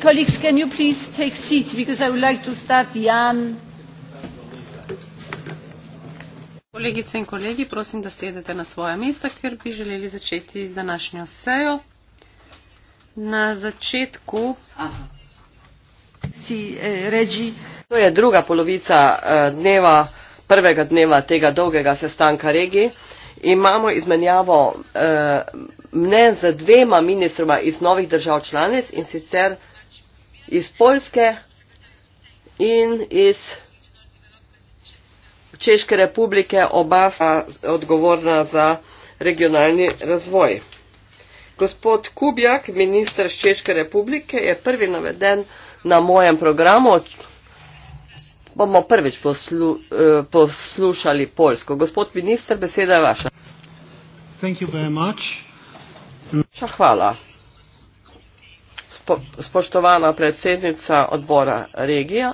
colleagues can you please take seats because i would like to start the an Kolegice in kolegi, prosim, da sedete na svoja mesta, ker bi želeli začeti z današnjo sejo. Na začetku Aha. si eh, reči. To je druga polovica eh, dneva, prvega dneva tega dolgega sestanka regij. Imamo izmenjavo eh, mnen z dvema ministroma iz novih držav članic in sicer iz Poljske in iz Češke republike, oba sta odgovorna za regionalni razvoj. Gospod Kubjak, minister iz Češke republike, je prvi naveden na mojem programu. Bomo prvič poslu, eh, poslušali Poljsko. Gospod minister, beseda je vaša. Hvala spoštovana predsednica odbora regija,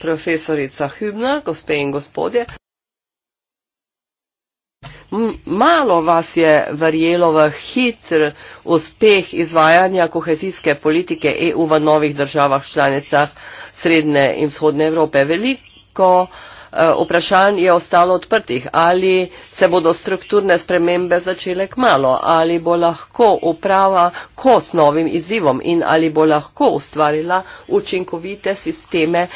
profesorica Hübner, gospe in gospodje. Malo vas je verjelo v hitr uspeh izvajanja kohezijske politike EU v novih državah članicah Srednje in Vzhodne Evrope. Veliko Eh, vprašanj je ostalo odprtih. Ali se bodo strukturne spremembe začele k malo, ali bo lahko uprava ko s novim izzivom in ali bo lahko ustvarila učinkovite sisteme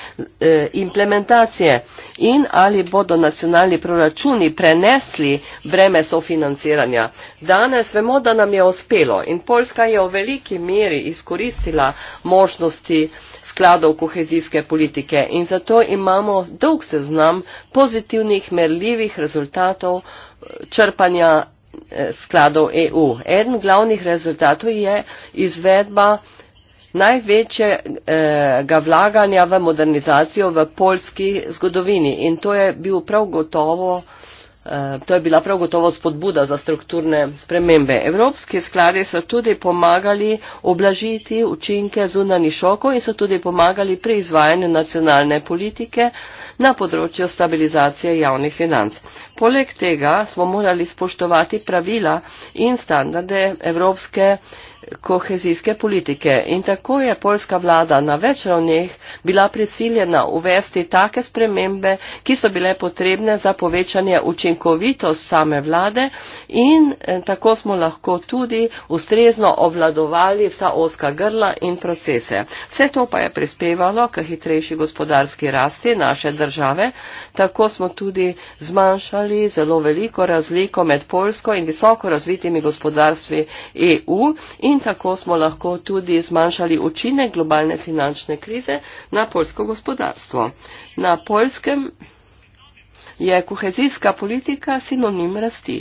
eh, implementacije in ali bodo nacionalni proračuni prenesli breme sofinanciranja. Danes vemo, da nam je uspelo in Poljska je v veliki meri izkoristila možnosti skladov kohezijske politike in zato imamo dolg seznam seznam pozitivnih merljivih rezultatov eh, črpanja eh, skladov EU. Eden glavnih rezultatov je izvedba največjega eh, vlaganja v modernizacijo v polski zgodovini in to je bil prav gotovo eh, Eh, to je bila prav gotovo spodbuda za strukturne spremembe. Evropski skladi so tudi pomagali oblažiti učinke zunani šokov in so tudi pomagali pri izvajanju nacionalne politike na področju stabilizacije javnih financ. Poleg tega smo morali spoštovati pravila in standarde Evropske unije kohezijske politike in tako je polska vlada na več ravneh bila prisiljena uvesti take spremembe, ki so bile potrebne za povečanje učinkovitost same vlade in eh, tako smo lahko tudi ustrezno obvladovali vsa oska grla in procese. Vse to pa je prispevalo k hitrejši gospodarski rasti naše države, Tako smo tudi zmanjšali zelo veliko razliko med polsko in visoko razvitimi gospodarstvi EU in tako smo lahko tudi zmanjšali učinek globalne finančne krize na polsko gospodarstvo. Na polskem je kohezijska politika sinonim rasti.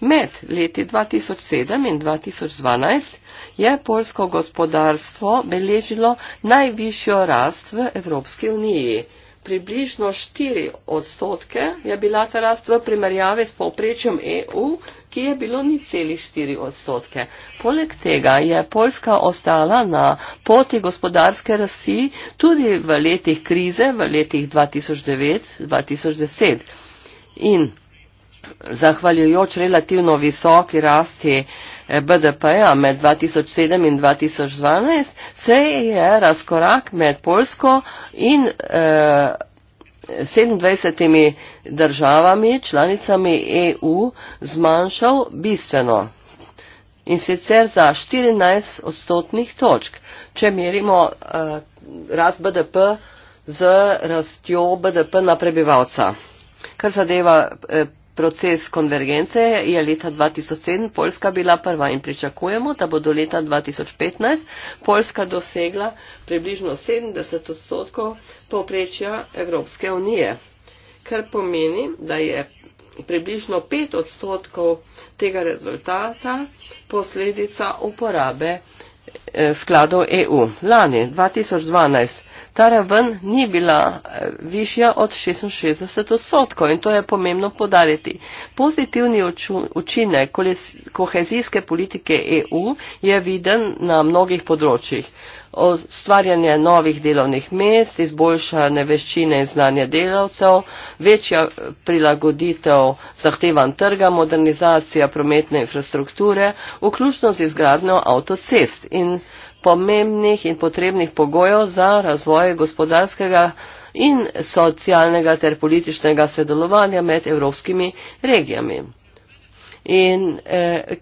Med leti 2007 in 2012 je polsko gospodarstvo beležilo najvišjo rast v Evropski uniji približno 4 odstotke je bila ta rast v primerjavi s povprečjem EU, ki je bilo ni celi 4 odstotke. Poleg tega je Poljska ostala na poti gospodarske rasti tudi v letih krize, v letih 2009-2010. In zahvaljujoč relativno visoki rasti, BDP-ja med 2007 in 2012, se je razkorak med Polsko in eh, 27 državami, članicami EU, zmanjšal bistveno. In sicer za 14 odstotnih točk. Če merimo eh, rast BDP z rastjo BDP na prebivalca. Kar zadeva. Eh, proces konvergence je leta 2007 Poljska bila prva in pričakujemo, da bo do leta 2015 Poljska dosegla približno 70 odstotkov povprečja Evropske unije, kar pomeni, da je približno 5 odstotkov tega rezultata posledica uporabe eh, skladov EU. Lani 2012 Ta raven ni bila eh, višja od 66 odstotkov in to je pomembno podariti. Pozitivni učinek kohezijske politike EU je viden na mnogih področjih. Ostvarjanje novih delovnih mest, izboljšanje veščine in znanja delavcev, večja prilagoditev zahtevan trga, modernizacija prometne infrastrukture, vključno z izgradnjo avtocest in pomembnih in potrebnih pogojev za razvoj gospodarskega in socialnega ter političnega sodelovanja med evropskimi regijami. In eh,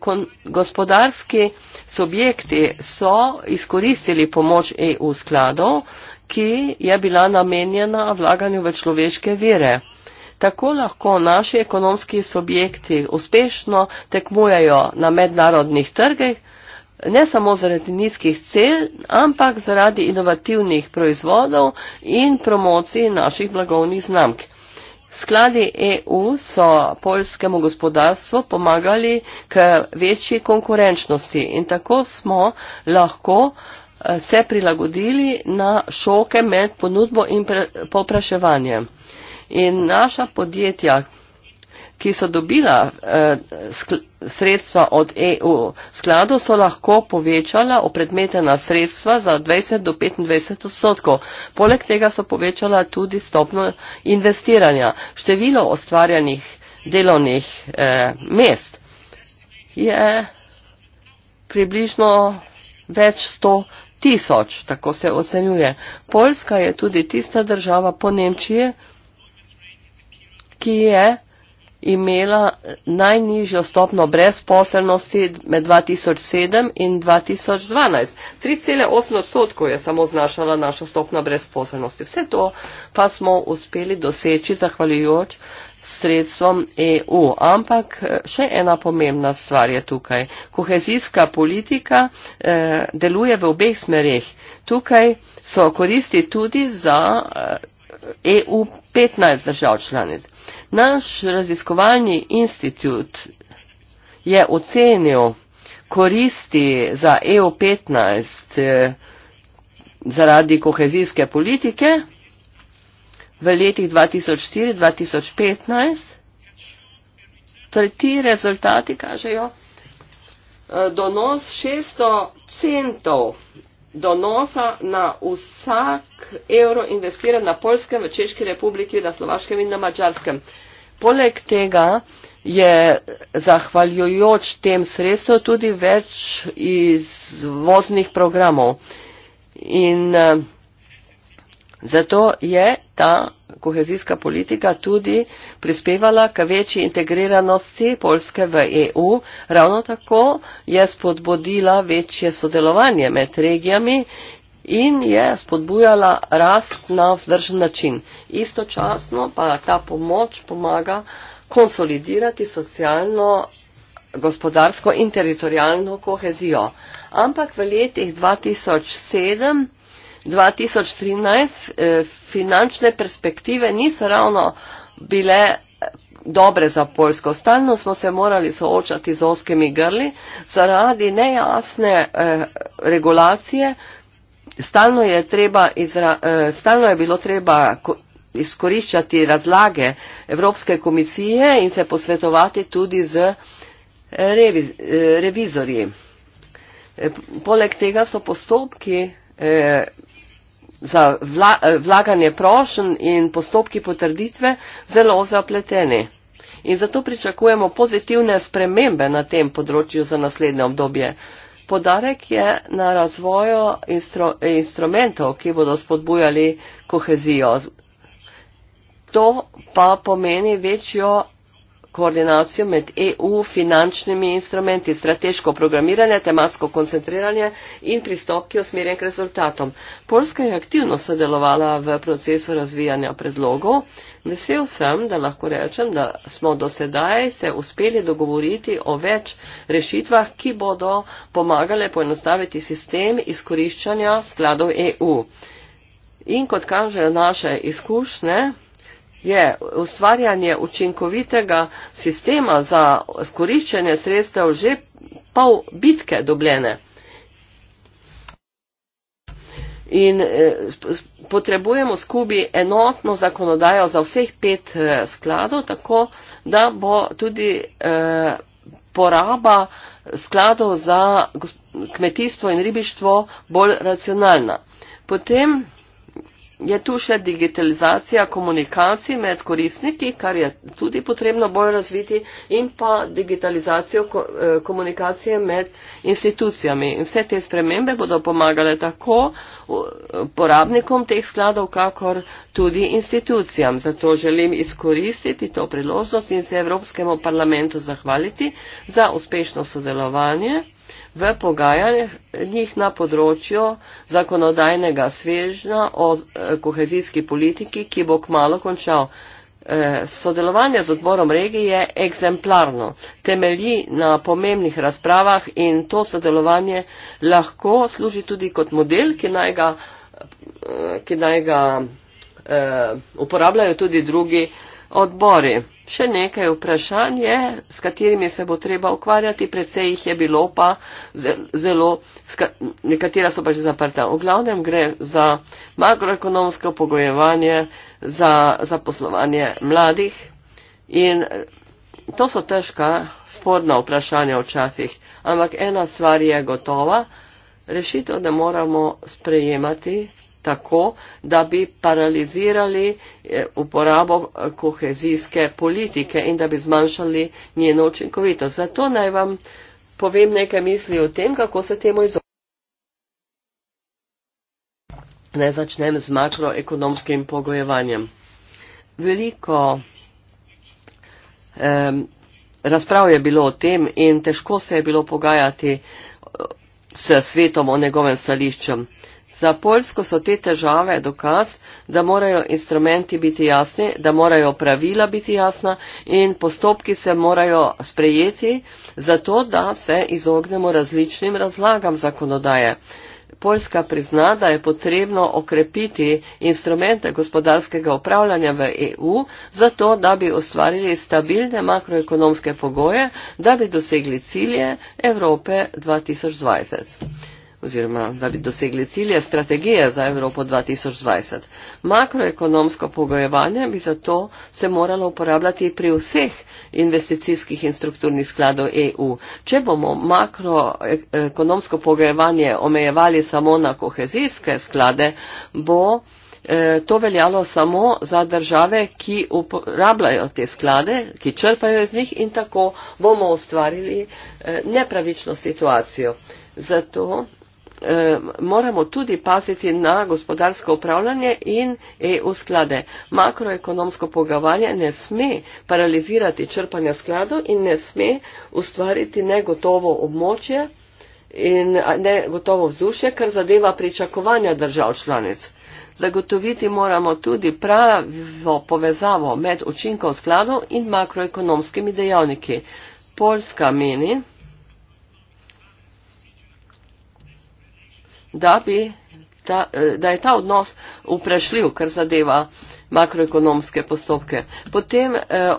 gospodarski subjekti so izkoristili pomoč EU skladov, ki je bila namenjena vlaganju v človeške vire. Tako lahko naši ekonomski subjekti uspešno tekmujejo na mednarodnih trgih ne samo zaradi nizkih cel, ampak zaradi inovativnih proizvodov in promocij naših blagovnih znamk. Skladi EU so polskemu gospodarstvu pomagali k večji konkurenčnosti in tako smo lahko eh, se prilagodili na šoke med ponudbo in popraševanjem. In naša podjetja, ki so dobila eh, sredstva od EU skladu, so lahko povečala opredmetena sredstva za 20 do 25 odstotkov. Poleg tega so povečala tudi stopno investiranja. Število ustvarjanih delovnih eh, mest je približno več 100 tisoč, tako se ocenjuje. Poljska je tudi tista država po Nemčiji, ki je imela najnižjo stopno brezposelnosti med 2007 in 2012. 3,8 odstotkov je samo znašala naša stopna brezposelnosti. Vse to pa smo uspeli doseči zahvaljujoč sredstvom EU. Ampak eh, še ena pomembna stvar je tukaj. Kohezijska politika eh, deluje v obeh smerih. Tukaj so koristi tudi za. Eh, EU 15 držav članic. Naš raziskovalni institut je ocenil koristi za EU15 eh, zaradi kohezijske politike v letih 2004-2015. Torej, ti rezultati kažejo eh, donos 600 centov donosa na vsak evro investiran na Poljskem, v Češki republiki, na Slovaškem in na Mačarskem. Poleg tega je zahvaljujoč tem sredstvom tudi več izvoznih programov. In, uh, Zato je ta kohezijska politika tudi prispevala k večji integriranosti Polske v EU, ravno tako je spodbudila večje sodelovanje med regijami in je spodbujala rast na vzdržen način. Istočasno pa ta pomoč pomaga konsolidirati socialno, gospodarsko in teritorijalno kohezijo. Ampak v letih 2007 2013 eh, finančne perspektive niso ravno bile eh, dobre za Poljsko. Stalno smo se morali soočati z oskimi grli zaradi nejasne eh, regulacije. Stalno je, treba izra, eh, stalno je bilo treba izkoriščati razlage Evropske komisije in se posvetovati tudi z eh, revi, eh, revizorji. Eh, poleg tega so postopki eh, za vla, eh, vlaganje prošen in postopki potrditve zelo zapleteni. In zato pričakujemo pozitivne spremembe na tem področju za naslednje obdobje. Podarek je na razvoju instru, instrumentov, ki bodo spodbujali kohezijo. To pa pomeni večjo koordinacijo med EU finančnimi instrumenti, strateško programiranje, tematsko koncentriranje in pristop, ki je usmerjen k rezultatom. Polska je aktivno sodelovala v procesu razvijanja predlogov. Vesel sem, da lahko rečem, da smo do sedaj se uspeli dogovoriti o več rešitvah, ki bodo pomagale poenostaviti sistem izkoriščanja skladov EU. In kot kažejo naše izkušnje, je ustvarjanje učinkovitega sistema za skoriščenje sredstev že pol bitke dobljene. In eh, potrebujemo skubi enotno zakonodajo za vseh pet eh, skladov, tako da bo tudi eh, poraba skladov za kmetijstvo in ribištvo bolj racionalna. Potem je tu še digitalizacija komunikacij med korisniki, kar je tudi potrebno bolj razviti, in pa digitalizacijo eh, komunikacije med institucijami. In vse te spremembe bodo pomagale tako uporabnikom teh skladov, kakor tudi institucijam. Zato želim izkoristiti to priložnost in se Evropskemu parlamentu zahvaliti za uspešno sodelovanje v pogajanjih na področju zakonodajnega svežna o eh, kohezijski politiki, ki bo kmalo končal. Eh, sodelovanje z odborom regije je egzemplarno, temelji na pomembnih razpravah in to sodelovanje lahko služi tudi kot model, ki naj ga, eh, ki naj ga uporabljajo tudi drugi odbori. Še nekaj vprašanj je, s katerimi se bo treba ukvarjati, predvsej jih je bilo pa zelo, nekatera so pa že zaprta. V glavnem gre za makroekonomsko pogojevanje, za zaposlovanje mladih in eh, to so težka, sporna vprašanja včasih, ampak ena stvar je gotova, rešitev, da moramo sprejemati tako, da bi paralizirali eh, uporabo eh, kohezijske politike in da bi zmanjšali njeno učinkovitost. Zato naj vam povem nekaj misli o tem, kako se temu izogniti. Ne začnem z makroekonomskim pogojevanjem. Veliko eh, razprav je bilo o tem in težko se je bilo pogajati eh, s svetom o njegovem stališčem. Za Poljsko so te težave dokaz, da morajo instrumenti biti jasni, da morajo pravila biti jasna in postopki se morajo sprejeti, zato da se izognemo različnim razlagam zakonodaje. Poljska prizna, da je potrebno okrepiti instrumente gospodarskega upravljanja v EU, zato da bi ustvarili stabilne makroekonomske pogoje, da bi dosegli cilje Evrope 2020 oziroma da bi dosegli cilje strategije za Evropo 2020. Makroekonomsko pogojevanje bi zato se moralo uporabljati pri vseh investicijskih in strukturnih skladov EU. Če bomo makroekonomsko pogojevanje omejevali samo na kohezijske sklade, bo eh, To veljalo samo za države, ki uporabljajo te sklade, ki črpajo iz njih in tako bomo ustvarili eh, nepravično situacijo. Zato Eh, moramo tudi paziti na gospodarsko upravljanje in EU sklade. Makroekonomsko pogovarjanje ne sme paralizirati črpanja skladov in ne sme ustvariti negotovo območje in negotovo vzdušje, kar zadeva pričakovanja držav članic. Zagotoviti moramo tudi pravo povezavo med učinkom skladov in makroekonomskimi dejavniki. Poljska meni, da, bi ta, eh, da je ta odnos vprašljiv, kar zadeva makroekonomske postopke. Potem eh, eh,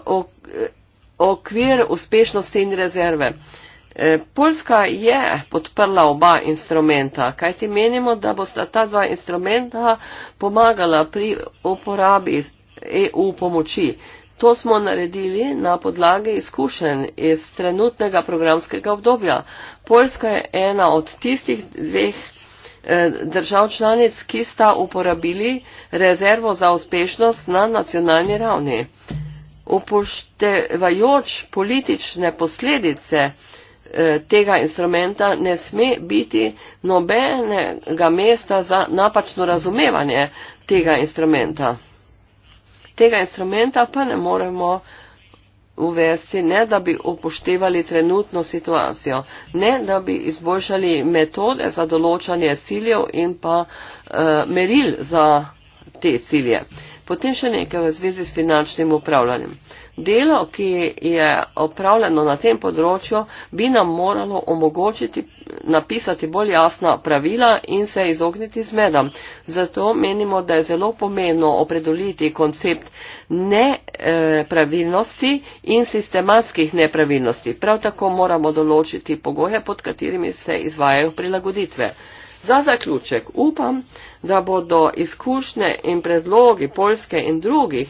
okvir uspešnosti in rezerve. Poljska je podprla oba instrumenta, kajti menimo, da bosta ta dva instrumenta pomagala pri uporabi EU pomoči. To smo naredili na podlagi izkušenj iz trenutnega programskega obdobja. Poljska je ena od tistih dveh Eh, držav članic, ki sta uporabili rezervo za uspešnost na nacionalni ravni. Upoštevajoč politične posledice eh, tega instrumenta ne sme biti nobenega mesta za napačno razumevanje tega instrumenta. Tega instrumenta pa ne moremo uvesti, ne da bi upoštevali trenutno situacijo, ne da bi izboljšali metode za določanje ciljev in pa uh, meril za te cilje. Potem še nekaj v zvezi s finančnim upravljanjem. Delo, ki je opravljeno na tem področju, bi nam moralo omogočiti napisati bolj jasna pravila in se izogniti zmedam. Zato menimo, da je zelo pomembno opredoliti koncept nepravilnosti in sistematskih nepravilnosti. Prav tako moramo določiti pogoje, pod katerimi se izvajajo prilagoditve. Za zaključek upam, da bodo izkušnje in predlogi Poljske in drugih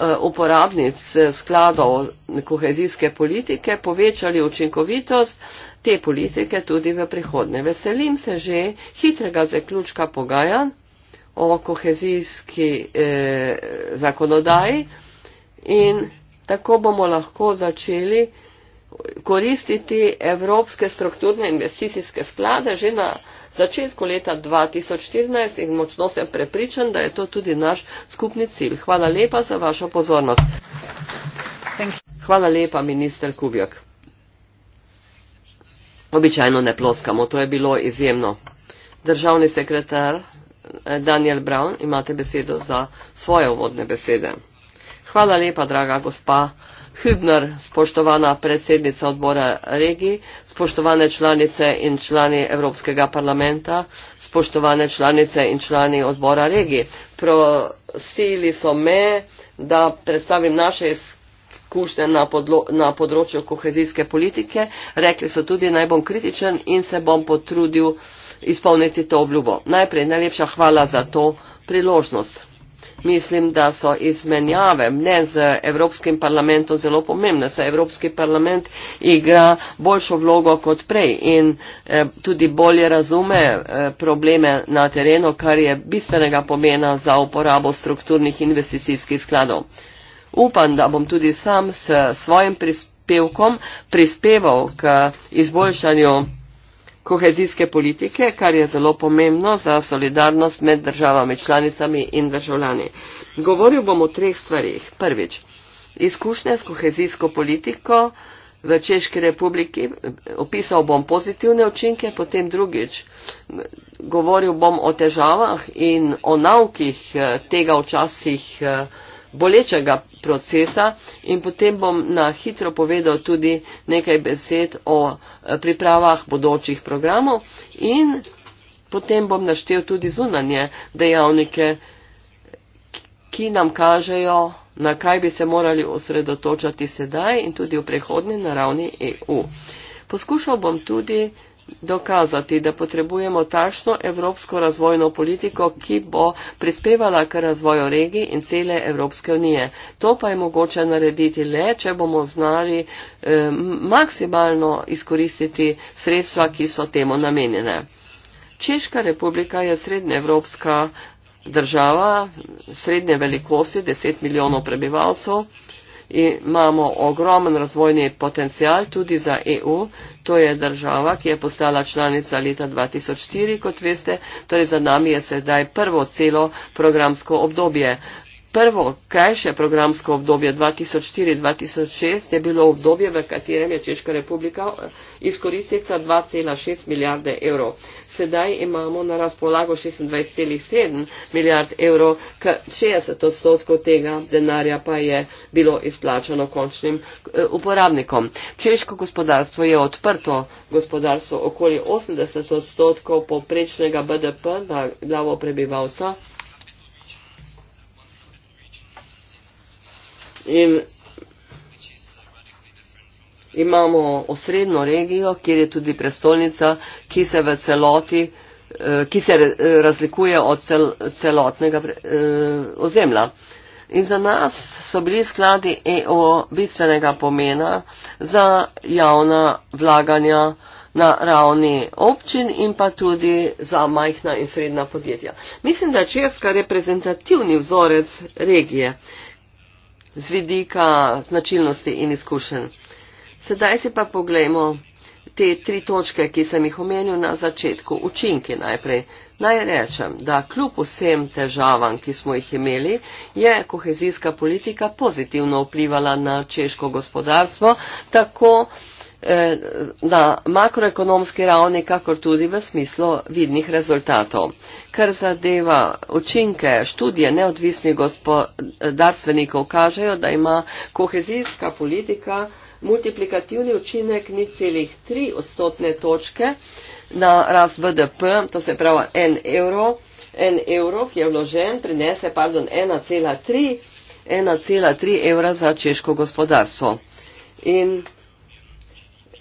Eh, uporabnic eh, skladov kohezijske politike povečali učinkovitost te politike tudi v prihodnje. Veselim se že hitrega zaključka pogajan o kohezijski eh, zakonodaji in tako bomo lahko začeli koristiti evropske strukturne investicijske sklade že na eh, začetku leta 2014 in močno sem prepričan, da je to tudi naš skupni cilj. Hvala lepa za vašo pozornost. Hvala lepa, minister Kubjak. Običajno ne ploskamo, to je bilo izjemno. Državni sekretar eh, Daniel Brown, imate besedo za svoje uvodne besede. Hvala lepa, draga gospa. Hübner, spoštovana predsednica odbora regij, spoštovane članice in člani Evropskega parlamenta, spoštovane članice in člani odbora regij. Prosili so me, da predstavim naše izkušnje na, na področju kohezijske politike. Rekli so tudi, naj bom kritičen in se bom potrudil izpolniti to obljubo. Najprej najlepša hvala za to priložnost mislim, da so izmenjave mnen z Evropskim parlamentom zelo pomembne. Se Evropski parlament igra boljšo vlogo kot prej in eh, tudi bolje razume eh, probleme na terenu, kar je bistvenega pomena za uporabo strukturnih investicijskih skladov. Upam, da bom tudi sam s svojim prispevkom prispeval k izboljšanju kohezijske politike, kar je zelo pomembno za solidarnost med državami članicami in državljani. Govoril bom o treh stvarih. Prvič, izkušnje s kohezijsko politiko v Češki republiki, opisal bom pozitivne učinke, potem drugič, govoril bom o težavah in o naukih eh, tega včasih. Eh, bolečega procesa in potem bom na hitro povedal tudi nekaj besed o eh, pripravah bodočih programov in potem bom naštel tudi zunanje dejavnike, ki nam kažejo, na kaj bi se morali osredotočati sedaj in tudi v prehodni naravni EU. Poskušal bom tudi dokazati, da potrebujemo takšno evropsko razvojno politiko, ki bo prispevala k razvoju regij in cele Evropske unije. To pa je mogoče narediti le, če bomo znali eh, maksimalno izkoristiti sredstva, ki so temu namenjene. Češka republika je srednjeevropska država, srednje velikosti, 10 milijonov prebivalcev imamo ogromen razvojni potencial tudi za EU, to je država, ki je postala članica leta 2004, kot veste, torej za nami je sedaj prvo celo programsko obdobje. Prvo krajše programsko obdobje 2004-2006 je bilo obdobje, v katerem je Češka republika eh, izkoristila 2,6 milijarde evrov sedaj imamo na razpolago 26,7 milijard evrov, 60 odstotkov tega denarja pa je bilo izplačano končnim eh, uporabnikom. Češko gospodarstvo je odprto, gospodarstvo okoli 80 odstotkov poprečnega BDP na glavo prebivalca. In Imamo osrednjo regijo, kjer je tudi prestolnica, ki se v celoti eh, ki se eh, razlikuje od cel, celotnega eh, ozemlja. In za nas so bili skladi EO bistvenega pomena za javna vlaganja na ravni občin in pa tudi za majhna in srednja podjetja. Mislim, da je Česka reprezentativni vzorec regije z vidika značilnosti in izkušenj. Sedaj si pa poglejmo te tri točke, ki sem jih omenil na začetku. Učinki najprej. Naj rečem, da kljub vsem težavam, ki smo jih imeli, je kohezijska politika pozitivno vplivala na češko gospodarstvo, tako eh, na makroekonomski ravni, kakor tudi v smislu vidnih rezultatov. Kar zadeva učinke, študije neodvisnih gospodarstvenikov kažejo, da ima kohezijska politika multiplikativni učinek ni celih tri odstotne točke na rast BDP, to se pravi en evro, en evro, ki je vložen, prinese pardon, 1,3, 1,3 evra za češko gospodarstvo. In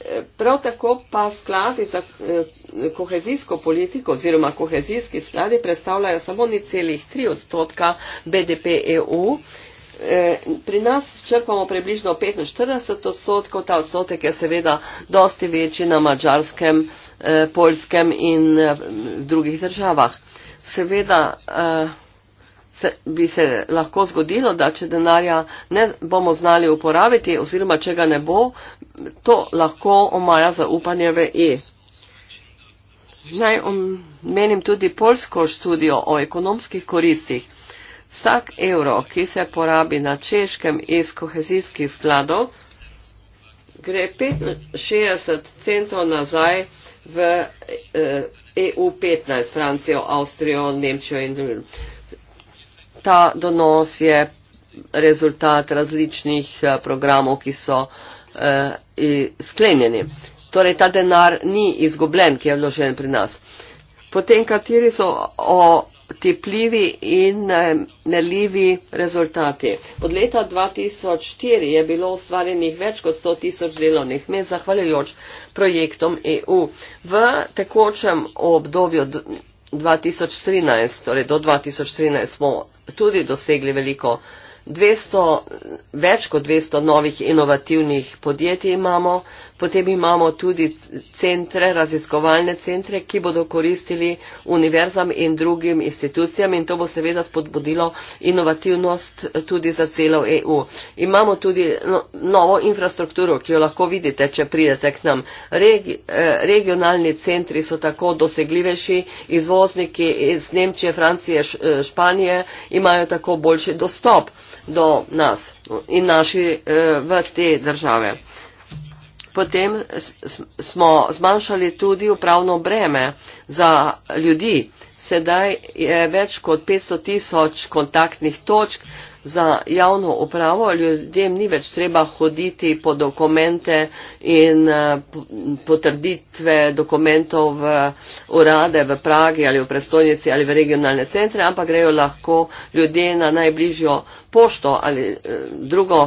eh, Prav tako pa skladi za eh, kohezijsko politiko oziroma kohezijski skladi predstavljajo samo ni celih tri odstotka BDP EU Eh, pri nas črpamo približno 45 odstotkov, ta odstotek je seveda dosti večji na mačarskem, eh, polskem in eh, drugih državah. Seveda se, bi se lahko zgodilo, da če denarja ne bomo znali uporabiti oziroma če ga ne bo, to lahko omaja zaupanje v E. Naj omenim tudi polsko študijo o ekonomskih koristih. Vsak evro, ki se porabi na češkem iz kohezijskih skladov, gre 65 centov nazaj v EU15, eh, e Francijo, Avstrijo, Nemčijo in drugim. Ta donos je rezultat različnih eh, programov, ki so eh, sklenjeni. Torej, ta denar ni izgubljen, ki je vložen pri nas. Potem, kateri so o otepljivi in eh, nalivi rezultati. Od leta 2004 je bilo ustvarjenih več kot 100 tisoč delovnih mest, zahvaljujoč projektom EU. V tekočem obdobju 2013, torej do 2013, smo tudi dosegli veliko. 200, več kot 200 novih inovativnih podjetij imamo, Potem imamo tudi centre, raziskovalne centre, ki bodo koristili univerzam in drugim institucijam in to bo seveda spodbudilo inovativnost tudi za celo EU. Imamo tudi no, novo infrastrukturo, ki jo lahko vidite, če pridete k nam. Regi, eh, regionalni centri so tako dosegljivejši, izvozniki iz Nemčije, Francije, š, eh, Španije imajo tako boljši dostop do nas in naši eh, v te države. Potem smo zmanjšali tudi upravno breme za ljudi. Sedaj je več kot 500 tisoč kontaktnih točk za javno upravo. Ljudem ni več treba hoditi po dokumente in eh, potrditve dokumentov v urade v Pragi ali v prestolnici ali v regionalne centre, ampak grejo lahko ljudje na najbližjo pošto ali eh, drugo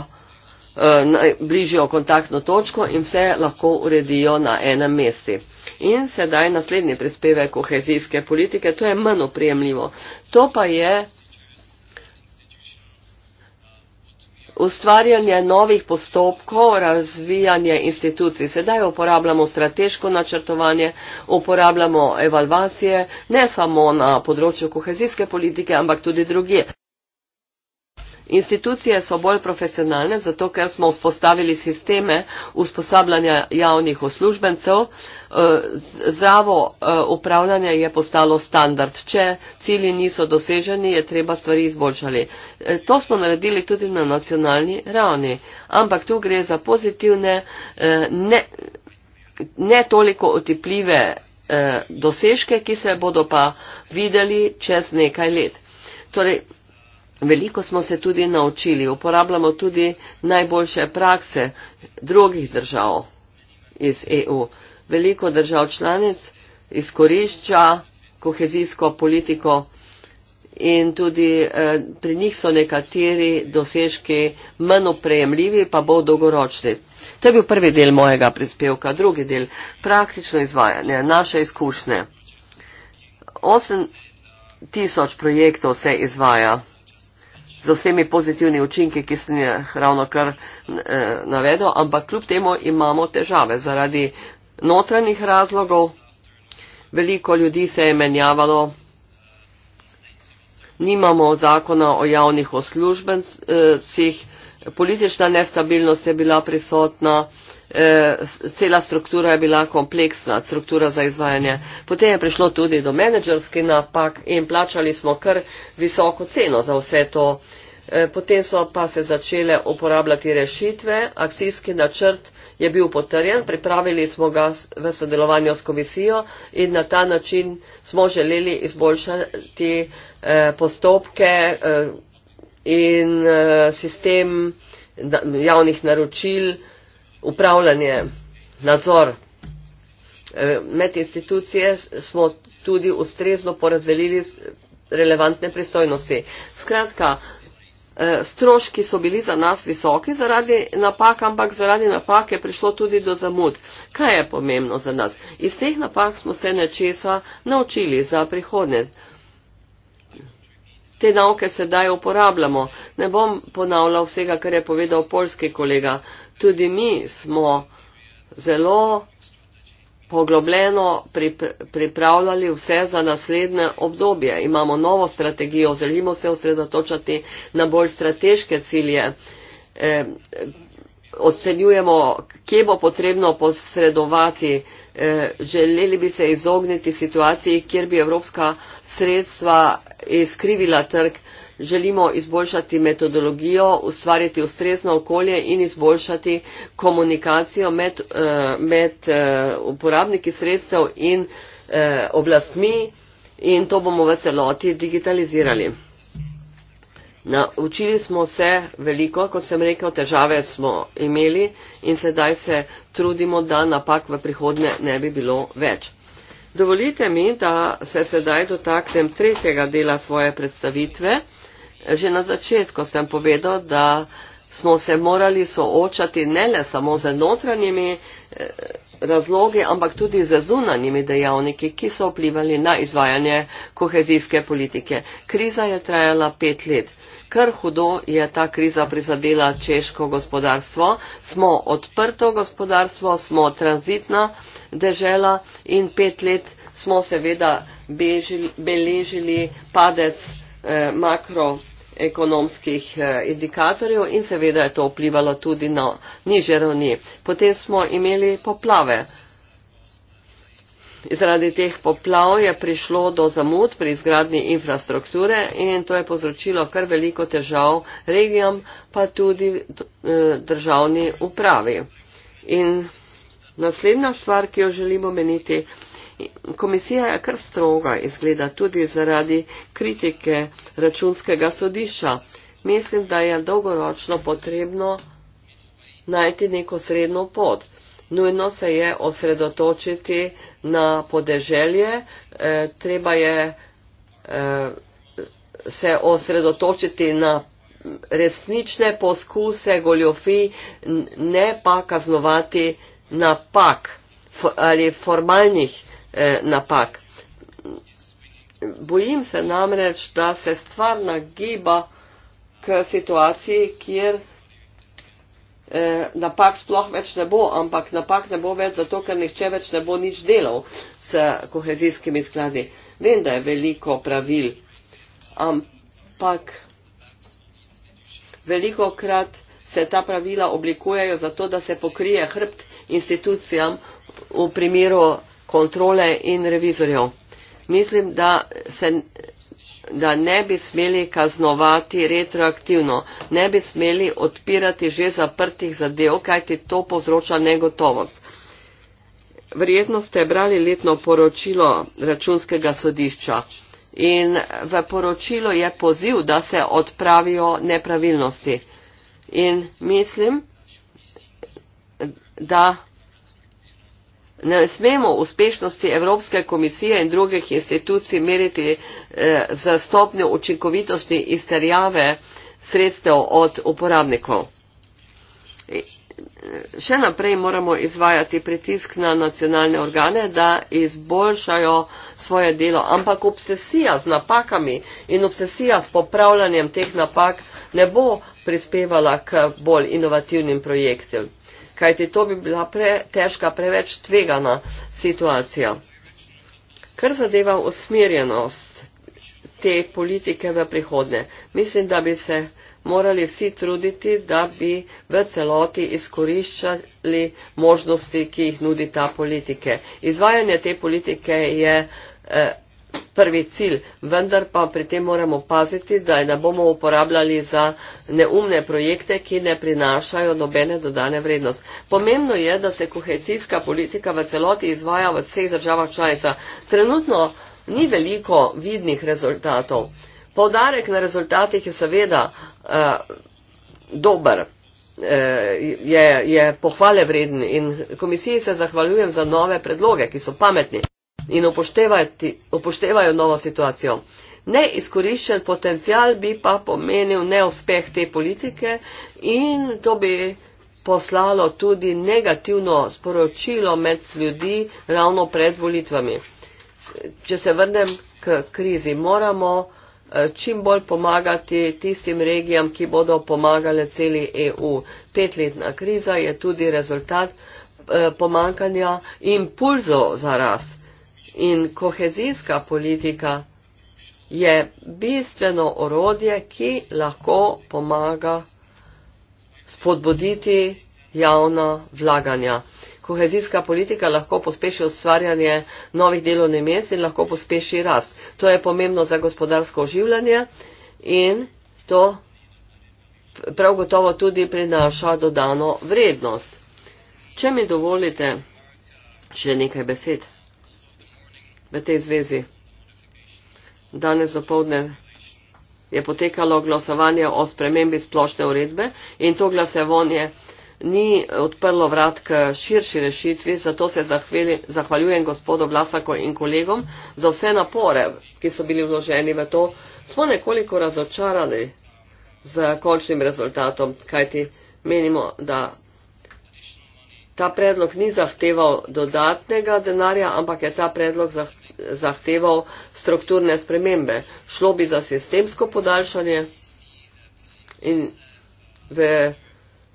Eh, bližjo kontaktno točko in vse lahko uredijo na enem mesti. In sedaj naslednji prispevek kohezijske politike, to je manj opremljivo. To pa je ustvarjanje novih postopkov, razvijanje institucij. Sedaj uporabljamo strateško načrtovanje, uporabljamo evalvacije, ne samo na področju kohezijske politike, ampak tudi druge institucije so bolj profesionalne zato ker smo vzpostavili sisteme usposabljanja javnih uslužbencev eh, zdravo eh, upravljanje je postalo standard če cilji niso doseženi je treba stvari izboljšati eh, to smo naredili tudi na nacionalni ravni ampak tu gre za pozitivne ne, ne toliko otipljive dosežke ki se bodo pa videli čez nekaj let torej Veliko smo se tudi naučili, uporabljamo tudi najboljše prakse drugih držav iz EU. Veliko držav članic izkorišča kohezijsko politiko in tudi eh, pri njih so nekateri dosežki manj oprejemljivi, pa bo dolgoročni. To je bil prvi del mojega prispevka. Drugi del, praktično izvajanje, naše izkušnje. 8 tisoč projektov se izvaja z vsemi pozitivni učinki, ki sem jih ravno kar eh, navedel, ampak kljub temu imamo težave zaradi notranjih razlogov. Veliko ljudi se je menjavalo, nimamo zakona o javnih oslužbencih, politična nestabilnost je bila prisotna eh, cela struktura je bila kompleksna, struktura za izvajanje. Potem je prišlo tudi do menedžerskih napak in plačali smo kar visoko ceno za vse to. Eh, potem so pa se začele uporabljati rešitve, akcijski načrt je bil potrjen, pripravili smo ga v sodelovanju s komisijo in na ta način smo želeli izboljšati eh, postopke eh, in eh, sistem javnih naročil, upravljanje, nadzor e, med institucije smo tudi ustrezno porazdelili relevantne pristojnosti. Skratka, e, stroški so bili za nas visoki zaradi napak, ampak zaradi napak je prišlo tudi do zamud. Kaj je pomembno za nas? Iz teh napak smo se nečesa naučili za prihodnje. Te nauke sedaj uporabljamo. Ne bom ponavljal vsega, kar je povedal polski kolega tudi mi smo zelo poglobljeno pripravljali vse za naslednje obdobje. Imamo novo strategijo, želimo se osredotočati na bolj strateške cilje. E, ocenjujemo, kje bo potrebno posredovati. E, želeli bi se izogniti situaciji, kjer bi evropska sredstva izkrivila trg želimo izboljšati metodologijo, ustvariti ustrezno okolje in izboljšati komunikacijo med, eh, med eh, uporabniki sredstev in eh, oblastmi in to bomo v celoti digitalizirali. Naučili smo se veliko, kot sem rekel, težave smo imeli in sedaj se trudimo, da napak v prihodnje ne bi bilo več. Dovolite mi, da se sedaj dotaknem tretjega dela svoje predstavitve. Že na začetku sem povedal, da smo se morali soočati ne le samo z notranjimi eh, razlogi, ampak tudi z zunanjimi dejavniki, ki so vplivali na izvajanje kohezijske politike. Kriza je trajala pet let. Kar hudo je ta kriza prizadela češko gospodarstvo. Smo odprto gospodarstvo, smo tranzitna dežela in pet let smo seveda beležili padec eh, makro ekonomskih eh, indikatorjev in seveda je to vplivalo tudi na niže ravni. Potem smo imeli poplave. Zaradi teh poplav je prišlo do zamud pri izgradni infrastrukture in to je povzročilo kar veliko težav regijam, pa tudi eh, državni upravi. In naslednja stvar, ki jo želimo meniti, Komisija je kar stroga, izgleda tudi zaradi kritike računskega sodišča. Mislim, da je dolgoročno potrebno najti neko srednjo pot. Nujno se je osredotočiti na podeželje, eh, treba je eh, se osredotočiti na resnične poskuse goljofi, ne pa kaznovati napak ali formalnih eh, napak. Bojim se namreč, da se stvar nagiba k situaciji, kjer eh, napak sploh več ne bo, ampak napak ne bo več zato, ker nihče več ne bo nič delal s kohezijskimi skladi. Vem, da je veliko pravil, ampak veliko krat se ta pravila oblikujejo zato, da se pokrije hrbt institucijam v primeru kontrole in revizorjev. Mislim, da, se, da ne bi smeli kaznovati retroaktivno, ne bi smeli odpirati že zaprtih zadev, kajti to povzroča negotovost. Verjetno ste brali letno poročilo računskega sodišča in v poročilu je poziv, da se odpravijo nepravilnosti. In mislim, da Ne smemo uspešnosti Evropske komisije in drugih institucij meriti eh, za stopnjo učinkovitosti izterjave sredstev od uporabnikov. Še naprej moramo izvajati pritisk na nacionalne organe, da izboljšajo svoje delo, ampak obsesija z napakami in obsesija s popravljanjem teh napak ne bo prispevala k bolj inovativnim projektom kajte to bi bila pre težka, preveč tvegana situacija. Kar zadeva usmerjenost te politike v prihodnje, mislim, da bi se morali vsi truditi, da bi v celoti izkoriščali možnosti, ki jih nudi ta politike. Izvajanje te politike je eh, prvi cilj, vendar pa pri tem moramo paziti, da je ne bomo uporabljali za neumne projekte, ki ne prinašajo nobene dodane vrednost. Pomembno je, da se kohecijska politika v celoti izvaja v vseh državah članica. Trenutno ni veliko vidnih rezultatov. Povdarek na rezultatih je seveda eh, dober, eh, je, je pohvale vreden in komisiji se zahvaljujem za nove predloge, ki so pametni in upoštevajo novo situacijo. Neizkoriščen potencial bi pa pomenil neuspeh te politike in to bi poslalo tudi negativno sporočilo med ljudi ravno pred volitvami. Če se vrnem k krizi, moramo eh, čim bolj pomagati tistim regijam, ki bodo pomagale celi EU. Petletna kriza je tudi rezultat eh, pomankanja impulzov za rast. In kohezijska politika je bistveno orodje, ki lahko pomaga spodbuditi javna vlaganja. Kohezijska politika lahko pospeši ustvarjanje novih delovnih mest in lahko pospeši rast. To je pomembno za gospodarsko oživljanje in to prav gotovo tudi prinaša dodano vrednost. Če mi dovolite še nekaj besed v tej zvezi. Danes zapovdne je potekalo glasovanje o spremembi splošne uredbe in to glasovanje ni odprlo vrat k širši rešitvi, zato se zahveli, zahvaljujem gospodu Vlasako in kolegom za vse napore, ki so bili vloženi v to. Smo nekoliko razočarali z končnim rezultatom, kajti menimo, da ta predlog ni zahteval dodatnega denarja, ampak je ta predlog zahteval strukturne spremembe. Šlo bi za sistemsko podaljšanje in v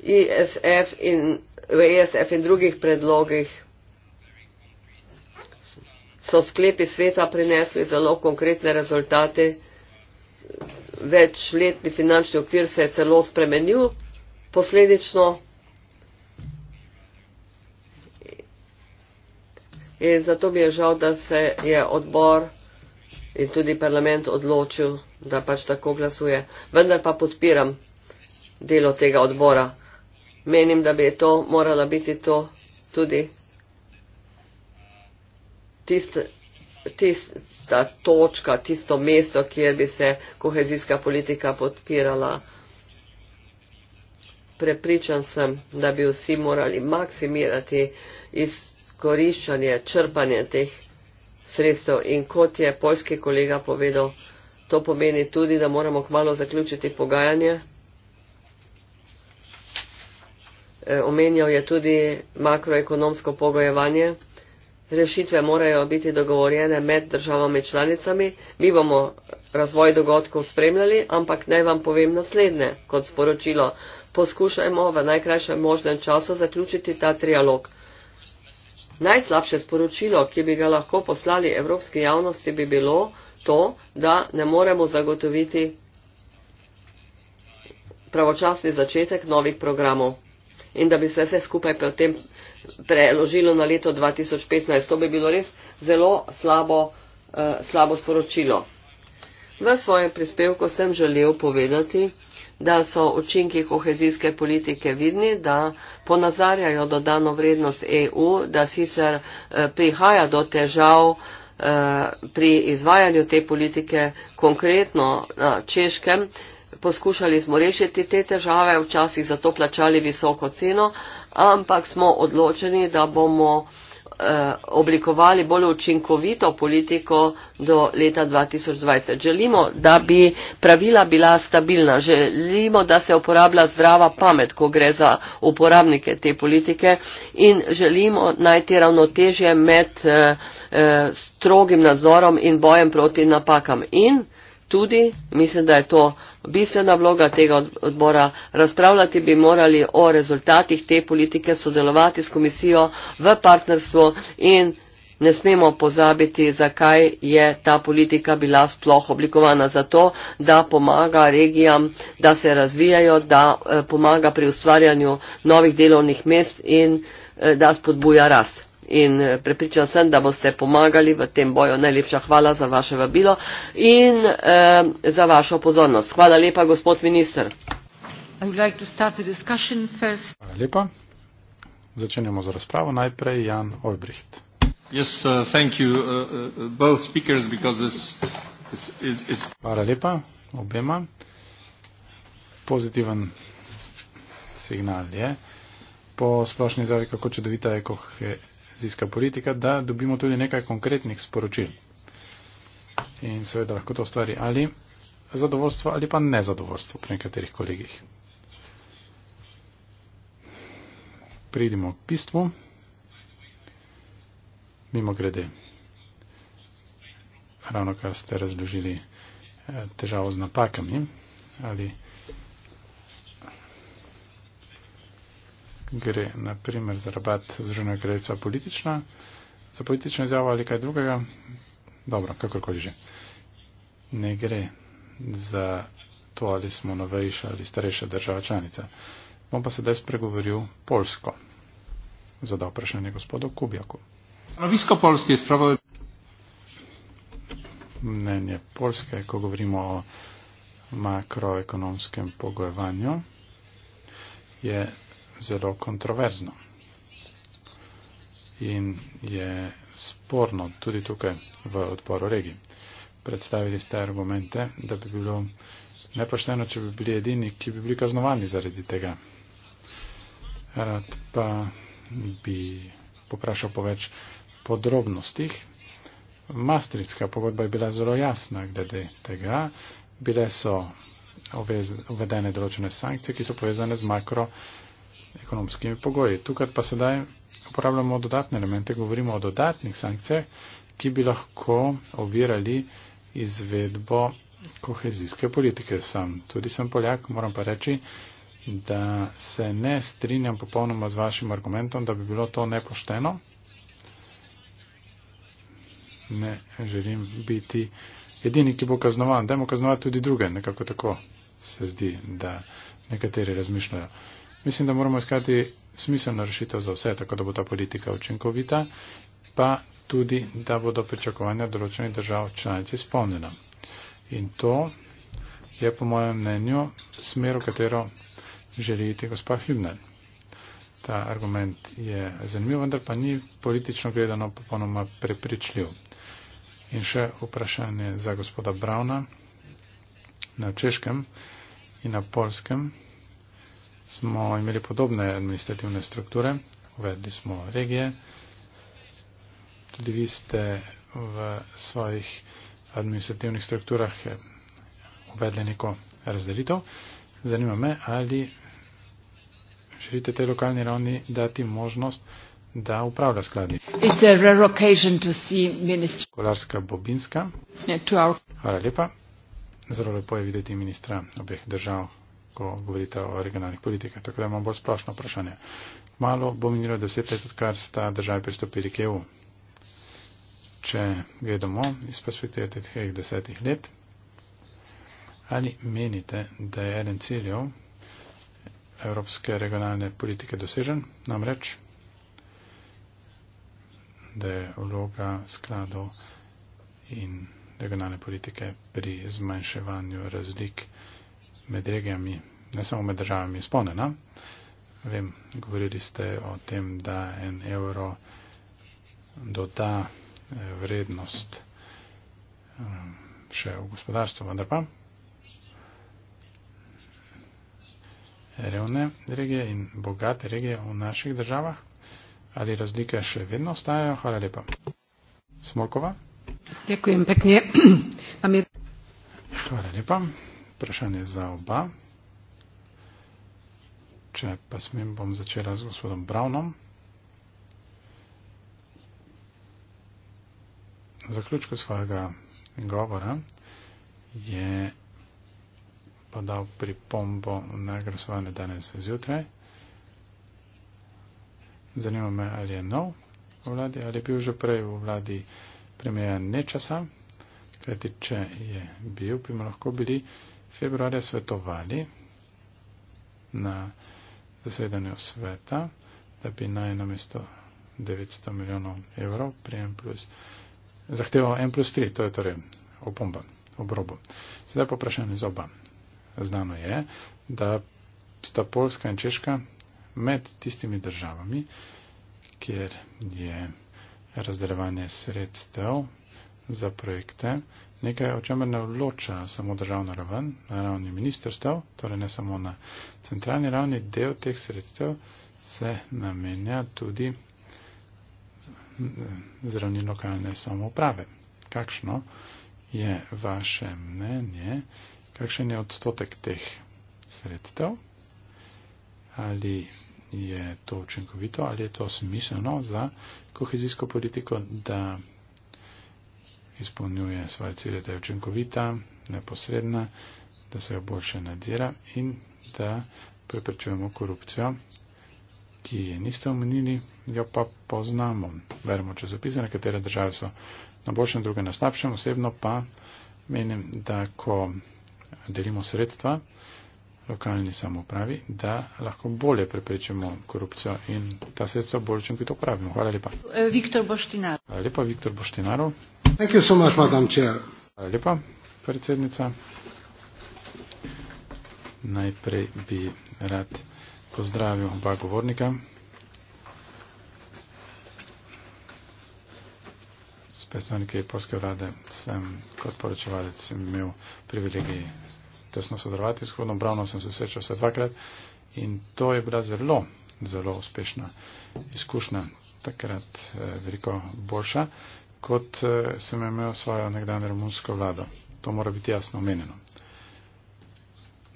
ESF in, v ESF in drugih predlogih so sklepi sveta prinesli zelo konkretne rezultate. Večletni finančni okvir se je celo spremenil posledično. In zato mi je žal, da se je odbor in tudi parlament odločil, da pač tako glasuje. Vendar pa podpiram delo tega odbora. Menim, da bi to morala biti to tudi tista, tista točka, tisto mesto, kjer bi se kohezijska politika podpirala. Prepričan sem, da bi vsi morali maksimirati iz koriščanje, črpanje teh sredstev in kot je poljski kolega povedal, to pomeni tudi, da moramo kmalo zaključiti pogajanje. E, omenjal je tudi makroekonomsko pogojevanje. Rešitve morajo biti dogovorjene med državami članicami. Mi bomo razvoj dogodkov spremljali, ampak naj vam povem naslednje kot sporočilo. Poskušajmo v najkrajšem možnem času zaključiti ta trialog. Najslabše sporočilo, ki bi ga lahko poslali evropski javnosti, bi bilo to, da ne moremo zagotoviti pravočasni začetek novih programov in da bi se vse skupaj potem preložilo na leto 2015. To bi bilo res zelo slabo, uh, slabo sporočilo. V svojem prispevku sem želel povedati, da so učinki kohezijske politike vidni, da ponazarjajo dodano vrednost EU, da sicer eh, prihaja do težav eh, pri izvajanju te politike konkretno na Češkem. Poskušali smo rešiti te težave, včasih zato plačali visoko ceno, ampak smo odločeni, da bomo uh, Eh, oblikovali bolj učinkovito politiko do leta 2020. Želimo, da bi pravila bila stabilna, želimo, da se uporablja zdrava pamet, ko gre za uporabnike te politike in želimo najti ravnotežje med eh, eh, strogim nadzorom in bojem proti napakam. In tudi, mislim, da je to bistvena vloga tega odbora, razpravljati bi morali o rezultatih te politike, sodelovati s komisijo v partnerstvu in ne smemo pozabiti, zakaj je ta politika bila sploh oblikovana. Zato, da pomaga regijam, da se razvijajo, da eh, pomaga pri ustvarjanju novih delovnih mest in eh, da spodbuja rast in eh, prepričan sem, da boste pomagali v tem boju. Najlepša hvala za vaše vabilo in eh, za vašo pozornost. Hvala lepa, gospod minister. Like hvala lepa. Začenjamo z razpravo. Najprej Jan Olbricht. Yes, uh, you, uh, uh, uh speakers, this, this is, is... Hvala lepa obema. Pozitiven signal je. Po splošni izjavi, kako čudovita je kohezija kohezijska politika, da dobimo tudi nekaj konkretnih sporočil. In seveda lahko to stvari ali zadovoljstvo ali pa nezadovoljstvo pri nekaterih kolegih. Pridimo k bistvu. Mimo grede, ravno kar ste razložili eh, težavo z napakami ali gre naprimer za rabat Združenega kraljestva politična, za politično izjavo ali kaj drugega. Dobro, kakorkoli že. Ne gre za to, ali smo novejša ali starejša država članica. Bom pa sedaj spregovoril polsko. Zadal vprašanje gospodu Kubjaku. Stanovisko polske je spravo. Mnenje polske, ko govorimo o makroekonomskem pogojevanju, je zelo kontroverzno in je sporno tudi tukaj v odporu regij. Predstavili ste argumente, da bi bilo nepošteno, če bi bili edini, ki bi bili kaznovani zaradi tega. Rad pa bi poprašal po več podrobnostih. Maastrichtska pogodba je bila zelo jasna glede tega. Bile so uvedene določene sankcije, ki so povezane z makro ekonomskimi pogoji. Tukaj pa sedaj uporabljamo dodatne elemente, govorimo o dodatnih sankcijah, ki bi lahko ovirali izvedbo kohezijske politike. Sam tudi sem poljak, moram pa reči, da se ne strinjam popolnoma z vašim argumentom, da bi bilo to nepošteno. Ne želim biti edini, ki bo kaznovan. Dajmo kaznovati tudi druge, nekako tako se zdi, da nekateri razmišljajo mislim, da moramo iskati smiselno rešitev za vse, tako da bo ta politika učinkovita, pa tudi, da bodo pričakovanja določenih držav članic izpolnjena. In to je po mojem mnenju smer, v katero želi iti gospa Hübner. Ta argument je zanimiv, vendar pa ni politično gledano popolnoma prepričljiv. In še vprašanje za gospoda Brauna na češkem in na polskem smo imeli podobne administrativne strukture, uvedli smo regije. Tudi vi ste v svojih administrativnih strukturah eh, uvedli neko razdelitev. Zanima me, ali želite tej lokalni ravni dati možnost, da upravlja skladi. Kolarska Bobinska. Hvala lepa. Zelo lepo je videti ministra obeh držav ko govorite o regionalnih politikah. Tako da imam bolj splošno vprašanje. Malo bo minilo deset let, odkar sta države pristopili k EU. Če gledamo iz perspektive teh desetih let, ali menite, da je eden ciljev evropske regionalne politike dosežen, namreč, da je vloga skladov in regionalne politike pri zmanjševanju razlik med regijami, ne samo med državami, izpolnjena. No? Vem, govorili ste o tem, da en evro doda eh, vrednost eh, še v gospodarstvu, vendar pa revne regije in bogate regije v naših državah. Ali razlike še vedno ostajajo? Hvala lepa. Smolkova. Hvala lepa vprašanje za oba. Če pa smem, bom začela z gospodom Brownom. Na zaključku svojega govora je podal pripombo na glasovanje danes zjutraj. Zanima me, ali je nov v vladi, ali je bil že prej v vladi premijer nečasa, kajti če je bil, bi mu lahko bili februarja svetovali na zasedanju sveta, da bi naj na mesto 900 milijonov evrov plus, zahteval 1 plus 3, to je torej opomba, obrobo. Sedaj pa vprašanje z oba. Znano je, da sta Polska in Češka med tistimi državami, kjer je razdeljevanje sredstev za projekte, nekaj, o čemer ne odloča samo državna raven, na ravni ministerstv, torej ne samo na centralni ravni, del teh sredstev se namenja tudi eh, zravni lokalne samoprave. Kakšno je vaše mnenje, kakšen je odstotek teh sredstev, ali je to učinkovito, ali je to smiselno za kohezijsko politiko, da izpolnjuje svoje cilje, da je učinkovita, neposredna, da se jo boljše nadzira in da preprečujemo korupcijo, ki je niste omenili, jo pa poznamo. Veremo časopise, na katere države so na boljšem, druge na slabšem. Osebno pa menim, da ko delimo sredstva lokalni samopravi, da lahko bolje preprečimo korupcijo in ta sredstva bolj učinkovito upravimo. Hvala lepa. Viktor Boštinar. Hvala lepa, Viktor Boštinarov. Thank you so much, Madam Chair. Hvala lepa, predsednica. Najprej bi rad pozdravil oba govornika. S predstavniki polske vlade sem kot poročevalec imel privilegij tesno sodelovati s hodom Brownom, sem se srečal vse dvakrat in to je bila zelo, zelo uspešna izkušnja, takrat eh, veliko boljša, kot eh, sem imel svojo nekdanje romunsko vlado. To mora biti jasno omenjeno.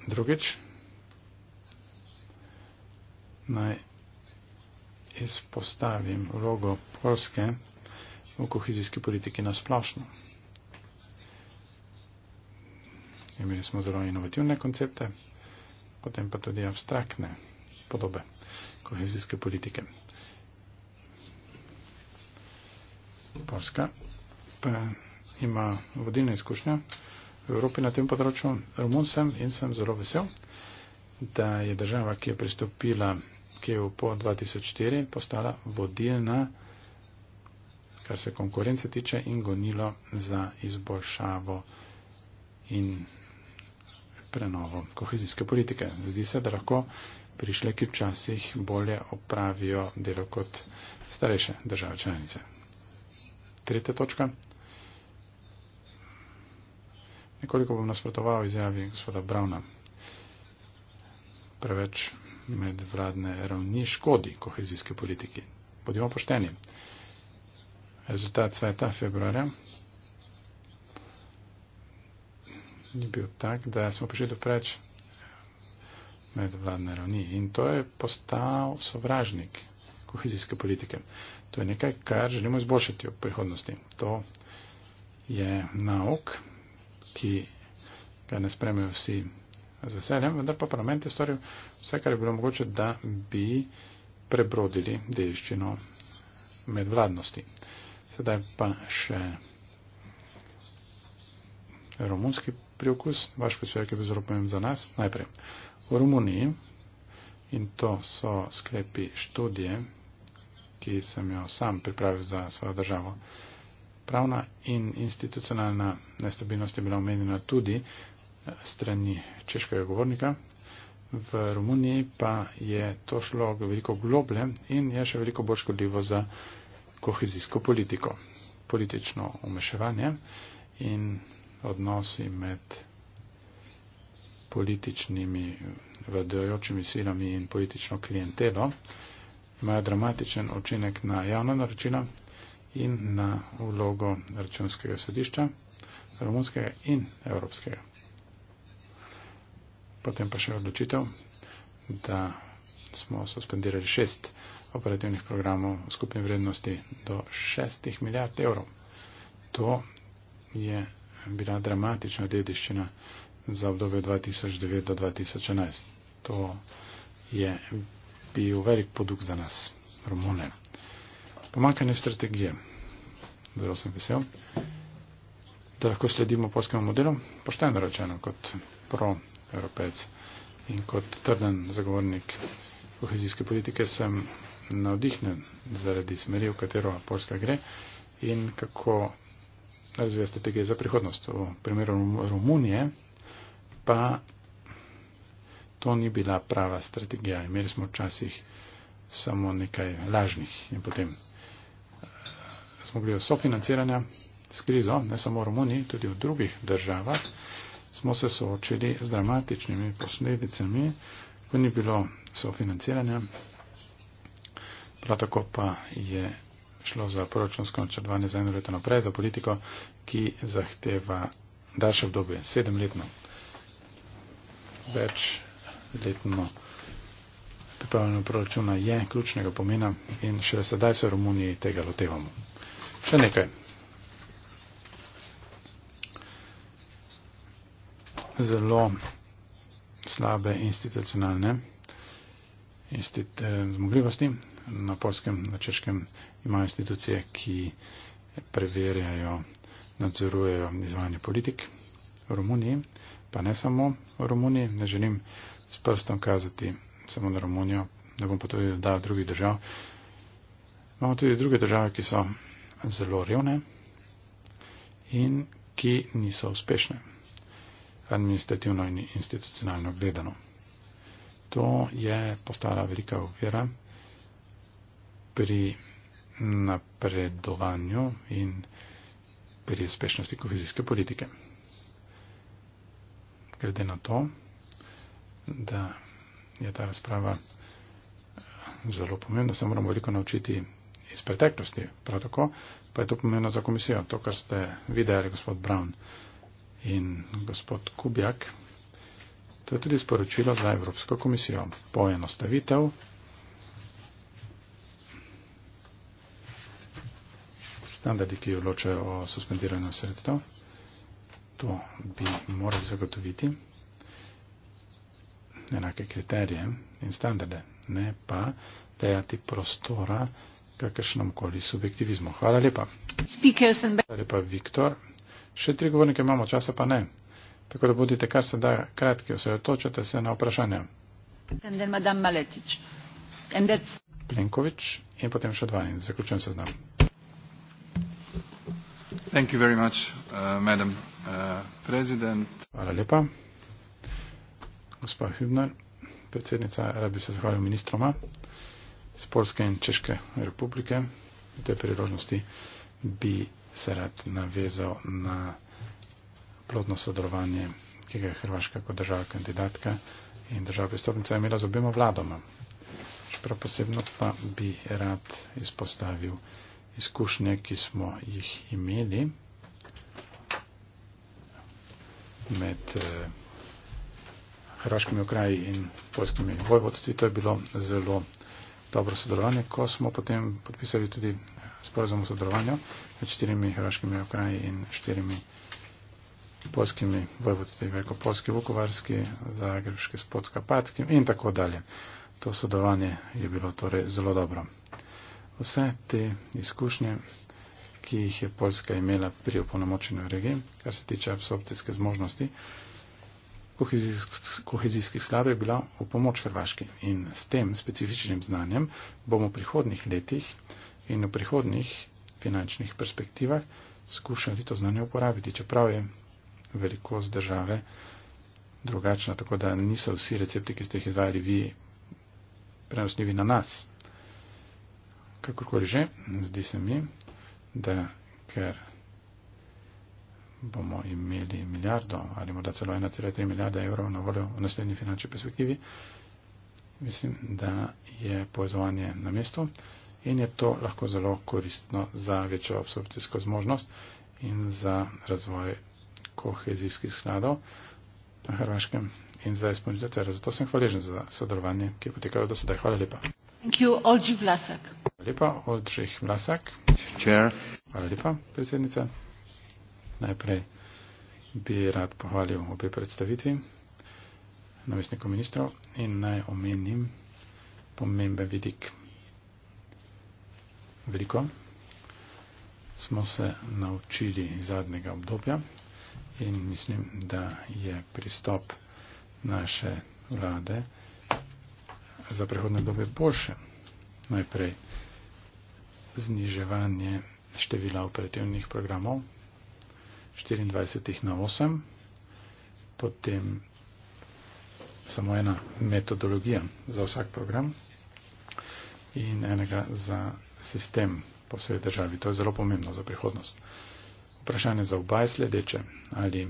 Drugič, naj izpostavim vlogo Polske v kohezijski politiki na splošno. Imeli smo zelo inovativne koncepte, potem pa tudi abstraktne podobe kohezijske politike. Poljska ima vodilne izkušnje v Evropi na tem področju. Romun sem in sem zelo vesel, da je država, ki je pristopila k EU po 2004, postala vodilna, kar se konkurence tiče, in gonilo za izboljšavo in prenovo kohezijske politike. Zdi se, da lahko prišle, ki včasih bolje opravijo delo kot starejše države članice. Tretja točka. Nekoliko bom nasprotoval izjavi gospoda Brauna. Preveč medvladne ravni škodi kohezijske politiki. Bodimo pošteni. Rezultat sveta februarja ni bil tak, da smo prišli do preč medvladne ravni. In to je postal sovražnik kohezijske politike. To je nekaj, kar želimo izboljšati v prihodnosti. To je nauk, ki ga ne spremejo vsi z veseljem, vendar pa parlament je storil vse, kar je bilo mogoče, da bi prebrodili dediščino medvladnosti. Sedaj pa še romunski priokus. Vaš prispevek je bil zelo pomemben za nas. Najprej. V Romuniji, in to so sklepi študije, ki sem jo sam pripravil za svojo državo. Pravna in institucionalna nestabilnost je bila omenjena tudi eh, strani češkega govornika. V Romuniji pa je to šlo veliko globlje in je še veliko bolj škodljivo za kohezijsko politiko. Politično umeševanje in odnosi med političnimi vladajočimi silami in politično klientelo imajo dramatičen učinek na javna naročila in na vlogo računskega sodišča, romunskega in evropskega. Potem pa še odločitev, da smo suspendirali šest operativnih programov v skupni vrednosti do šestih milijard evrov. To je bila dramatična dediščina za obdobje 2009 do 2011. To je bio velik poduk za nas, Romune. Pomankanje strategije, zelo sem vesel, da lahko sledimo polskemu modelu, pošteno rečeno, kot pro-evropec in kot trden zagovornik kohezijske politike, sem navdihnen zaradi smeri, v katero Polska gre in kako razvija strategije za prihodnost. V primeru Romunije pa to ni bila prava strategija. Imeli smo včasih samo nekaj lažnih in potem eh, smo bili sofinanciranja s krizo, ne samo v Romuniji, tudi v drugih državah, smo se soočili z dramatičnimi posledicami, ko ni bilo sofinanciranja. Prav tako pa je šlo za proračunsko načrtovanje za eno leto naprej, za politiko, ki zahteva daljše obdobje, sedemletno. Več letno pripravljeno proračuna je ključnega pomena in šele sedaj se v Romuniji tega lotevamo. Še nekaj. Zelo slabe institucionalne instit zmogljivosti na polskem, na češkem imajo institucije, ki preverjajo, nadzorujejo izvajanje politik v Romuniji, pa ne samo v Romuniji, ne želim s prstom kazati samo na Romunijo, da bom pa tudi dodal drugih držav. Imamo tudi druge države, ki so zelo revne in ki niso uspešne, administrativno in institucionalno gledano. To je postala velika ovira pri napredovanju in pri uspešnosti kohezijske politike. Glede na to, da je ta razprava eh, zelo pomembna. Se moramo veliko naučiti iz preteklosti, prav tako pa je to pomembno za komisijo. To, kar ste videli, gospod Brown in gospod Kubjak, to je tudi sporočilo za Evropsko komisijo. Poenostavitev. standardi, ki jo ločajo o suspendiranju sredstev. To bi morali zagotoviti enake kriterije in standarde, ne pa dajati prostora kakršnem koli subjektivizmu. Hvala lepa. Hvala lepa, Viktor. Še tri govornike imamo, časa pa ne. Tako da bodite kar se da kratki, osredotočite se na vprašanja. Plenkovič in potem še dva in zaključujem se z nami. Thank you very much, uh, Madam uh, President. Hvala lepa gospa Hübner, predsednica, rad bi se zahvalil ministroma iz Polske in Češke republike. V tej priložnosti bi se rad navezal na plodno sodelovanje, ki ga je Hrvaška kot država kandidatka in država pristopnica imela z obema vladoma. Čeprav posebno pa bi rad izpostavil izkušnje, ki smo jih imeli med eh, hrvaškimi okraji in polskimi vojvodstvi. To je bilo zelo dobro sodelovanje, ko smo potem podpisali tudi sporazum o sodelovanju med štirimi hrvaškimi okraji in štirimi polskimi vojvodstvi, velikopolski, vukovarski, zagrebški, spodska, patski in tako dalje. To sodelovanje je bilo torej zelo dobro. Vse te izkušnje, ki jih je Poljska imela pri opolnomočenju regije, kar se tiče absorpcijske zmožnosti, kohezijskih skladov je bila v pomoč Hrvaški in s tem specifičnim znanjem bomo v prihodnih letih in v prihodnih finančnih perspektivah skušali to znanje uporabiti, čeprav je velikost države drugačna, tako da niso vsi recepti, ki ste jih izvajali vi, prenosljivi na nas. Kakorkoli že, zdi se mi, da ker bomo imeli milijardo ali morda celo 1,3 milijarde evrov na voljo v naslednji finančni perspektivi, mislim, da je povezovanje na mestu in je to lahko zelo koristno za večjo absorpcijsko zmožnost in za razvoj kohezijskih skladov na Hrvaškem in za izpolnitev tega. Zato sem hvaležen za sodelovanje, ki je potekalo do sedaj. Hvala lepa. Hvala lepa, Oldrich Vlasak. Hvala lepa, predsednica. Najprej bi rad pohvalil obe predstavitvi novestnikov ministrov in naj omenim pomemben vidik. Veliko smo se naučili iz zadnjega obdobja in mislim, da je pristop naše vlade za prehodne dobe boljše. Najprej zniževanje števila operativnih programov, 24 na 8, potem samo ena metodologija za vsak program in enega za sistem po vsej državi. To je zelo pomembno za prihodnost. Vprašanje za oba je sledeče. Ali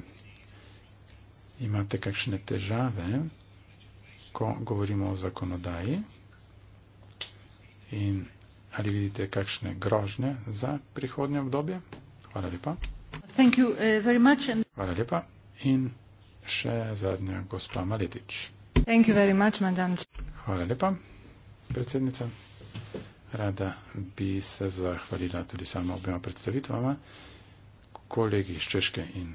imate kakšne težave, ko govorimo o zakonodaji in ali vidite kakšne grožnje za prihodnje obdobje? Hvala lepa. Eh, Hvala lepa. In še zadnja gospa Maletič. Hvala lepa, predsednica. Rada bi se zahvalila tudi sama obema predstavitvama, kolegi iz Češke in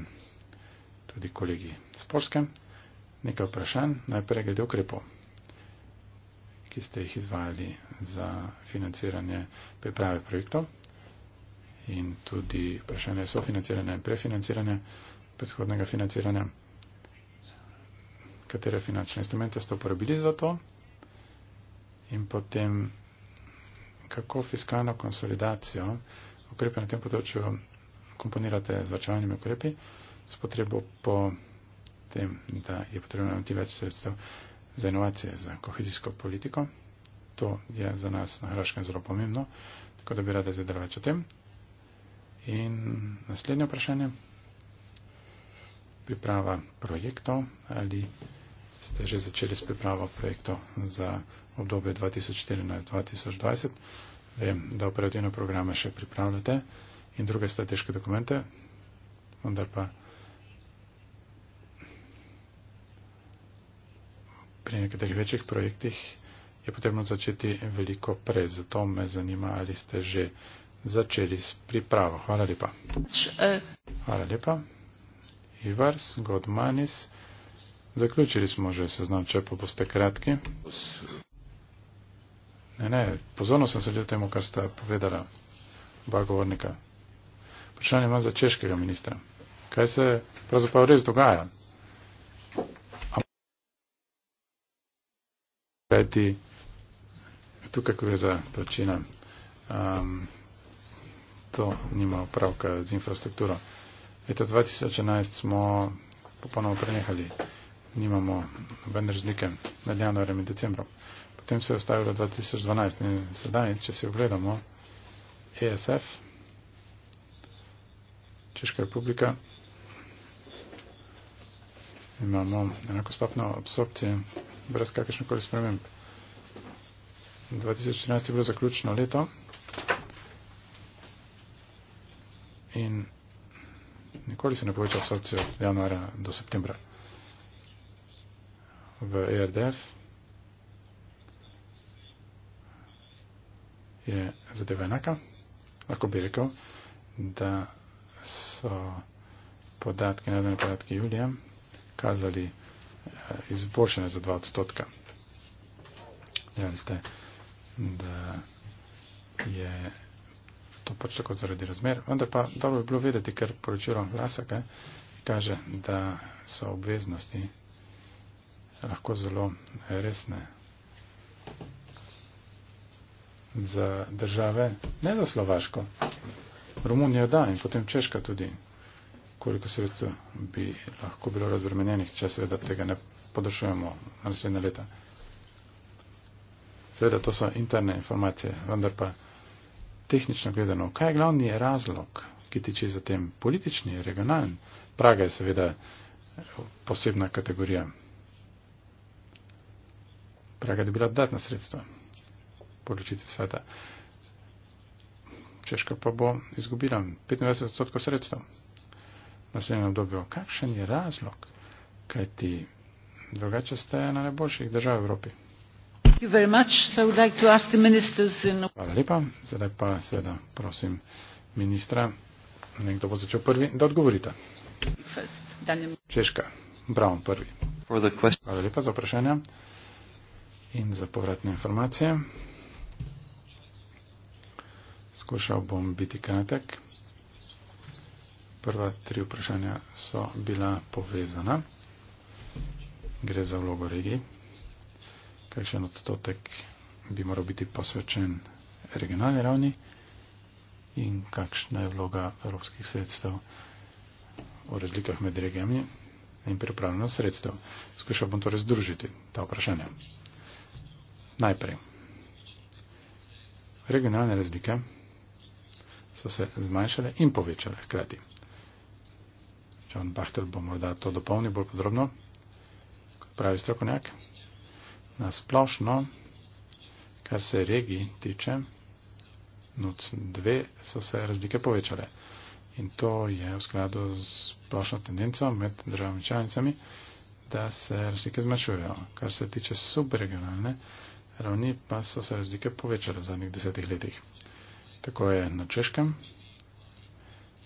tudi kolegi iz Polske. Nekaj vprašanj, najprej glede ukrepov, ki ste jih izvajali za financiranje priprave projektov in tudi vprašanje sofinanciranja in prefinanciranja, predhodnega financiranja, katere finančne instrumente ste uporabili za to in potem kako fiskalno konsolidacijo ukrepe na tem področju komponirate z vrčevanjem ukrepi s potrebo po tem, da je potrebno imeti več sredstev za inovacije, za kohezijsko politiko. To je za nas na Hrvaškem zelo pomembno, tako da bi rada izvedela več o tem. In naslednje vprašanje. Priprava projektov. Ali ste že začeli s pripravo projektov za obdobje 2014-2020? Vem, da operativne programe še pripravljate in druge strateške dokumente, vendar pa. Pri nekaterih večjih projektih je potrebno začeti veliko prej. Zato me zanima, ali ste že začeli s pripravo. Hvala lepa. Hvala lepa. Ivars, Godmanis. Zaključili smo že seznam, če pa boste kratki. Ne, ne, pozorno sem sledil temu, kar sta povedala oba govornika. Vprašanje imam za češkega ministra. Kaj se pravzaprav res dogaja? Kaj ti tukaj, ko gre za plačina? Um, to nima opravka z infrastrukturo. Leta 2011 smo popolnoma prenehali, nimamo nobene razlike med januarjem in decembrom. Potem se je ostavilo 2012 in sedaj, če si ogledamo, ESF, Češka republika, imamo enako stopno absorpcije brez kakršnekoli sprememb. 2014 je bilo zaključno leto, in nikoli se ne poveča absorpcija od januarja do septembra. V ERDF je zadeva enaka. Lahko bi rekel, da so podatki, najdene podatki julija, kazali eh, izboljšanje za 2 odstotka. Dejali ste, da je to pač tako zaradi razmer. Vendar pa dobro bi bilo vedeti, ker poročilo Lasaka kaže, da so obveznosti lahko zelo resne za države, ne za Slovaško, Romunijo da in potem Češka tudi, koliko sredstev bi lahko bilo razbremenjenih, če seveda tega ne podošujemo naslednje leta. Seveda to so interne informacije, vendar pa tehnično gledano, kaj je glavni razlog, ki tiče za tem politični, regionalni? Praga je seveda posebna kategorija. Praga je bila dodatna sredstva po odločitvi sveta. Češka pa bo izgubila 25 odstotkov sredstev v naslednjem obdobju. Kakšen je razlog, kaj ti drugače ste ena najboljših držav v Evropi? Hvala lepa. Zdaj pa seveda prosim ministra, nekdo bo začel prvi, da odgovorite. Češka, Brown prvi. Hvala lepa za vprašanja in za povratne informacije. Skušal bom biti kratek. Prva tri vprašanja so bila povezana. Gre za vlogo regije kakšen odstotek bi moral biti posvečen regionalni ravni in kakšna je vloga evropskih sredstev o razlikah med regijami in pripravljenost sredstev. Skušal bom torej združiti ta vprašanja. Najprej. Regionalne razlike so se zmanjšale in povečale hkrati. John Bachtel bo morda to dopolnil bolj podrobno, kot pravi strokovnjak na splošno, kar se regij tiče, NUC 2 so se razlike povečale. In to je v skladu s splošno tendenco med državami članicami, da se razlike zmanjšujejo. Kar se tiče subregionalne ravni, pa so se razlike povečale v zadnjih desetih letih. Tako je na Češkem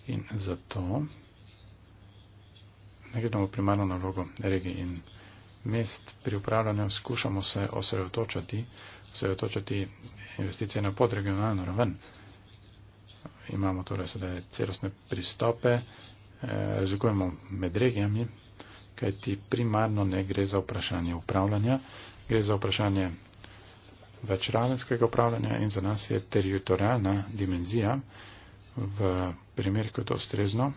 in zato ne gledamo primarno nalogo regij in regij mest pri upravljanju skušamo se osredotočati, osredotočati investicije na podregionalno raven. Imamo torej sedaj celostne pristope, eh, razlikujemo med regijami, kajti primarno ne gre za vprašanje upravljanja, gre za vprašanje večravenskega upravljanja in za nas je teritorijalna dimenzija v primer, ko je to ustrezno,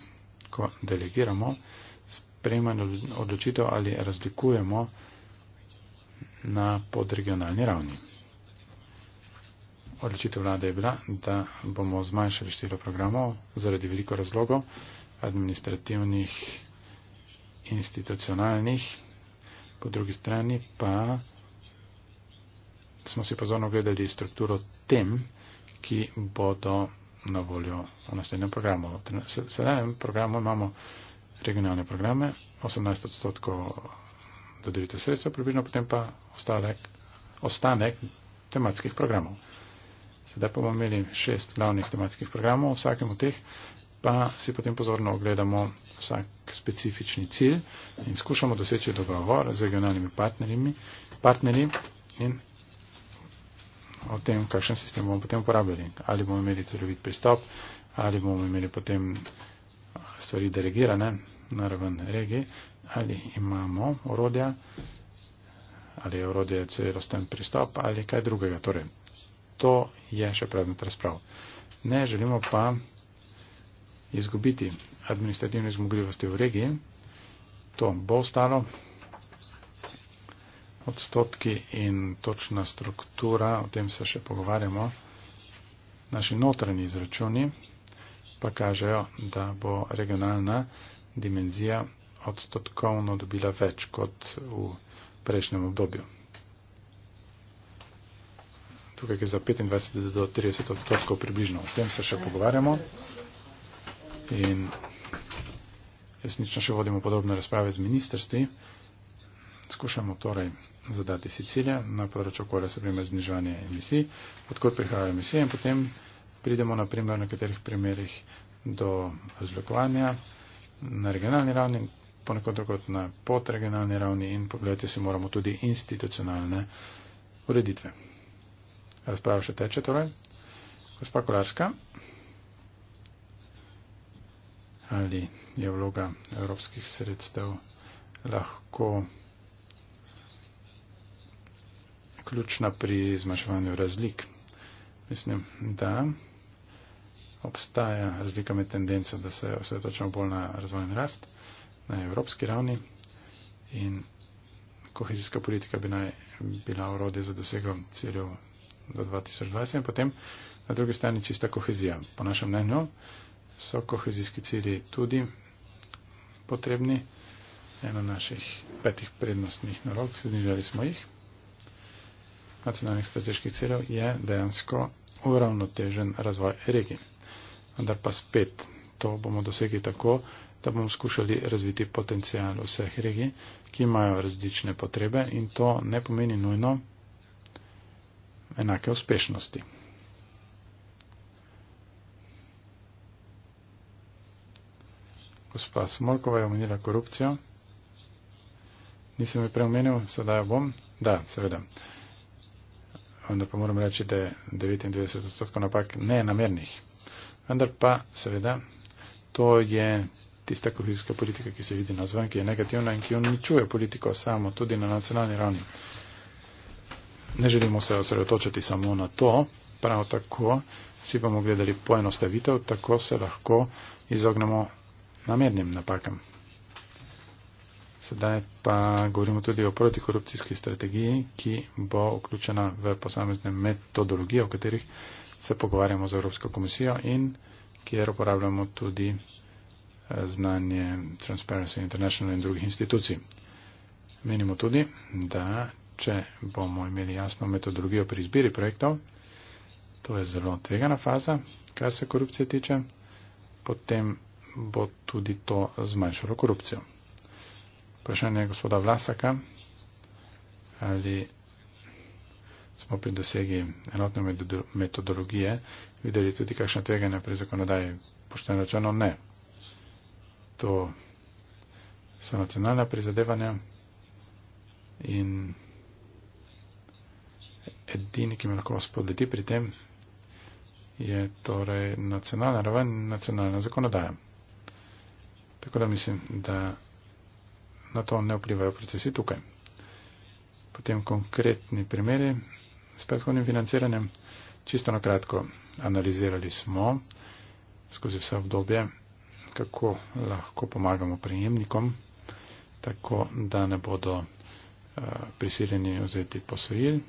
ko delegiramo prejemanje odločitev ali razlikujemo na podregionalni ravni. Odločitev vlade je bila, da bomo zmanjšali število programov zaradi veliko razlogov, administrativnih, institucionalnih, po drugi strani pa smo si pozorno gledali strukturo tem, ki bodo na voljo v naslednjem programu. V sedanjem programu imamo regionalne programe, 18 odstotkov dodelite sredstva, približno potem pa ostalek, ostanek tematskih programov. Sedaj pa bomo imeli šest glavnih tematskih programov, vsakem od teh pa si potem pozorno ogledamo vsak specifični cilj in skušamo doseči dogovor z regionalnimi partnerji, partnerji in o tem, kakšen sistem bomo potem uporabljali. Ali bomo imeli celovit pristop, ali bomo imeli potem stvari delegirane, na raven regije, ali imamo urodja, ali je urodje celosten pristop, ali kaj drugega. Torej, to je še predmet razprav. Ne želimo pa izgubiti administrativne zmogljivosti v regiji. To bo ostalo. Odstotki in točna struktura, o tem se še pogovarjamo. Naši notranji izračuni pa kažejo, da bo regionalna dimenzija odstotkovno dobila več kot v prejšnjem obdobju. Tukaj je za 25 do 30 odstotkov približno. O tem se še pogovarjamo in resnično še vodimo podrobne razprave z ministrstvi. Skušamo torej zadati si cilje na področju okolja, se primer zniževanje emisij, odkud prihajajo emisije in potem pridemo na primer na katerih primerih do razlikovanja na regionalni ravni, ponekod drugot na podregionalni ravni in pogledajte si moramo tudi institucionalne ureditve. Razprava še teče torej. Gospa Kolarska, ali je vloga evropskih sredstev lahko ključna pri zmanjševanju razlik? Mislim, da obstaja razlika med tendenco, da se osredotočamo bolj na razvojen rast, na evropski ravni in kohezijska politika bi naj bila orodje za dosego ciljev do 2020 in potem na drugi strani čista kohezija. Po našem mnenju so kohezijski cilji tudi potrebni, eno naših petih prednostnih nalog, znižali smo jih, nacionalnih strateških ciljev je dejansko uravnotežen razvoj regije vendar pa spet to bomo dosegli tako, da bomo skušali razviti potencijal vseh regij, ki imajo različne potrebe in to ne pomeni nujno enake uspešnosti. Gospa Smolkova je omenila korupcijo. Nisem jo preomenil, sedaj jo bom. Da, seveda. Onda pa moram reči, da je 99% napak ne namernih. Vendar pa, seveda, to je tista kohezijska politika, ki se vidi na zven, ki je negativna in ki uničuje politiko samo, tudi na nacionalni ravni. Ne želimo se osredotočiti samo na to, prav tako si bomo gledali poenostavitev, tako se lahko izognemo namernim napakam. Sedaj pa govorimo tudi o protikorupcijski strategiji, ki bo vključena v posamezne metodologije, o katerih se pogovarjamo z Evropsko komisijo in kjer uporabljamo tudi eh, znanje Transparency International in drugih institucij. Menimo tudi, da če bomo imeli jasno metodologijo pri izbiri projektov, to je zelo tvegana faza, kar se korupcije tiče, potem bo tudi to zmanjšalo korupcijo. Vprašanje gospoda Vlasaka, ali smo pri dosegi enotne metodologije videli tudi kakšna tveganja pri zakonodaji. Pošteno rečeno ne. To so nacionalna prizadevanja in edini, ki me lahko spodleti pri tem, je torej nacionalna raven in nacionalna zakonodaja. Tako da mislim, da na to ne vplivajo procesi tukaj. Potem konkretni primeri s predhodnim financiranjem. Čisto na kratko analizirali smo skozi vse obdobje, kako lahko pomagamo prejemnikom, tako da ne bodo eh, prisiljeni vzeti posojil,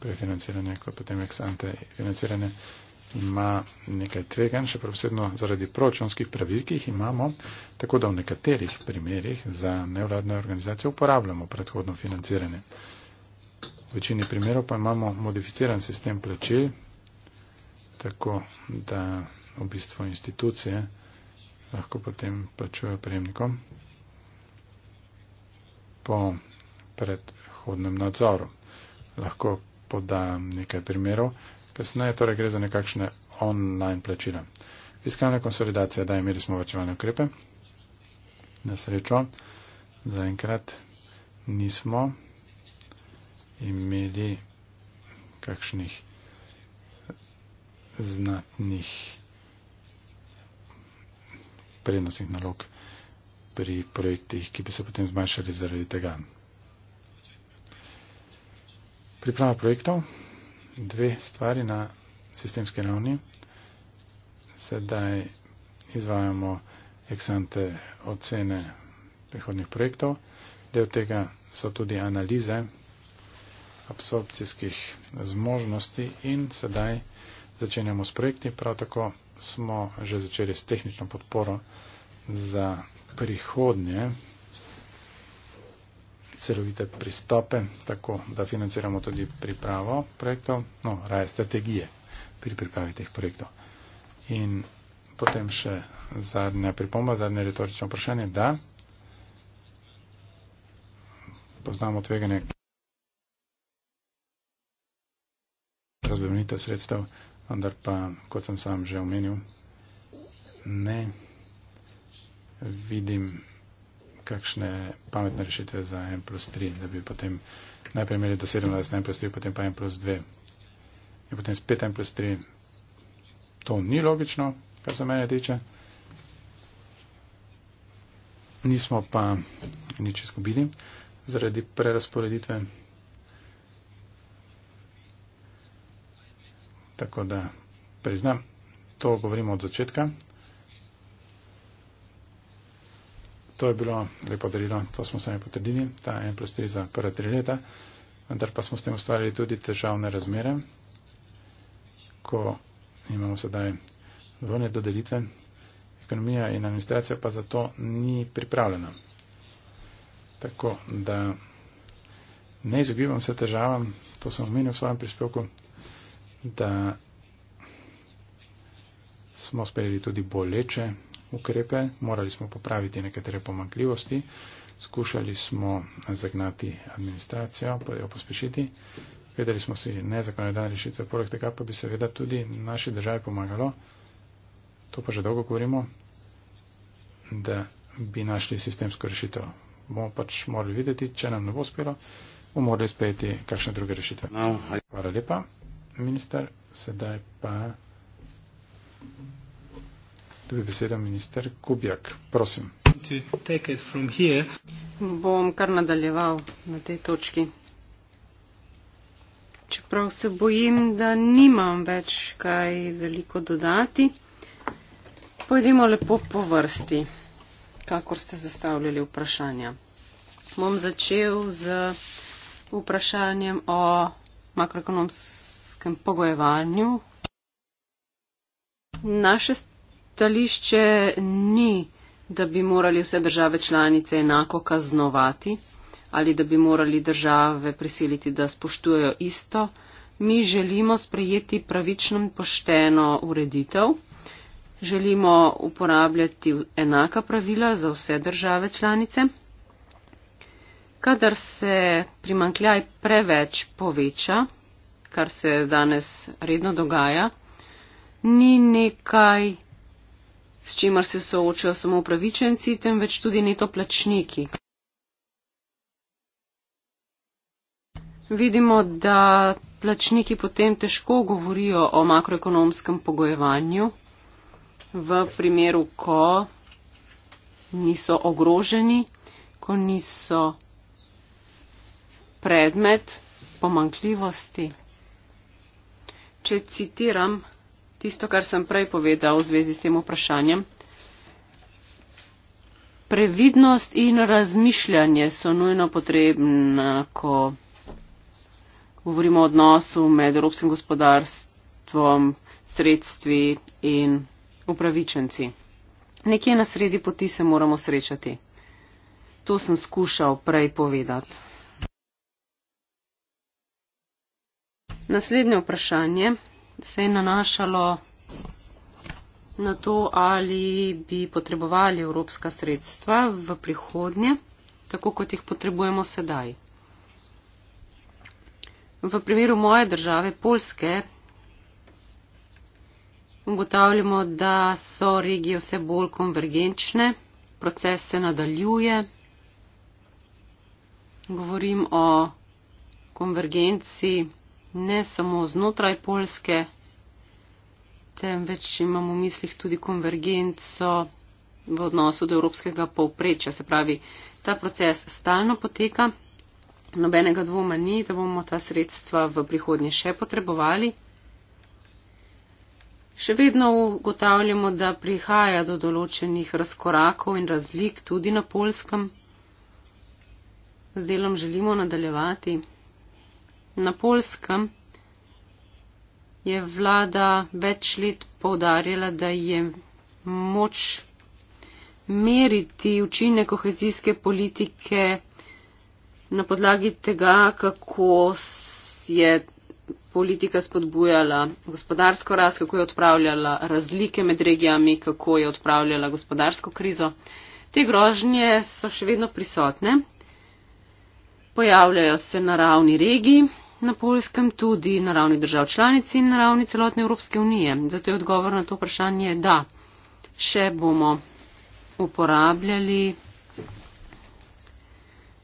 prefinanciranje, kot potem eksante financiranje, ima nekaj tvegan, še posebno zaradi proračunskih pravil, ki jih imamo, tako da v nekaterih primerjih za nevladne organizacije uporabljamo predhodno financiranje. V večini primerov pa imamo modificiran sistem plačil, tako da v bistvu institucije lahko potem plačujejo prejemnikom po predhodnem nadzoru. Lahko podam nekaj primerov, kasneje torej gre za nekakšne online plačila. Fiskalna konsolidacija, da imeli smo vrčevalne ukrepe. Na srečo, zaenkrat nismo imeli kakšnih znatnih prednostnih nalog pri projektih, ki bi se potem zmanjšali zaradi tega. Priprava projektov, dve stvari na sistemski ravni. Sedaj izvajamo eksante ocene prihodnih projektov. Del tega so tudi analize, absorpcijskih zmožnosti in sedaj začenjamo s projekti. Prav tako smo že začeli s tehnično podporo za prihodnje celovite pristope, tako da financiramo tudi pripravo projektov, no, raje strategije pri pripravi teh projektov. In potem še zadnja pripomba, zadnje retorično vprašanje, da poznamo tveganje. razbremenitev sredstev, vendar pa, kot sem sam že omenil, ne vidim kakšne pametne rešitve za N plus 3, da bi potem najprej imeli do 17 N plus 3, potem pa N plus 2 in potem spet N plus 3. To ni logično, kar se mene tiče. Nismo pa nič izgubili zaradi prerasporeditve. Tako da priznam, to govorimo od začetka. To je bilo lepo darilo, to smo sami potrdili, ta 1 plus 3 za prve tri leta, vendar pa smo s tem ustvarili tudi težavne razmere, ko imamo sedaj dvojne dodelitve, ekonomija in administracija pa za to ni pripravljena. Tako da ne izogibam se težavam, to sem omenil v svojem prispevku da smo sprejeli tudi boleče ukrepe, morali smo popraviti nekatere pomankljivosti, skušali smo zagnati administracijo, pa jo pospešiti, vedeli smo si nezakonodajne rešitve, poleg tega pa bi seveda tudi naši državi pomagalo, to pa že dolgo govorimo, da bi našli sistemsko rešitev. Bomo pač morali videti, če nam ne bo uspelo, bomo morali sprejeti kakšne druge rešitve. Hvala lepa minister, sedaj pa dobi besedo minister Kubjak. Prosim. Bom kar nadaljeval na tej točki. Čeprav se bojim, da nimam več kaj veliko dodati, pojdimo lepo po vrsti, kakor ste zastavljali vprašanja. Bom začel z vprašanjem o makroekonomskem diplomatskem pogojevanju. Naše stališče ni, da bi morali vse države članice enako kaznovati ali da bi morali države prisiliti, da spoštujejo isto. Mi želimo sprejeti pravično in pošteno ureditev. Želimo uporabljati enaka pravila za vse države članice. Kadar se primankljaj preveč poveča, kar se danes redno dogaja, ni nekaj, s čimer se soočajo samo upravičenci, temveč tudi neto plačniki. Vidimo, da plačniki potem težko govorijo o makroekonomskem pogojevanju v primeru, ko niso ogroženi, ko niso predmet pomankljivosti če citiram tisto, kar sem prej povedal v zvezi s tem vprašanjem. Previdnost in razmišljanje so nujno potrebna, ko govorimo o odnosu med evropskim gospodarstvom, sredstvi in upravičenci. Nekje na sredi poti se moramo srečati. To sem skušal prej povedati. Naslednje vprašanje se je nanašalo na to, ali bi potrebovali evropska sredstva v prihodnje, tako kot jih potrebujemo sedaj. V primeru moje države, Polske, ugotavljamo, da so regije vse bolj konvergenčne, proces se nadaljuje. Govorim o konvergenci ne samo znotraj Polske, temveč imamo v mislih tudi konvergenco v odnosu do evropskega povprečja. Se pravi, ta proces stalno poteka, nobenega dvoma ni, da bomo ta sredstva v prihodnje še potrebovali. Še vedno ugotavljamo, da prihaja do določenih razkorakov in razlik tudi na polskem. Z delom želimo nadaljevati na polskem je vlada več let povdarjala, da je moč meriti učinek kohezijske politike na podlagi tega, kako je politika spodbujala gospodarsko rast, kako je odpravljala razlike med regijami, kako je odpravljala gospodarsko krizo. Te grožnje so še vedno prisotne, pojavljajo se na ravni regiji na Poljskem, tudi na ravni držav članic in na ravni celotne Evropske unije. Zato je odgovor na to vprašanje, da še bomo uporabljali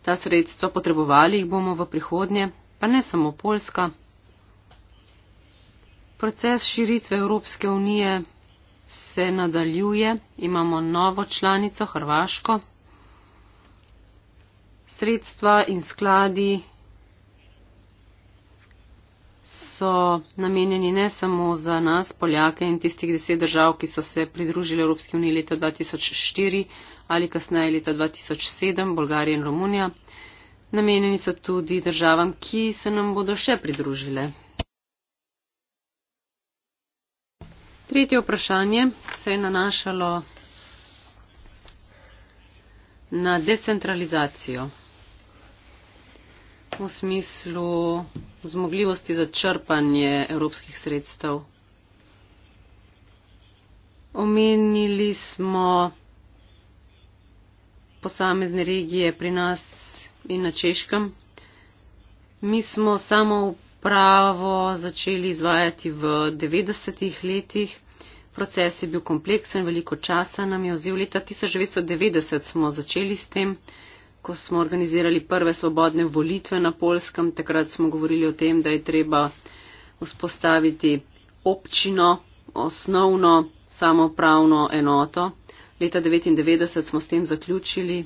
ta sredstva, potrebovali jih bomo v prihodnje, pa ne samo Poljska. Proces širitve Evropske unije se nadaljuje, imamo novo članico Hrvaško. Sredstva in skladi so namenjeni ne samo za nas, Poljake in tistih deset držav, ki so se pridružili Evropski uniji leta 2004 ali kasneje leta 2007, Bolgarija in Romunija. Namenjeni so tudi državam, ki se nam bodo še pridružile. Tretje vprašanje se je nanašalo na decentralizacijo v smislu zmogljivosti za črpanje evropskih sredstev. Omenili smo posamezne regije pri nas in na Češkem. Mi smo samo upravo začeli izvajati v 90-ih letih. Proces je bil kompleksen, veliko časa nam je vzel. Leta 1990 smo začeli s tem ko smo organizirali prve svobodne volitve na Polskem, takrat smo govorili o tem, da je treba vzpostaviti občino, osnovno samopravno enoto. Leta 1999 smo s tem zaključili,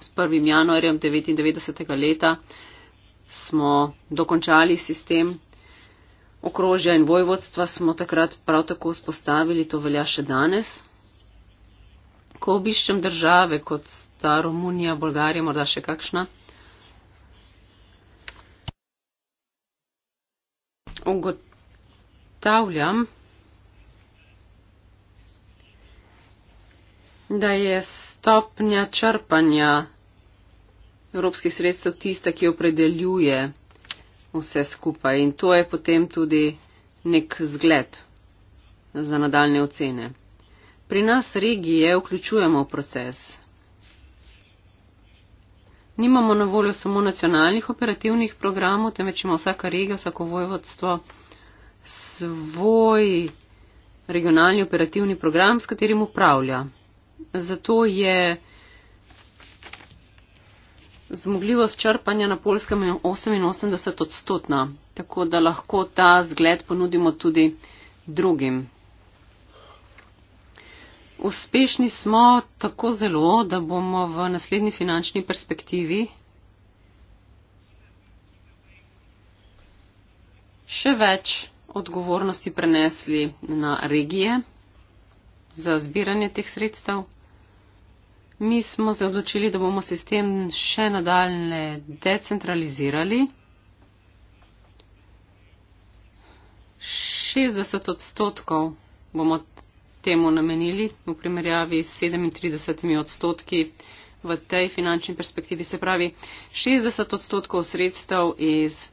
s 1. januarjem 1999. leta smo dokončali sistem. Okrožja in vojvodstva smo takrat prav tako vzpostavili, to velja še danes ko obiščem države, kot sta Romunija, Bolgarija, morda še kakšna, ugotavljam, da je stopnja črpanja evropskih sredstev tista, ki opredeljuje vse skupaj in to je potem tudi nek zgled za nadaljne ocene pri nas regije vključujemo v proces. Nimamo na voljo samo nacionalnih operativnih programov, temveč ima vsaka regija, vsako vojvodstvo svoj regionalni operativni program, s katerim upravlja. Zato je zmogljivost črpanja na polskem 88 odstotna, tako da lahko ta zgled ponudimo tudi drugim. Uspešni smo tako zelo, da bomo v naslednji finančni perspektivi še več odgovornosti prenesli na regije za zbiranje teh sredstev. Mi smo se odločili, da bomo sistem še nadaljne decentralizirali. 60 odstotkov bomo temu namenili v primerjavi s 37 odstotki v tej finančni perspektivi. Se pravi, 60 odstotkov sredstev iz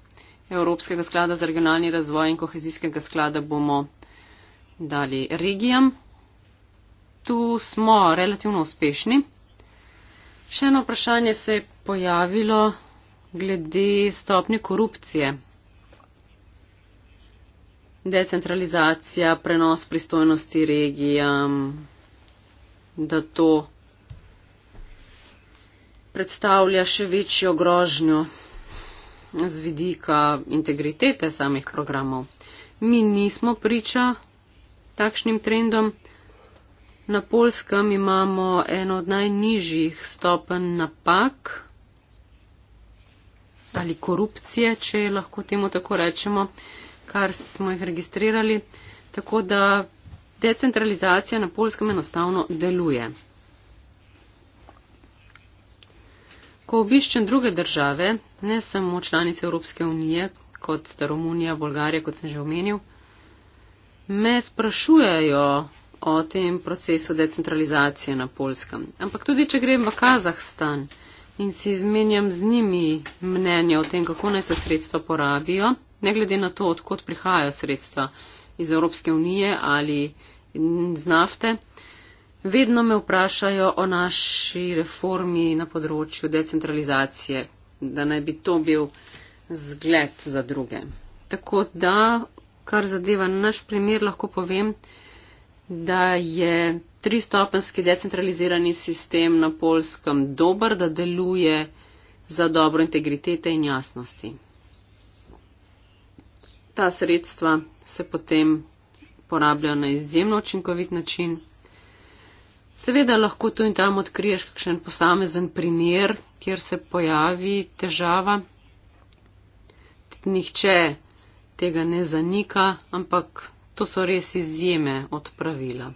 Evropskega sklada za regionalni razvoj in kohezijskega sklada bomo dali regijam. Tu smo relativno uspešni. Še eno vprašanje se je pojavilo glede stopnje korupcije decentralizacija, prenos pristojnosti regijam, da to predstavlja še večjo grožnjo z vidika integritete samih programov. Mi nismo priča takšnim trendom. Na polskem imamo eno od najnižjih stopen napak ali korupcije, če lahko temu tako rečemo. Uh, kar smo jih registrirali. Tako da decentralizacija na polskem enostavno deluje. Ko obiščem druge države, ne samo članice Evropske unije, kot sta Romunija, Bolgarija, kot sem že omenil, me sprašujejo o tem procesu decentralizacije na polskem. Ampak tudi, če grem v Kazahstan in si izmenjam z njimi mnenje o tem, kako naj se sredstva porabijo, ne glede na to, odkot prihajajo sredstva iz Evropske unije ali z nafte, vedno me vprašajo o naši reformi na področju decentralizacije, da naj bi to bil zgled za druge. Tako da, kar zadeva naš primer, lahko povem, da je tristopenski decentralizirani sistem na polskem dober, da deluje za dobro integritete in jasnosti ta sredstva se potem porabljajo na izjemno učinkovit način. Seveda lahko tu in tam odkriješ kakšen posamezen primer, kjer se pojavi težava. Nihče tega ne zanika, ampak to so res izjeme od pravila.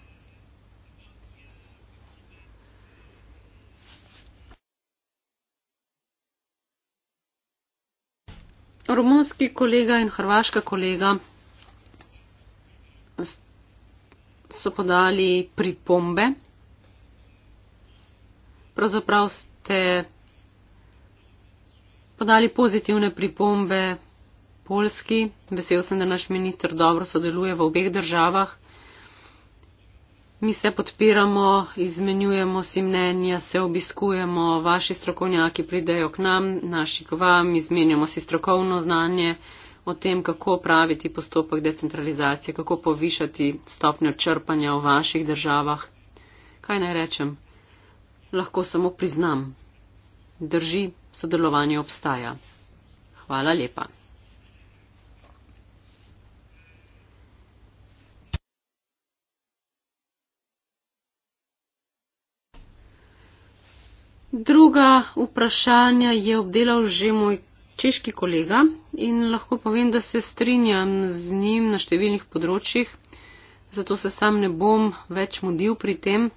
romunski kolega in hrvaška kolega so podali pripombe. Pravzaprav ste podali pozitivne pripombe Polski. Vesel sem, da naš minister dobro sodeluje v obeh državah. Mi se podpiramo, izmenjujemo si mnenja, se obiskujemo, vaši strokovnjaki pridejo k nam, naši k vam, izmenjamo si strokovno znanje o tem, kako praviti postopek decentralizacije, kako povišati stopnjo črpanja v vaših državah. Kaj naj rečem? Lahko samo priznam. Drži, sodelovanje obstaja. Hvala lepa. Druga vprašanja je obdelal že moj češki kolega in lahko povem, da se strinjam z njim na številnih področjih, zato se sam ne bom več mudil pri tem.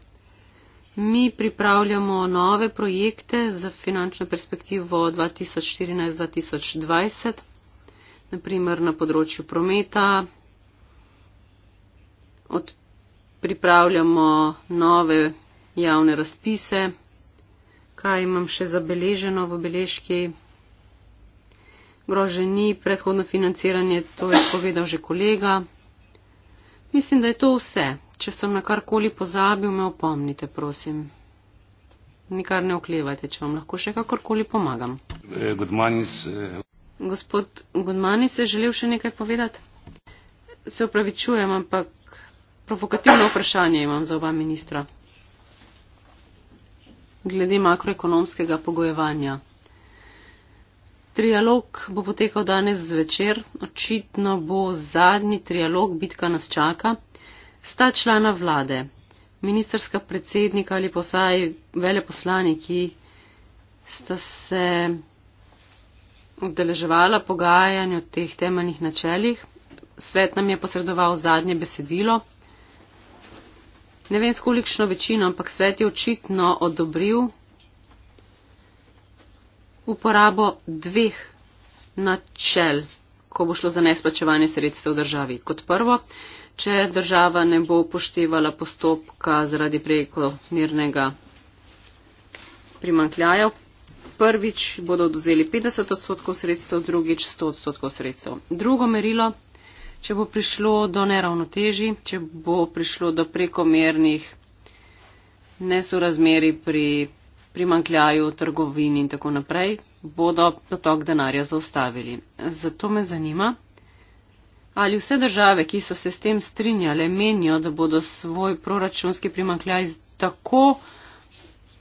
Mi pripravljamo nove projekte za finančno perspektivo 2014-2020, naprimer na področju prometa. Od pripravljamo nove javne razpise, kaj imam še zabeleženo v beležki. Grože ni, predhodno financiranje, to je povedal že kolega. Mislim, da je to vse. Če sem na karkoli pozabil, me opomnite, prosim. Nikar ne oklevajte, če vam lahko še kakorkoli pomagam. Eh, Goodmanis. Gospod Gudmanis je želel še nekaj povedati? Se upravičujem, ampak provokativno vprašanje imam za oba ministra glede makroekonomskega pogojevanja. Trialog bo potekal danes zvečer, očitno bo zadnji trialog, bitka nas čaka, sta člana vlade, ministerska predsednika ali posaj veleposlaniki sta se udeleževala pogajanj o teh temeljnih načeljih. Svet nam je posredoval zadnje besedilo. Ne vem, s kolikšno večino, ampak svet je očitno odobril uporabo dveh načel, ko bo šlo za nesplačevanje sredstev državi. Kot prvo, če država ne bo upoštevala postopka zaradi prekomernega primankljaja, prvič bodo oduzeli 50 odstotkov sredstev, drugič 100 odstotkov sredstev. Drugo merilo če bo prišlo do neravnoteži, če bo prišlo do prekomernih nesorazmeri pri primankljaju trgovin in tako naprej, bodo dotok denarja zaustavili. Zato me zanima, ali vse države, ki so se s tem strinjale, menijo, da bodo svoj proračunski primankljaj tako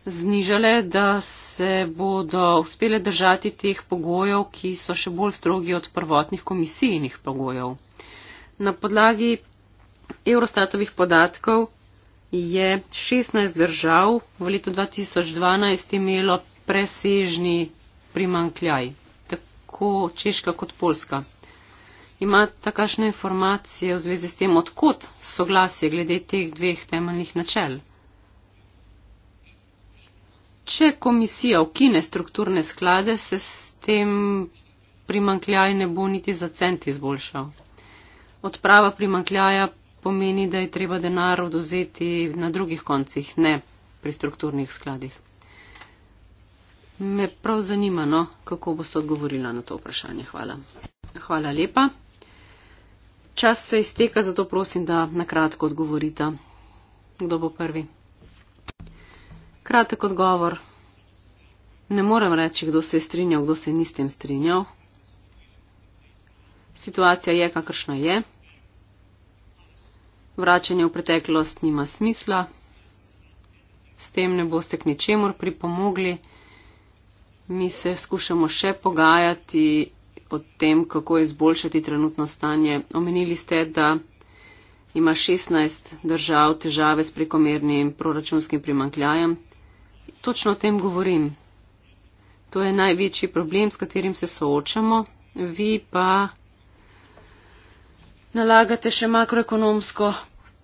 znižale, da se bodo uspele držati teh pogojev, ki so še bolj strogi od prvotnih komisijnih pogojev. Na podlagi Eurostatovih podatkov je 16 držav v letu 2012 imelo presežni primankljaj, tako Češka kot Polska. Imate kakšne informacije v zvezi s tem, odkot soglasje glede teh dveh temeljnih načel? Če komisija ukine strukturne sklade, se s tem primankljaj ne bo niti za cent izboljšal odprava primankljaja pomeni, da je treba denar oduzeti na drugih koncih, ne pri strukturnih skladih. Me prav zanima, no, kako boste odgovorila na to vprašanje. Hvala. Hvala lepa. Čas se izteka, zato prosim, da nakratko odgovorite. Kdo bo prvi? Kratek odgovor. Ne morem reči, kdo se je strinjal, kdo se ni s tem strinjal situacija je, kakršna je. Vračanje v preteklost nima smisla, s tem ne boste k ničemur pripomogli. Mi se skušamo še pogajati o tem, kako izboljšati trenutno stanje. Omenili ste, da ima 16 držav težave s prekomernim proračunskim primankljajem. Točno o tem govorim. To je največji problem, s katerim se soočamo. Vi pa nalagate še makroekonomsko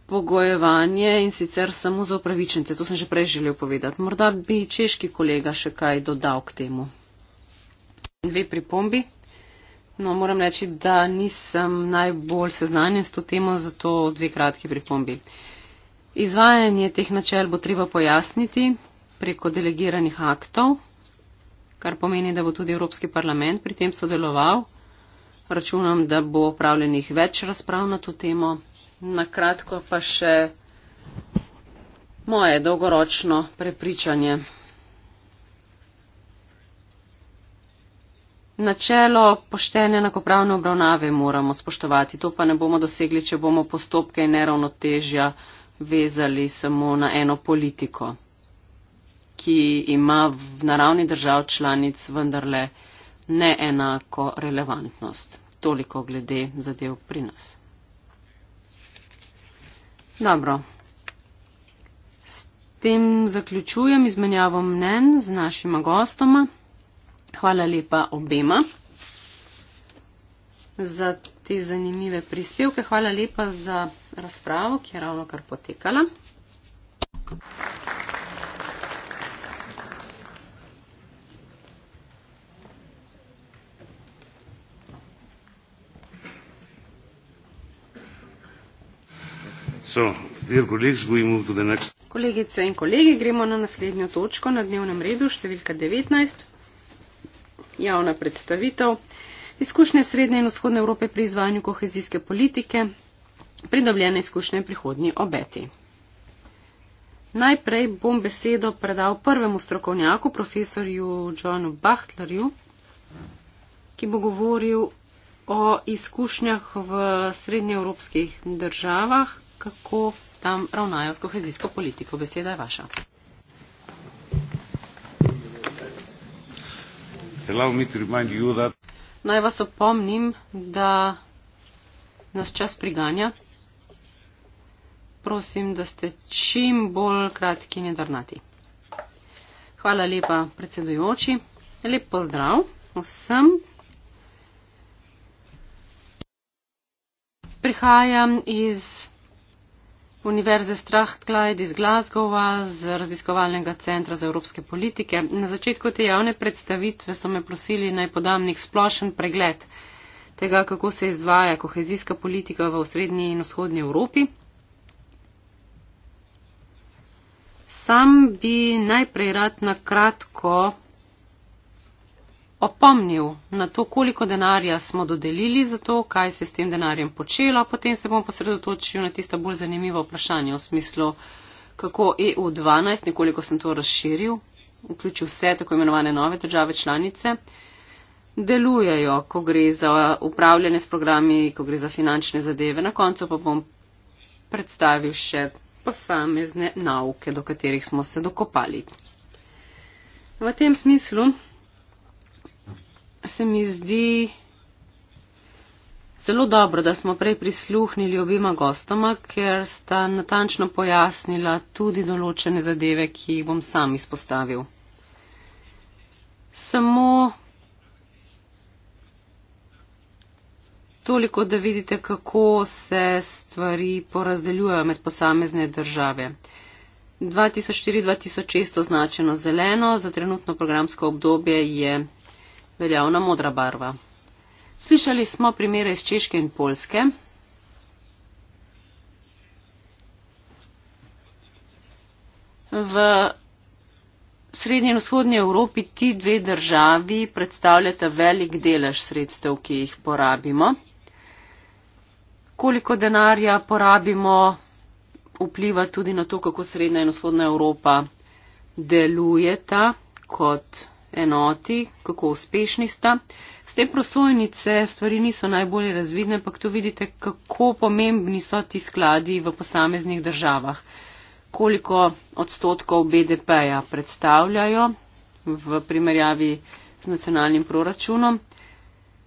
pogojevanje in sicer samo za upravičence. To sem že prej želel povedati. Morda bi češki kolega še kaj dodal k temu. Dve pripombi. No, moram reči, da nisem najbolj seznanjen s to temo, zato dve kratki pripombi. Izvajanje teh načel bo treba pojasniti preko delegiranih aktov, kar pomeni, da bo tudi Evropski parlament pri tem sodeloval računam, da bo opravljenih več razprav na to temo. Na kratko pa še moje dolgoročno prepričanje. Načelo poštene enakopravne obravnave moramo spoštovati. To pa ne bomo dosegli, če bomo postopke in neravnotežja vezali samo na eno politiko, ki ima v naravni držav članic vendarle neenako relevantnost. Toliko glede zadev pri nas. Dobro. S tem zaključujem izmenjavo mnen z našima gostoma. Hvala lepa obema za te zanimive prispevke. Hvala lepa za razpravo, ki je ravno kar potekala. Thank you. Kolegice in kolegi, gremo na naslednjo točko na dnevnem redu, številka 19. Javna predstavitev. Izkušnje Srednje in Vzhodne Evrope pri izvajanju kohezijske politike. Pridobljene izkušnje prihodnji obeti. Najprej bom besedo predal prvemu strokovnjaku, profesorju Johnu Bachtlerju, ki bo govoril o izkušnjah v srednjeevropskih državah, kako tam ravnajo s kohezijsko politiko. Beseda je vaša. Naj vas opomnim, da nas čas priganja. Prosim, da ste čim bolj kratki in jedrnati. Hvala lepa, predsedujoči. Lep pozdrav vsem. Prihajam iz Univerze Strachtglajd iz Glasgowa, z raziskovalnega centra za evropske politike. Na začetku te javne predstavitve so me prosili naj podam nek splošen pregled tega, kako se izvaja kohezijska politika v srednji in vzhodnji Evropi. Sam bi najprej rad na kratko opomnil na to, koliko denarja smo dodelili za to, kaj se s tem denarjem počelo, potem se bom posredotočil na tista bolj zanimiva vprašanja v smislu, kako EU12, nekoliko sem to razširil, vključil vse tako imenovane nove države članice, delujejo, ko gre za upravljanje s programi, ko gre za finančne zadeve. Na koncu pa bom predstavil še posamezne nauke, do katerih smo se dokopali. V tem smislu se mi zdi zelo dobro, da smo prej prisluhnili obima gostoma, ker sta natančno pojasnila tudi določene zadeve, ki jih bom sam izpostavil. Samo toliko, da vidite, kako se stvari porazdeljujejo med posamezne države. 2004-2006 označeno zeleno, za trenutno programsko obdobje je veljavna modra barva. Slišali smo primere iz Češke in Polske. V srednji in vzhodnji Evropi ti dve državi predstavljata velik delež sredstev, ki jih porabimo. Koliko denarja porabimo vpliva tudi na to, kako srednja in vzhodna Evropa delujeta kot enoti, kako uspešni sta. Z te prosojnice stvari niso najbolje razvidne, ampak tu vidite, kako pomembni so ti skladi v posameznih državah, koliko odstotkov BDP-ja predstavljajo v primerjavi z nacionalnim proračunom,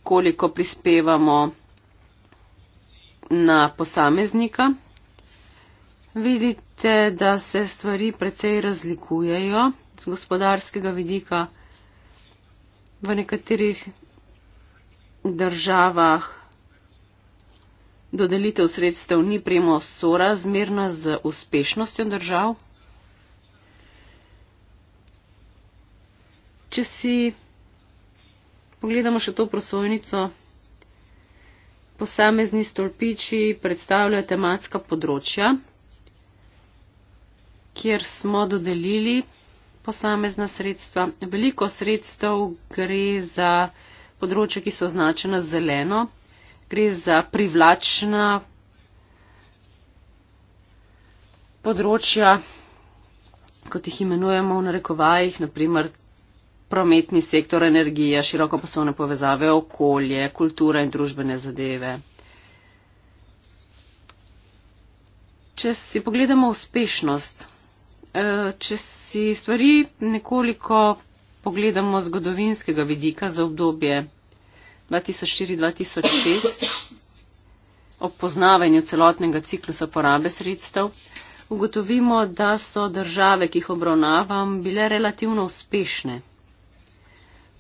koliko prispevamo na posameznika. Vidite, da se stvari precej razlikujejo z gospodarskega vidika v nekaterih državah dodelitev sredstev ni premo sorazmerna z uspešnostjo držav. Če si pogledamo še to prosojnico, posamezni stolpiči predstavljajo tematska področja, kjer smo dodelili posamezna sredstva. Veliko sredstev gre za področja, ki so označena zeleno, gre za privlačna področja, kot jih imenujemo v narekovajih, naprimer prometni sektor, energija, široko poslovne povezave, okolje, kultura in družbene zadeve. Če si pogledamo uspešnost Eh, če si stvari nekoliko pogledamo z zgodovinskega vidika za obdobje 2004-2006, ob poznavanju celotnega ciklusa porabe sredstev, ugotovimo, da so države, ki jih obravnavam, bile relativno uspešne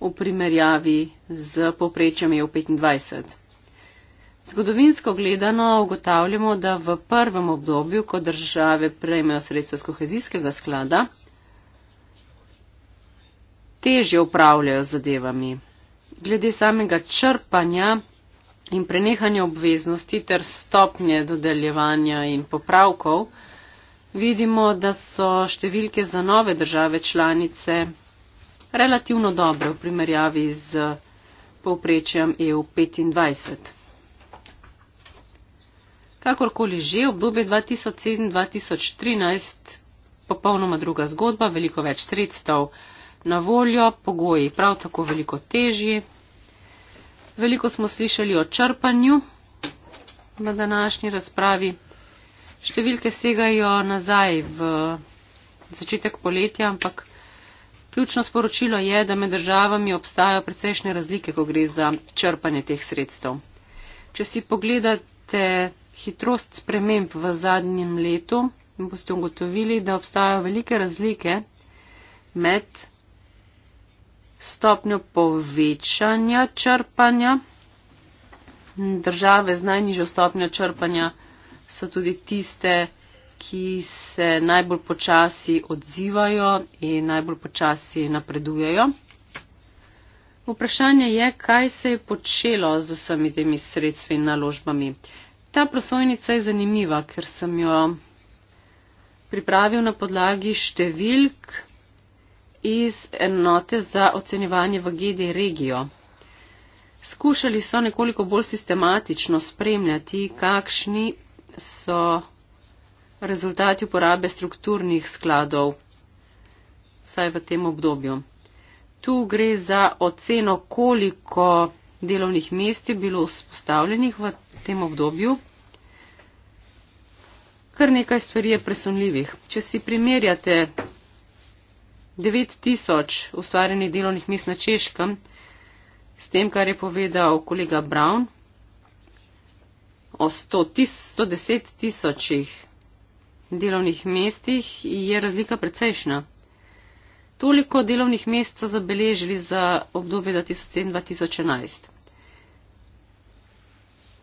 v primerjavi z poprečjem EU25. Zgodovinsko gledano ugotavljamo, da v prvem obdobju, ko države prejmejo sredstva z kohezijskega sklada, težje upravljajo zadevami. Glede samega črpanja in prenehanja obveznosti ter stopnje dodeljevanja in popravkov, vidimo, da so številke za nove države članice relativno dobre v primerjavi z povprečjem EU 25. Kakorkoli že, obdobje 2007-2013, popolnoma druga zgodba, veliko več sredstev na voljo, pogoji prav tako veliko težji. Veliko smo slišali o črpanju na današnji razpravi. Številke segajo nazaj v začetek poletja, ampak ključno sporočilo je, da med državami obstajajo precejšnje razlike, ko gre za črpanje teh sredstev. Če si pogledate hitrost sprememb v zadnjem letu, boste ugotovili, da obstajajo velike razlike med stopnjo povečanja črpanja. Države z najnižjo stopnjo črpanja so tudi tiste, ki se najbolj počasi odzivajo in najbolj počasi napredujejo. Vprašanje je, kaj se je počelo z vsemi temi sredstvi in naložbami. Ta prosojnica je zanimiva, ker sem jo pripravil na podlagi številk iz enote za ocenjevanje v GD regijo. Skušali so nekoliko bolj sistematično spremljati, kakšni so rezultati uporabe strukturnih skladov, saj v tem obdobju. Tu gre za oceno, koliko delovnih mest je bilo vzpostavljenih v tem obdobju. Kar nekaj stvari je presunljivih. Če si primerjate 9000 ustvarjenih delovnih mest na Češkem s tem, kar je povedal kolega Brown, o 110 tisočih delovnih mestih je razlika precejšna toliko delovnih mest so zabeležili za obdobje 2007-2011.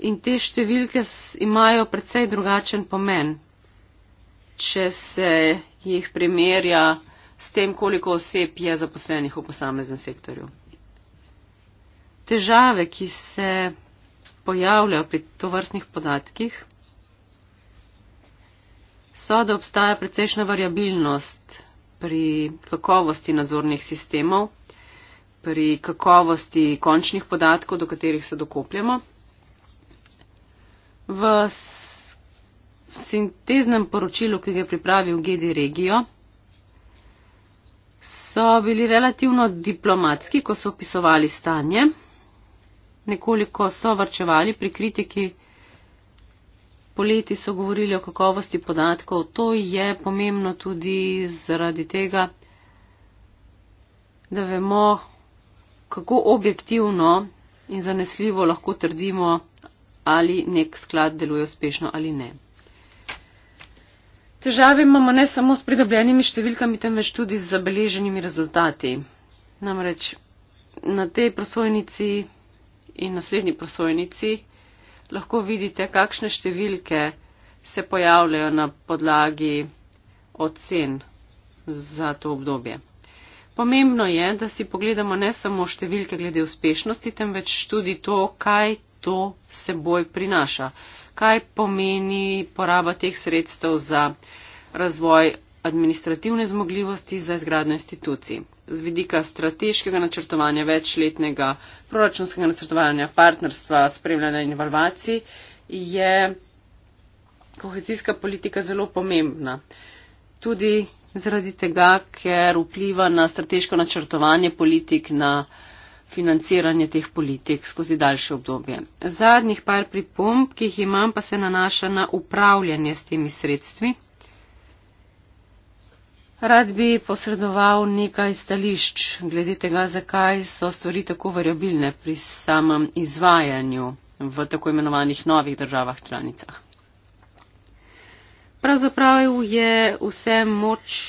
In te številke imajo predvsej drugačen pomen, če se jih primerja s tem, koliko oseb je zaposlenih v posameznem sektorju. Težave, ki se pojavljajo pri tovrstnih podatkih, so, da obstaja precejšna variabilnost pri kakovosti nadzornih sistemov, pri kakovosti končnih podatkov, do katerih se dokopljamo. V sinteznem poročilu, ki ga je pripravil GD Regio, so bili relativno diplomatski, ko so opisovali stanje. Nekoliko so varčevali pri kritiki poleti so govorili o kakovosti podatkov. To je pomembno tudi zaradi tega, da vemo, kako objektivno in zanesljivo lahko trdimo, ali nek sklad deluje uspešno ali ne. Težave imamo ne samo s pridobljenimi številkami, temveč tudi z zabeleženimi rezultati. Namreč na tej prosojnici in naslednji prosojnici lahko vidite, kakšne številke se pojavljajo na podlagi ocen za to obdobje. Pomembno je, da si pogledamo ne samo številke glede uspešnosti, temveč tudi to, kaj to seboj prinaša, kaj pomeni poraba teh sredstev za razvoj administrativne zmogljivosti za izgradno institucij. Z vidika strateškega načrtovanja večletnega proračunskega načrtovanja partnerstva, spremljanja in evalvacij je kohezijska politika zelo pomembna. Tudi zaradi tega, ker vpliva na strateško načrtovanje politik, na financiranje teh politik skozi daljše obdobje. Zadnjih par pripomb, ki jih imam, pa se nanaša na upravljanje s temi sredstvi. Rad bi posredoval nekaj stališč glede tega, zakaj so stvari tako variabilne pri samem izvajanju v tako imenovanih novih državah članicah. Pravzaprav je vse moč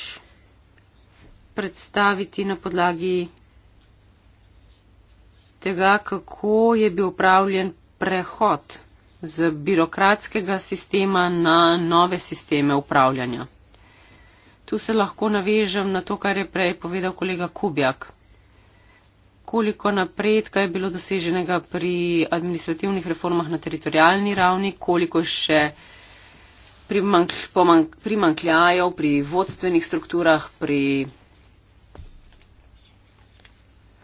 predstaviti na podlagi tega, kako je bil upravljen prehod z birokratskega sistema na nove sisteme upravljanja. Tu se lahko navežem na to, kar je prej povedal kolega Kubjak. Koliko napredka je bilo doseženega pri administrativnih reformah na teritorijalni ravni, koliko še primankljajev pri vodstvenih strukturah, pri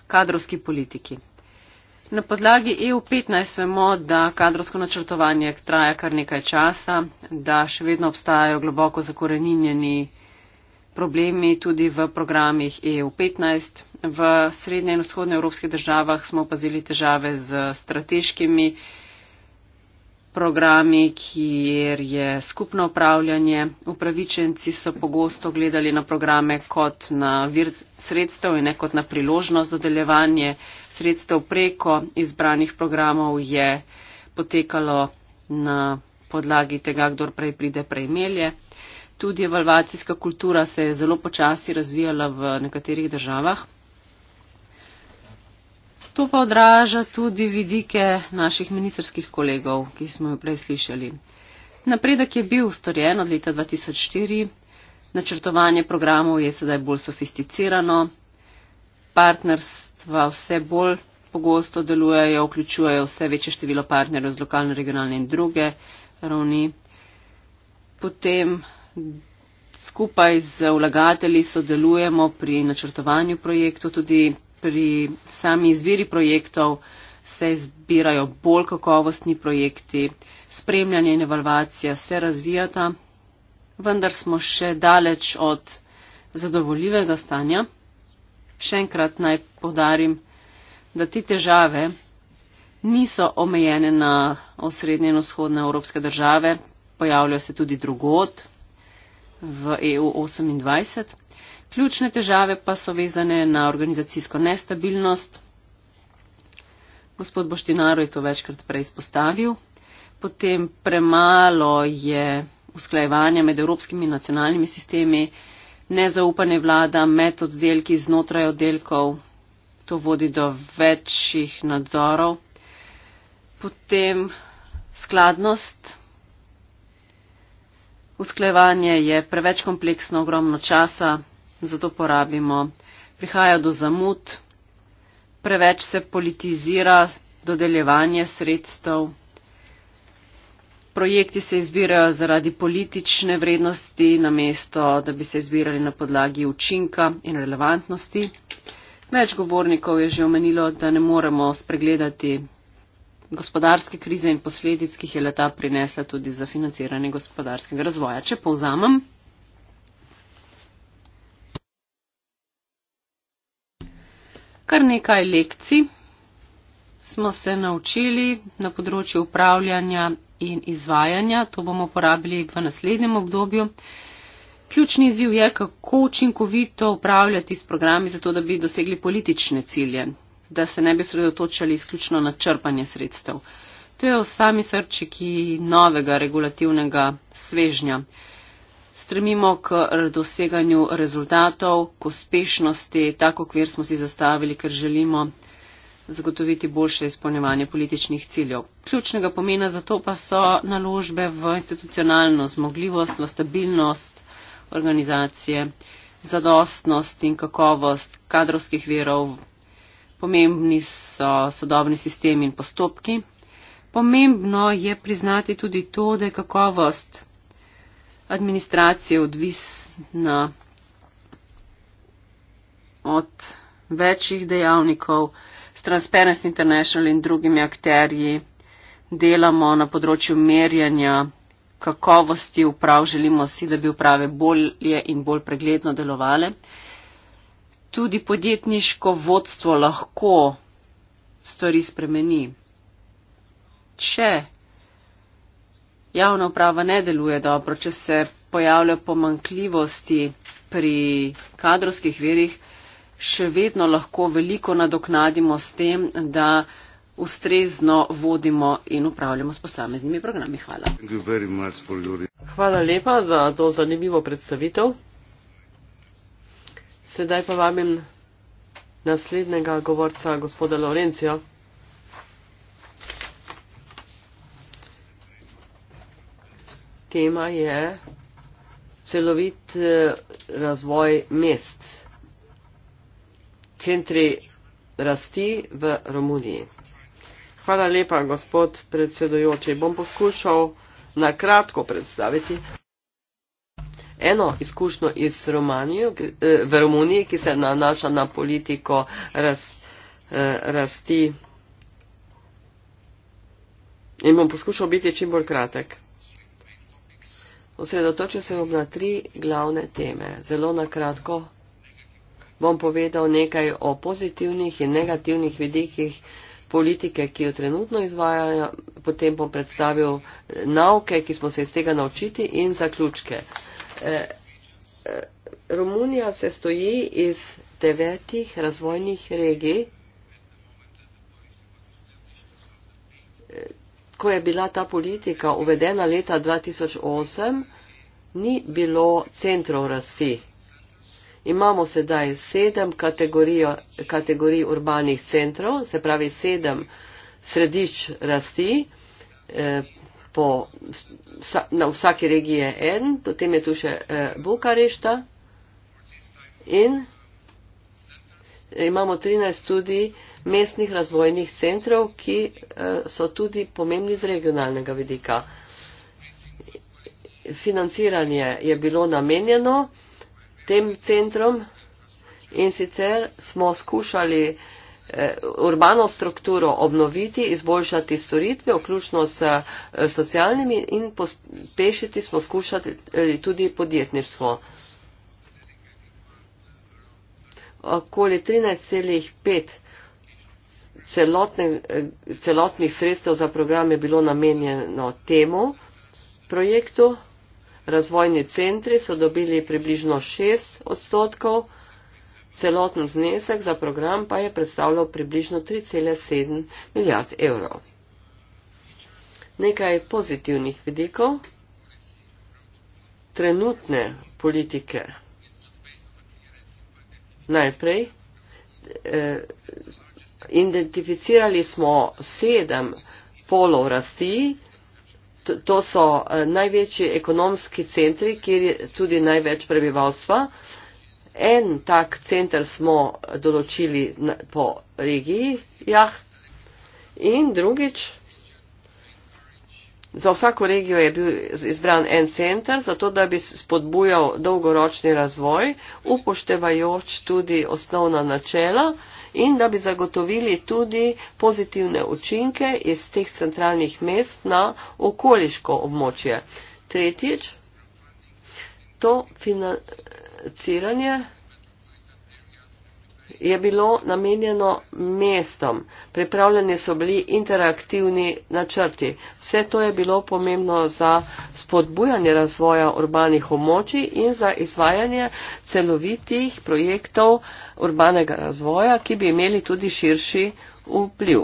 kadrovski politiki. Na podlagi EU15 vemo, da kadrovsko načrtovanje traja kar nekaj časa, da še vedno obstajajo globoko zakorenjeni problemi tudi v programih EU15. V srednje in vzhodne evropskih državah smo opazili težave z strateškimi programi, kjer je skupno upravljanje. Upravičenci so pogosto gledali na programe kot na vir sredstev in ne kot na priložnost dodeljevanje sredstev preko izbranih programov je potekalo na podlagi tega, kdor prej pride prej melje. Tudi evalvacijska kultura se je zelo počasi razvijala v nekaterih državah. To pa odraža tudi vidike naših ministerskih kolegov, ki smo jo prej slišali. Napredek je bil ustorjen od leta 2004, načrtovanje programov je sedaj bolj sofisticirano, partnerstva vse bolj pogosto delujejo, vključujejo vse večje število partnerjev z lokalne, regionalne in druge ravni. Potem skupaj z vlagateli sodelujemo pri načrtovanju projektov, tudi pri sami izviri projektov se zbirajo bolj kakovostni projekti, spremljanje in evalvacija se razvijata, vendar smo še daleč od zadovoljivega stanja. Še enkrat naj podarim, da ti težave niso omejene na osrednje in vzhodne evropske države, pojavljajo se tudi drugot v EU28. Ključne težave pa so vezane na organizacijsko nestabilnost. Gospod Boštinaro je to večkrat prej izpostavil. Potem premalo je usklajevanja med evropskimi in nacionalnimi sistemi, nezaupanje vlada med oddelki znotraj oddelkov. To vodi do večjih nadzorov. Potem skladnost Usklajevanje je preveč kompleksno, ogromno časa, zato porabimo. Prihaja do zamud, preveč se politizira dodeljevanje sredstev, projekti se izbirajo zaradi politične vrednosti, namesto da bi se izbirali na podlagi učinka in relevantnosti. Več govornikov je že omenilo, da ne moremo spregledati gospodarske krize in posledic, ki jih je leta prinesla tudi za financiranje gospodarskega razvoja. Če povzamem. Kar nekaj lekcij smo se naučili na področju upravljanja in izvajanja. To bomo uporabili v naslednjem obdobju. Ključni izziv je, kako učinkovito upravljati s programi, zato da bi dosegli politične cilje da se ne bi sredotočali izključno na črpanje sredstev. To je v sami srčiki novega regulativnega svežnja. Stremimo k doseganju rezultatov, k uspešnosti, tako kjer smo si zastavili, ker želimo zagotoviti boljše izpolnjevanje političnih ciljev. Ključnega pomena za to pa so naložbe v institucionalno zmogljivost, v stabilnost organizacije, zadostnost in kakovost kadrovskih verov, pomembni so sodobni sistemi in postopki. Pomembno je priznati tudi to, da je kakovost administracije odvisna od večjih dejavnikov. S Transparency International in drugimi akterji delamo na področju merjanja kakovosti uprav. Želimo si, da bi uprave bolje in bolj pregledno delovale tudi podjetniško vodstvo lahko stvari spremeni. Če javna uprava ne deluje dobro, če se pojavljajo pomankljivosti pri kadrovskih verjih, še vedno lahko veliko nadoknadimo s tem, da ustrezno vodimo in upravljamo s posameznimi programi. Hvala. Hvala lepa za to zanimivo predstavitev. Sedaj pa vabim naslednjega govorca, gospoda Lorencijo. Tema je celovit eh, razvoj mest, centri rasti v Romuniji. Hvala lepa, gospod predsedojoči. Bom poskušal na kratko predstaviti eno izkušnjo iz Romanijo, eh, v Romuniji, ki se nanaša na politiko raz, eh, rasti. In bom poskušal biti čim bolj kratek. Osredotočil se bom na tri glavne teme. Zelo na kratko bom povedal nekaj o pozitivnih in negativnih vidikih politike, ki jo trenutno izvajajo, potem bom predstavil nauke, ki smo se iz tega naučili in zaključke. Uh, Eh, eh, Romunija se stoji iz devetih razvojnih regij. Eh, ko je bila ta politika uvedena leta 2008, ni bilo centrov rasti. Imamo sedaj sedem kategorij urbanih centrov, se pravi sedem središč rasti, po, na vsaki regiji je en, potem je tu še eh, Bukarešta in imamo 13 tudi mestnih razvojnih centrov, ki eh, so tudi pomembni z regionalnega vidika. Financiranje je bilo namenjeno tem centrom in sicer smo skušali eh, Eh, urbano strukturo obnoviti, izboljšati storitve, vključno s eh, socialnimi in pospešiti smo skušati eh, tudi podjetništvo. Okoli 13,5 celotne, celotnih sredstev za program je bilo namenjeno temu projektu. Razvojni centri so dobili približno 6 odstotkov celoten znesek za program pa je predstavljal približno 3,7 milijard evrov. Nekaj pozitivnih vidikov trenutne politike. Najprej eh, identificirali smo sedem polov rasti, to so eh, največji ekonomski centri, kjer je tudi največ prebivalstva. Eh, En tak center smo določili po regiji, ja, in drugič, za vsako regijo je bil izbran en center, zato da bi spodbujal dolgoročni razvoj, upoštevajoč tudi osnovna načela in da bi zagotovili tudi pozitivne učinke iz teh centralnih mest na okoliško območje. Tretjič, To financiranje je bilo namenjeno mestom, pripravljeni so bili interaktivni načrti. Vse to je bilo pomembno za spodbujanje razvoja urbanih območij in za izvajanje celovitih projektov urbanega razvoja, ki bi imeli tudi širši vpliv.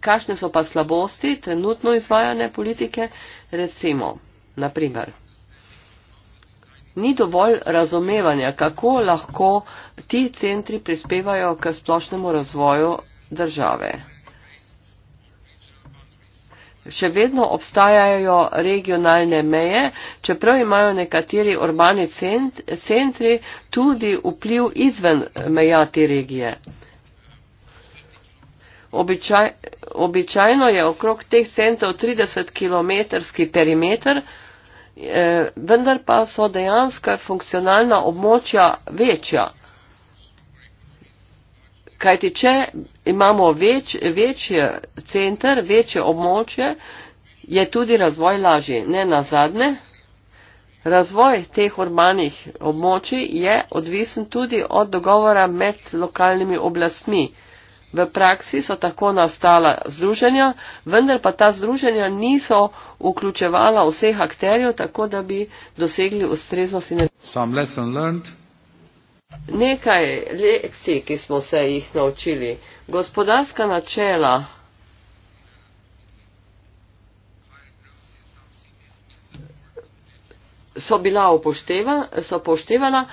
Kakšne so pa slabosti trenutno izvajane politike, recimo, naprimer ni dovolj razumevanja, kako lahko ti centri prispevajo k splošnemu razvoju države. Še vedno obstajajo regionalne meje, čeprav imajo nekateri urbani centri tudi vpliv izven meja te regije. Običaj, običajno je okrog teh centrov 30 km perimeter, Eh, vendar pa so dejansko funkcionalna območja večja. Kajti, če imamo več, večje center, večje območje, je tudi razvoj lažji. Ne na zadnje, razvoj teh urbanih območij je odvisen tudi od dogovora med lokalnimi oblastmi. V praksi so tako nastala združenja, vendar pa ta združenja niso vključevala vseh akterjev, tako da bi dosegli ustrezno sinergijo. Nekaj lekcij, ki smo se jih naučili. Gospodarska načela. So bila upošteva, so upoštevana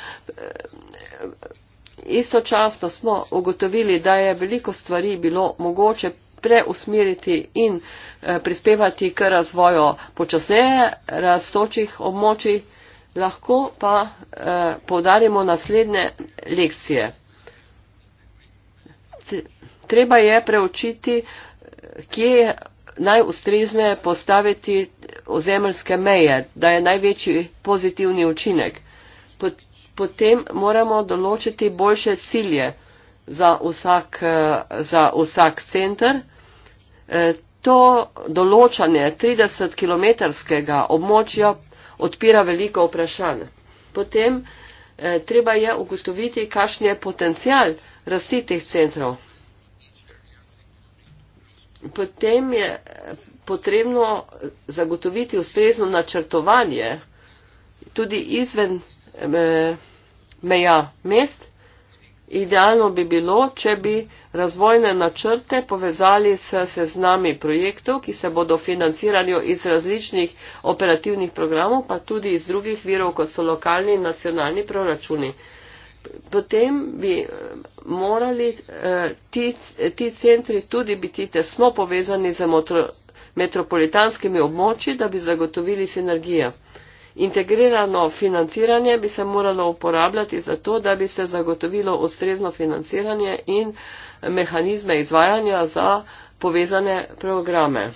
istočasno smo ugotovili, da je veliko stvari bilo mogoče preusmeriti in eh, prispevati k razvoju počasneje rastočih območij, lahko pa eh, povdarimo naslednje lekcije. Treba je preučiti, eh, kje je najustrezne postaviti ozemljske meje, da je največji pozitivni učinek potem moramo določiti boljše cilje za vsak, eh, za vsak center. Eh, to določanje 30-kilometrskega območja odpira veliko vprašanj. Potem eh, treba je ugotoviti, kakšen je potencial rasti teh centrov. Potem je potrebno zagotoviti ustrezno načrtovanje tudi izven meja mest. Idealno bi bilo, če bi razvojne načrte povezali s seznami projektov, ki se bodo financirali iz različnih operativnih programov, pa tudi iz drugih virov, kot so lokalni in nacionalni proračuni. Potem bi eh, morali eh, ti, ti centri tudi biti tesno povezani z metropolitanskimi območji, da bi zagotovili sinergijo. Integrirano financiranje bi se moralo uporabljati zato, da bi se zagotovilo ustrezno financiranje in mehanizme izvajanja za povezane programe.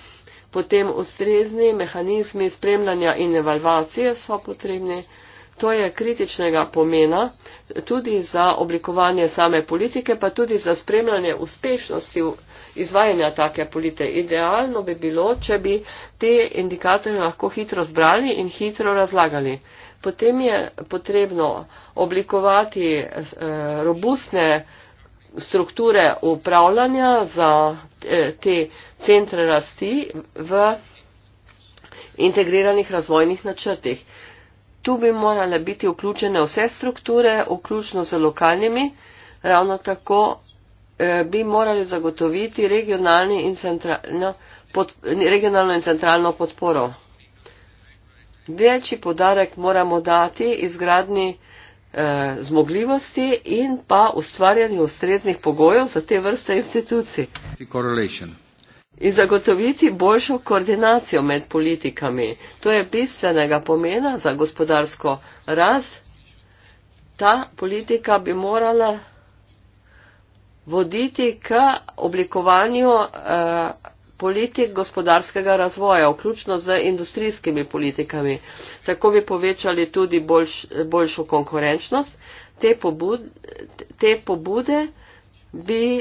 Potem ustrezni mehanizmi spremljanja in evalvacije so potrebni. To je kritičnega pomena tudi za oblikovanje same politike, pa tudi za spremljanje uspešnosti izvajanja take politike. Idealno bi bilo, če bi te indikatorje lahko hitro zbrali in hitro razlagali. Potem je potrebno oblikovati eh, robustne strukture upravljanja za eh, te centre rasti v integriranih razvojnih načrtih. Tu bi morale biti vključene vse strukture, vključno z lokalnimi, ravno tako Eh, bi morali zagotoviti regionalni in centralno, pod, regionalno in centralno podporo. Večji podarek moramo dati izgradni eh, zmogljivosti in pa ustvarjanju ustreznih pogojev za te vrste institucij. In zagotoviti boljšo koordinacijo med politikami. To je bistvenega pomena za gospodarsko rast. Ta politika bi morala voditi k oblikovanju eh, politik gospodarskega razvoja, vključno z industrijskimi politikami. Tako bi povečali tudi boljš, boljšo konkurenčnost. Te, pobud, te pobude bi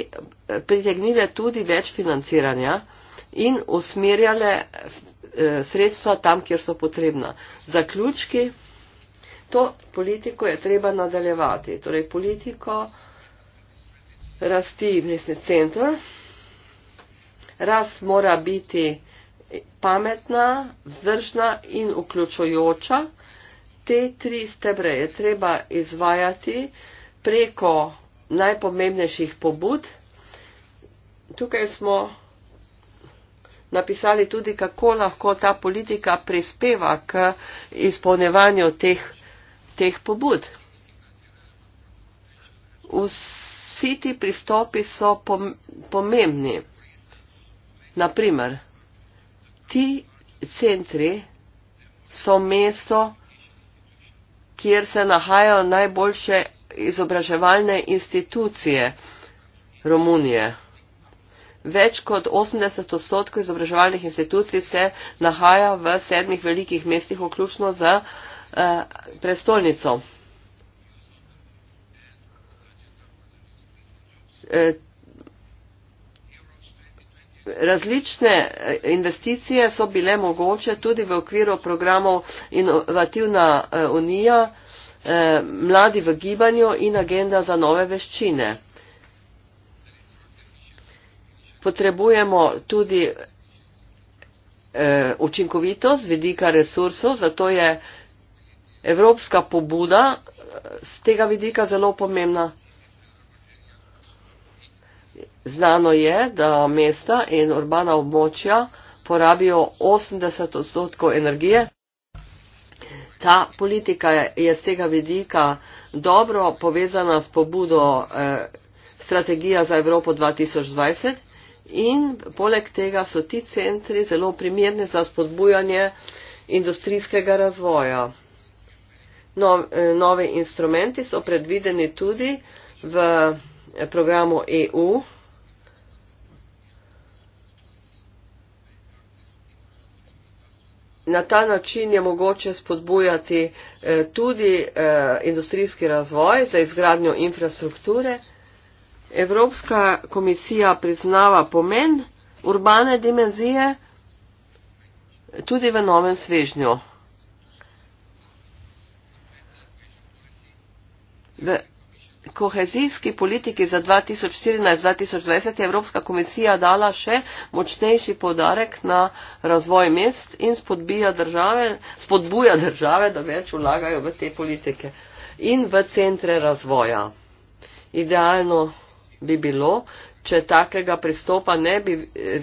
eh, pritegnile tudi več financiranja in usmerjale eh, sredstva tam, kjer so potrebna. Zaključki. To politiko je treba nadaljevati. Torej, politiko, uh, rasti mislim, center. Rast mora biti pametna, vzdržna in vključujoča. Te tri stebre je treba izvajati preko najpomembnejših pobud. Tukaj smo napisali tudi, kako lahko ta politika prispeva k izpolnevanju teh, teh pobud. Vse vsi ti pristopi so pomembni. Naprimer, ti centri so mesto, kjer se nahajajo najboljše izobraževalne institucije Romunije. Več kot 80 odstotkov izobraževalnih institucij se nahaja v sedmih velikih mestih, vključno z eh, prestolnico. Eh, različne investicije so bile mogoče tudi v okviru programov Inovativna eh, unija, eh, Mladi v gibanju in Agenda za nove veščine. Potrebujemo tudi učinkovitost vidika resursov, zato je evropska pobuda z tega vidika zelo pomembna. Znano je, da mesta in urbana območja porabijo 80 odstotkov energije. Ta politika je z tega vidika dobro povezana s pobudo eh, strategija za Evropo 2020 in poleg tega so ti centri zelo primerni za spodbujanje industrijskega razvoja. No, eh, novi instrumenti so predvideni tudi v programu EU. Na ta način je mogoče spodbujati eh, tudi eh, industrijski razvoj za izgradnjo infrastrukture. Evropska komisija priznava pomen urbane dimenzije tudi v novem svežnju. kohezijski politiki za 2014-2020 je Evropska komisija dala še močnejši podarek na razvoj mest in države, spodbuja države, da več vlagajo v te politike in v centre razvoja. Idealno bi bilo, če takega pristopa ne bi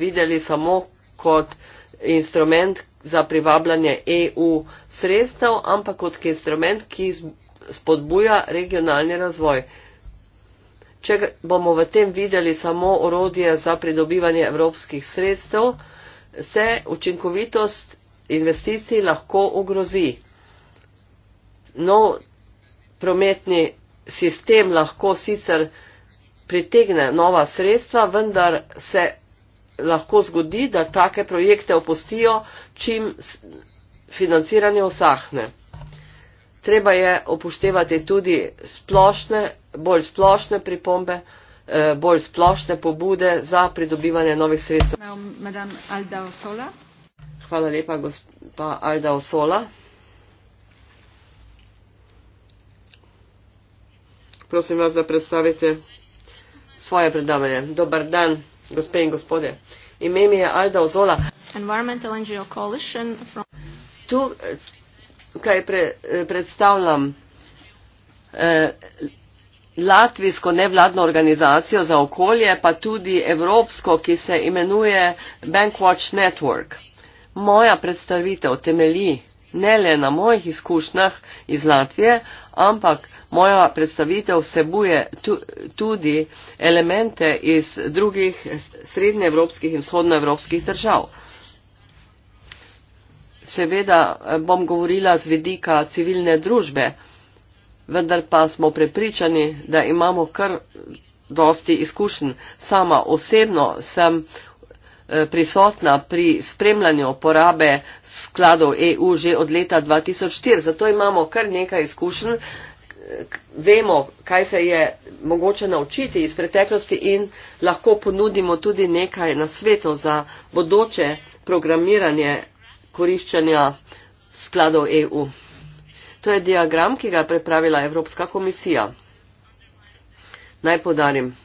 videli samo kot instrument za privabljanje EU sredstev, ampak kot instrument, ki spodbuja regionalni razvoj če bomo v tem videli samo orodje za pridobivanje evropskih sredstev, se učinkovitost investicij lahko ogrozi. Nov prometni sistem lahko sicer pritegne nova sredstva, vendar se lahko zgodi, da take projekte opustijo, čim financiranje osahne. Treba je upoštevati tudi splošne bolj splošne pripombe, eh, bolj splošne pobude za pridobivanje novih sredstev. Hvala lepa, gospa Alda Osola. Prosim vas, da predstavite svoje predavanje. Dobar dan, gospe in gospode. Ime mi je Alda Ozola. Tu eh, kaj pre, eh, predstavljam eh, latvijsko nevladno organizacijo za okolje, pa tudi evropsko, ki se imenuje Bankwatch Network. Moja predstavitev temelji ne le na mojih izkušnjah iz Latvije, ampak moja predstavitev vsebuje tudi elemente iz drugih srednjeevropskih in vzhodnoevropskih držav. Seveda eh, bom govorila z vidika civilne družbe vendar pa smo prepričani, da imamo kar dosti izkušenj. Sama osebno sem eh, prisotna pri spremljanju porabe skladov EU že od leta 2004, zato imamo kar nekaj izkušenj, vemo, kaj se je mogoče naučiti iz preteklosti in lahko ponudimo tudi nekaj na svetu za bodoče programiranje koriščanja skladov EU. To je diagram, ki ga je pripravila Evropska komisija. Naj podarim.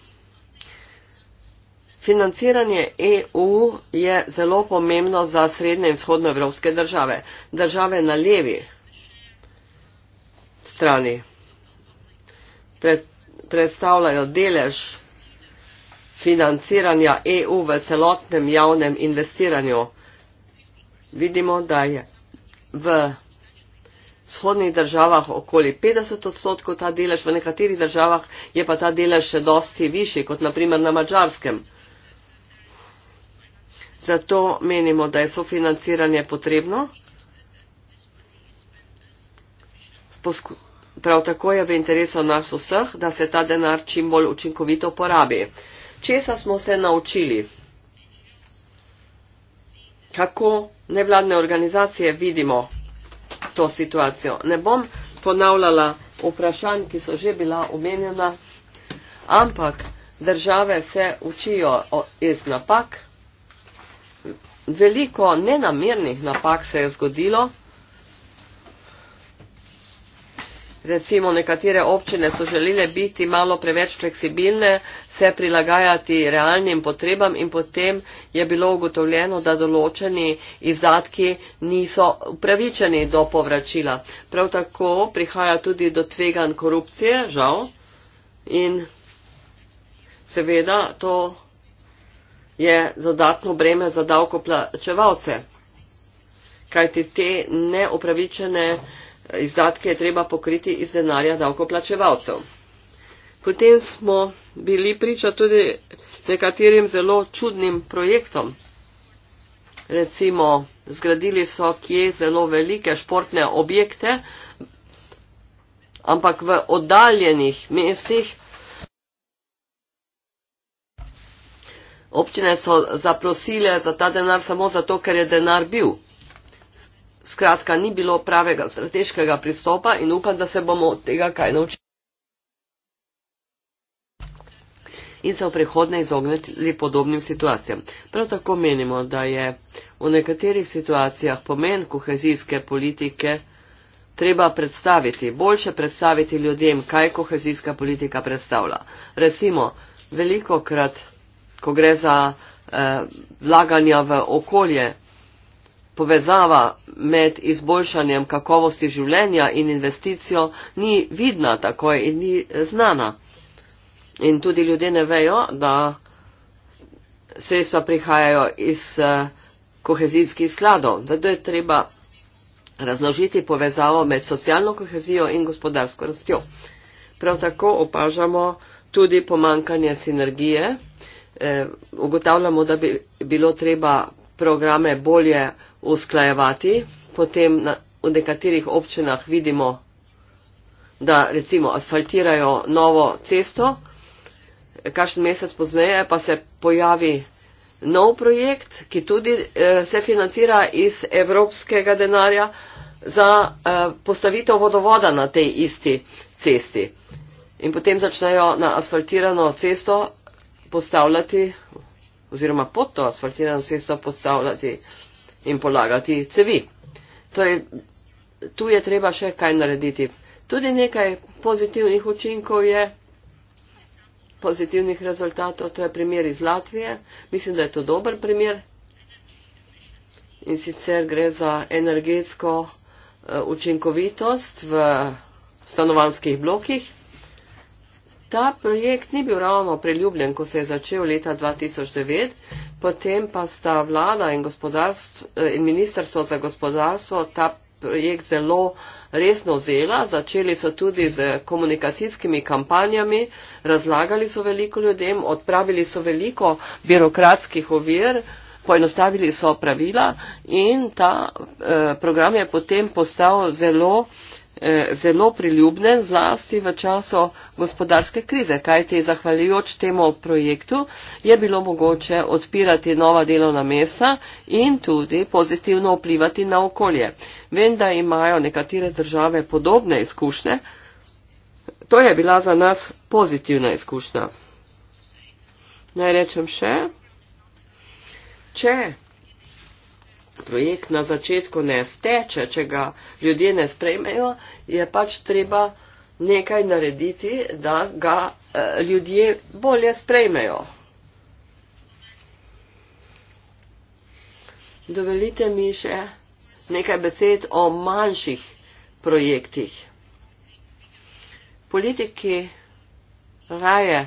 Financiranje EU je zelo pomembno za srednje in vzhodno evropske države. Države na levi strani predstavljajo delež financiranja EU v celotnem javnem investiranju. Vidimo, da je v vzhodnih državah okoli 50 odstotkov ta delež, v nekaterih državah je pa ta delež še dosti višji, kot naprimer na mačarskem. Zato menimo, da je sofinanciranje potrebno. Posku Prav tako je v interesu nas vseh, da se ta denar čim bolj učinkovito porabi. Česa smo se naučili? Kako nevladne organizacije vidimo to situacijo. Ne bom ponavljala vprašanj, ki so že bila omenjena, ampak države se učijo iz napak. Veliko nenamernih napak se je zgodilo. recimo nekatere občine so želele biti malo preveč fleksibilne, se prilagajati realnim potrebam in potem je bilo ugotovljeno, da določeni izdatki niso upravičeni do povračila. Prav tako prihaja tudi do tvegan korupcije, žal, in seveda to je dodatno breme za davkoplačevalce, kajti te neupravičene izdatke je treba pokriti iz denarja davkoplačevalcev. Potem smo bili priča tudi nekaterim zelo čudnim projektom. Recimo, zgradili so kje zelo velike športne objekte, ampak v oddaljenih mestih. Občine so zaprosile za ta denar samo zato, ker je denar bil. Skratka, ni bilo pravega strateškega pristopa in upam, da se bomo od tega kaj naučili. In se v prihodnje izogniti podobnim situacijam. Prav tako menimo, da je v nekaterih situacijah pomen kohezijske politike treba predstaviti, boljše predstaviti ljudem, kaj kohezijska politika predstavlja. Recimo, veliko krat, ko gre za eh, vlaganja v okolje, Povezava med izboljšanjem kakovosti življenja in investicijo ni vidna takoj in ni eh, znana. In tudi ljudje ne vejo, da sredstva prihajajo iz eh, kohezijskih skladov. Zato je treba razložiti povezavo med socialno kohezijo in gospodarsko rastjo. Prav tako opažamo tudi pomankanje sinergije. E, ugotavljamo, da bi bilo treba programe bolje usklajevati. Potem na, v nekaterih občinah vidimo, da recimo asfaltirajo novo cesto, kakšen mesec pozneje pa se pojavi nov projekt, ki tudi eh, se financira iz evropskega denarja za eh, postavitev vodovoda na tej isti cesti. In potem začnejo na asfaltirano cesto postavljati oziroma pod to asfaltirano cesto postavljati in polagati cevi. Torej, tu je treba še kaj narediti. Tudi nekaj pozitivnih učinkov je, pozitivnih rezultatov, to je primer iz Latvije. Mislim, da je to dober primer. In sicer gre za energetsko eh, učinkovitost v stanovanskih blokih. Ta projekt ni bil ravno preljubljen, ko se je začel leta 2009, potem pa sta vlada in, eh, in ministrstvo za gospodarstvo ta projekt zelo resno zela. Začeli so tudi z komunikacijskimi kampanjami, razlagali so veliko ljudem, odpravili so veliko birokratskih ovir, poenostavili so pravila in ta eh, program je potem postal zelo eh, Eh, zelo priljubne, zlasti v času gospodarske krize, kajti zahvaljujoč temu projektu je bilo mogoče odpirati nova delovna mesta in tudi pozitivno vplivati na okolje. Vem, da imajo nekatere države podobne izkušnje. To je bila za nas pozitivna izkušnja. Naj rečem še, če projekt na začetku ne steče, če ga ljudje ne sprejmejo, je pač treba nekaj narediti, da ga eh, ljudje bolje sprejmejo. Dovolite mi še nekaj besed o manjših projektih. Politiki raje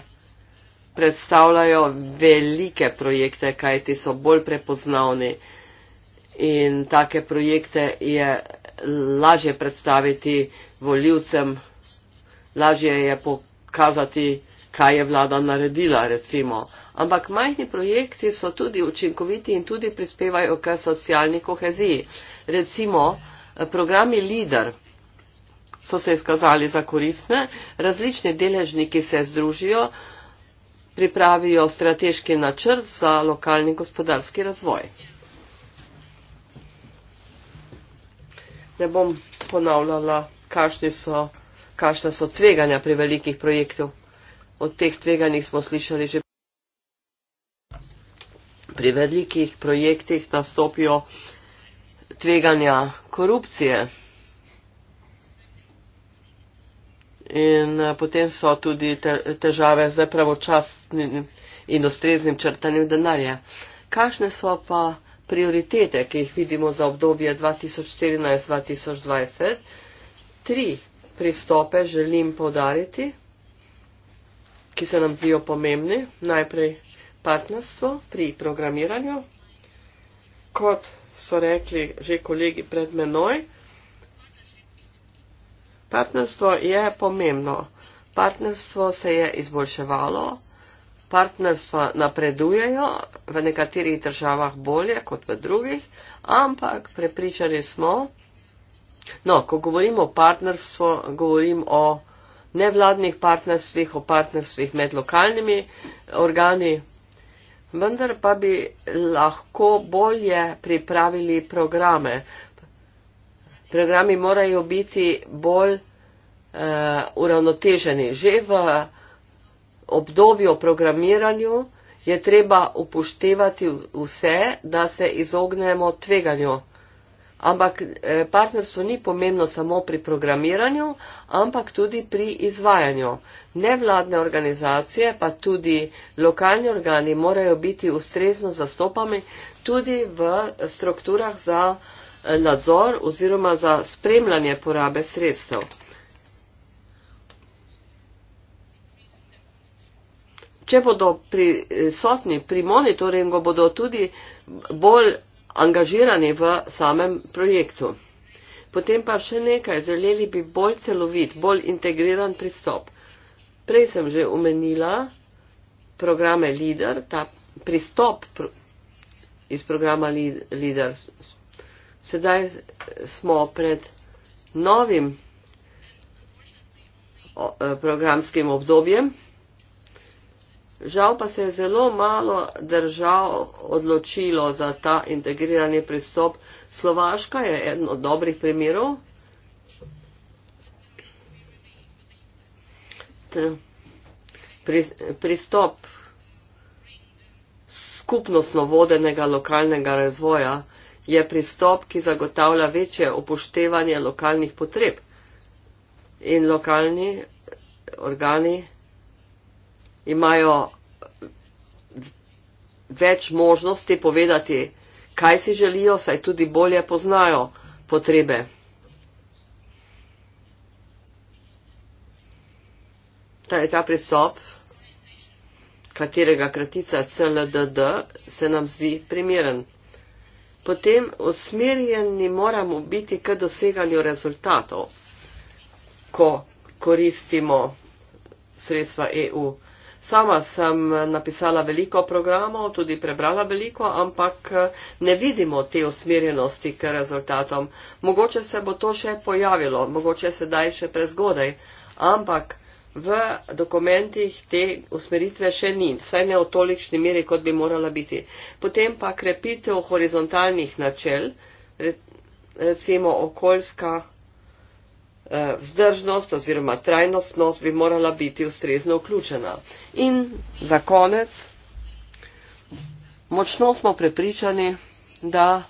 predstavljajo velike projekte, kajti so bolj prepoznavni in take projekte je lažje predstaviti voljivcem, lažje je pokazati, kaj je vlada naredila, recimo. Ampak majhni projekti so tudi učinkoviti in tudi prispevajo k socialni koheziji. Recimo, eh, programi LIDER so se izkazali za koristne, različni deležniki se združijo, pripravijo strateški načrt za lokalni gospodarski razvoj. ne bom ponavljala, so, kakšne so tveganja pri velikih projektov. O teh tveganjih smo slišali že. Pri velikih projektih nastopijo tveganja korupcije. In eh, potem so tudi težave z pravočasnim in ustreznim črtanjem denarja. Kakšne so pa prioritete, ki jih vidimo za obdobje 2014-2020, tri pristope želim podariti, ki se nam zdijo pomembni. Najprej partnerstvo pri programiranju. Kot so rekli že kolegi pred menoj, partnerstvo je pomembno. Partnerstvo se je izboljševalo partnerstva napredujejo, v nekaterih državah bolje kot v drugih, ampak prepričani smo, no, ko govorim o partnerstvu, govorim o nevladnih partnerstvih, o partnerstvih med lokalnimi organi, vendar pa bi lahko bolje pripravili programe. Programi morajo biti bolj uh, uravnoteženi. Že v obdobju programiranju je treba upoštevati vse, da se izognemo tveganju. Ampak eh, partnerstvo ni pomembno samo pri programiranju, ampak tudi pri izvajanju. Nevladne organizacije pa tudi lokalni organi morajo biti ustrezno zastopami tudi v strukturah za eh, nadzor oziroma za spremljanje porabe sredstev. če bodo prisotni pri monitoringu, bodo tudi bolj angažirani v samem projektu. Potem pa še nekaj, želeli bi bolj celovit, bolj integriran pristop. Prej sem že omenila programe LIDER, ta pristop iz programa LIDER. Sedaj smo pred novim eh, programskim obdobjem. Žal pa se je zelo malo držav odločilo za ta integrirani pristop. Slovaška je eden od dobrih primerov. Pri, pristop skupnostno vodenega lokalnega razvoja je pristop, ki zagotavlja večje upoštevanje lokalnih potreb in lokalni organi imajo več možnosti povedati, kaj si želijo, saj tudi bolje poznajo potrebe. Ta je ta pristop, katerega kratica CLDD se nam zdi primeren. Potem usmerjeni moramo biti k doseganju rezultatov, ko koristimo sredstva EU. Sama sem napisala veliko programov, tudi prebrala veliko, ampak eh, ne vidimo te usmerjenosti k rezultatom. Mogoče se bo to še pojavilo, mogoče sedaj še prezgodaj, ampak v dokumentih te usmeritve še ni, vsaj ne v tolikšni meri, kot bi morala biti. Potem pa krepitev horizontalnih načel, recimo okoljska Eh, vzdržnost oziroma trajnostnost bi morala biti ustrezno vključena. In za konec, močno smo prepričani, da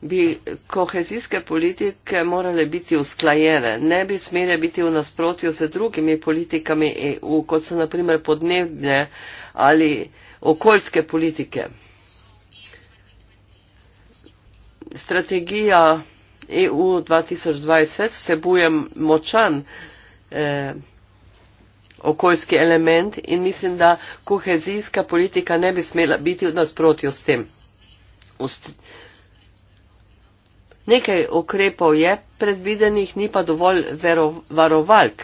bi kohezijske politike morale biti usklajene, ne bi smele biti v nasprotju z drugimi politikami EU, kot so naprimer podnebne ali okoljske politike. Strategija EU 2020 vsebuje močan eh, okoljski element in mislim, da kohezijska politika ne bi smela biti v nasprotju s tem. Nekaj okrepov je predvidenih, ni pa dovolj vero, varovalk.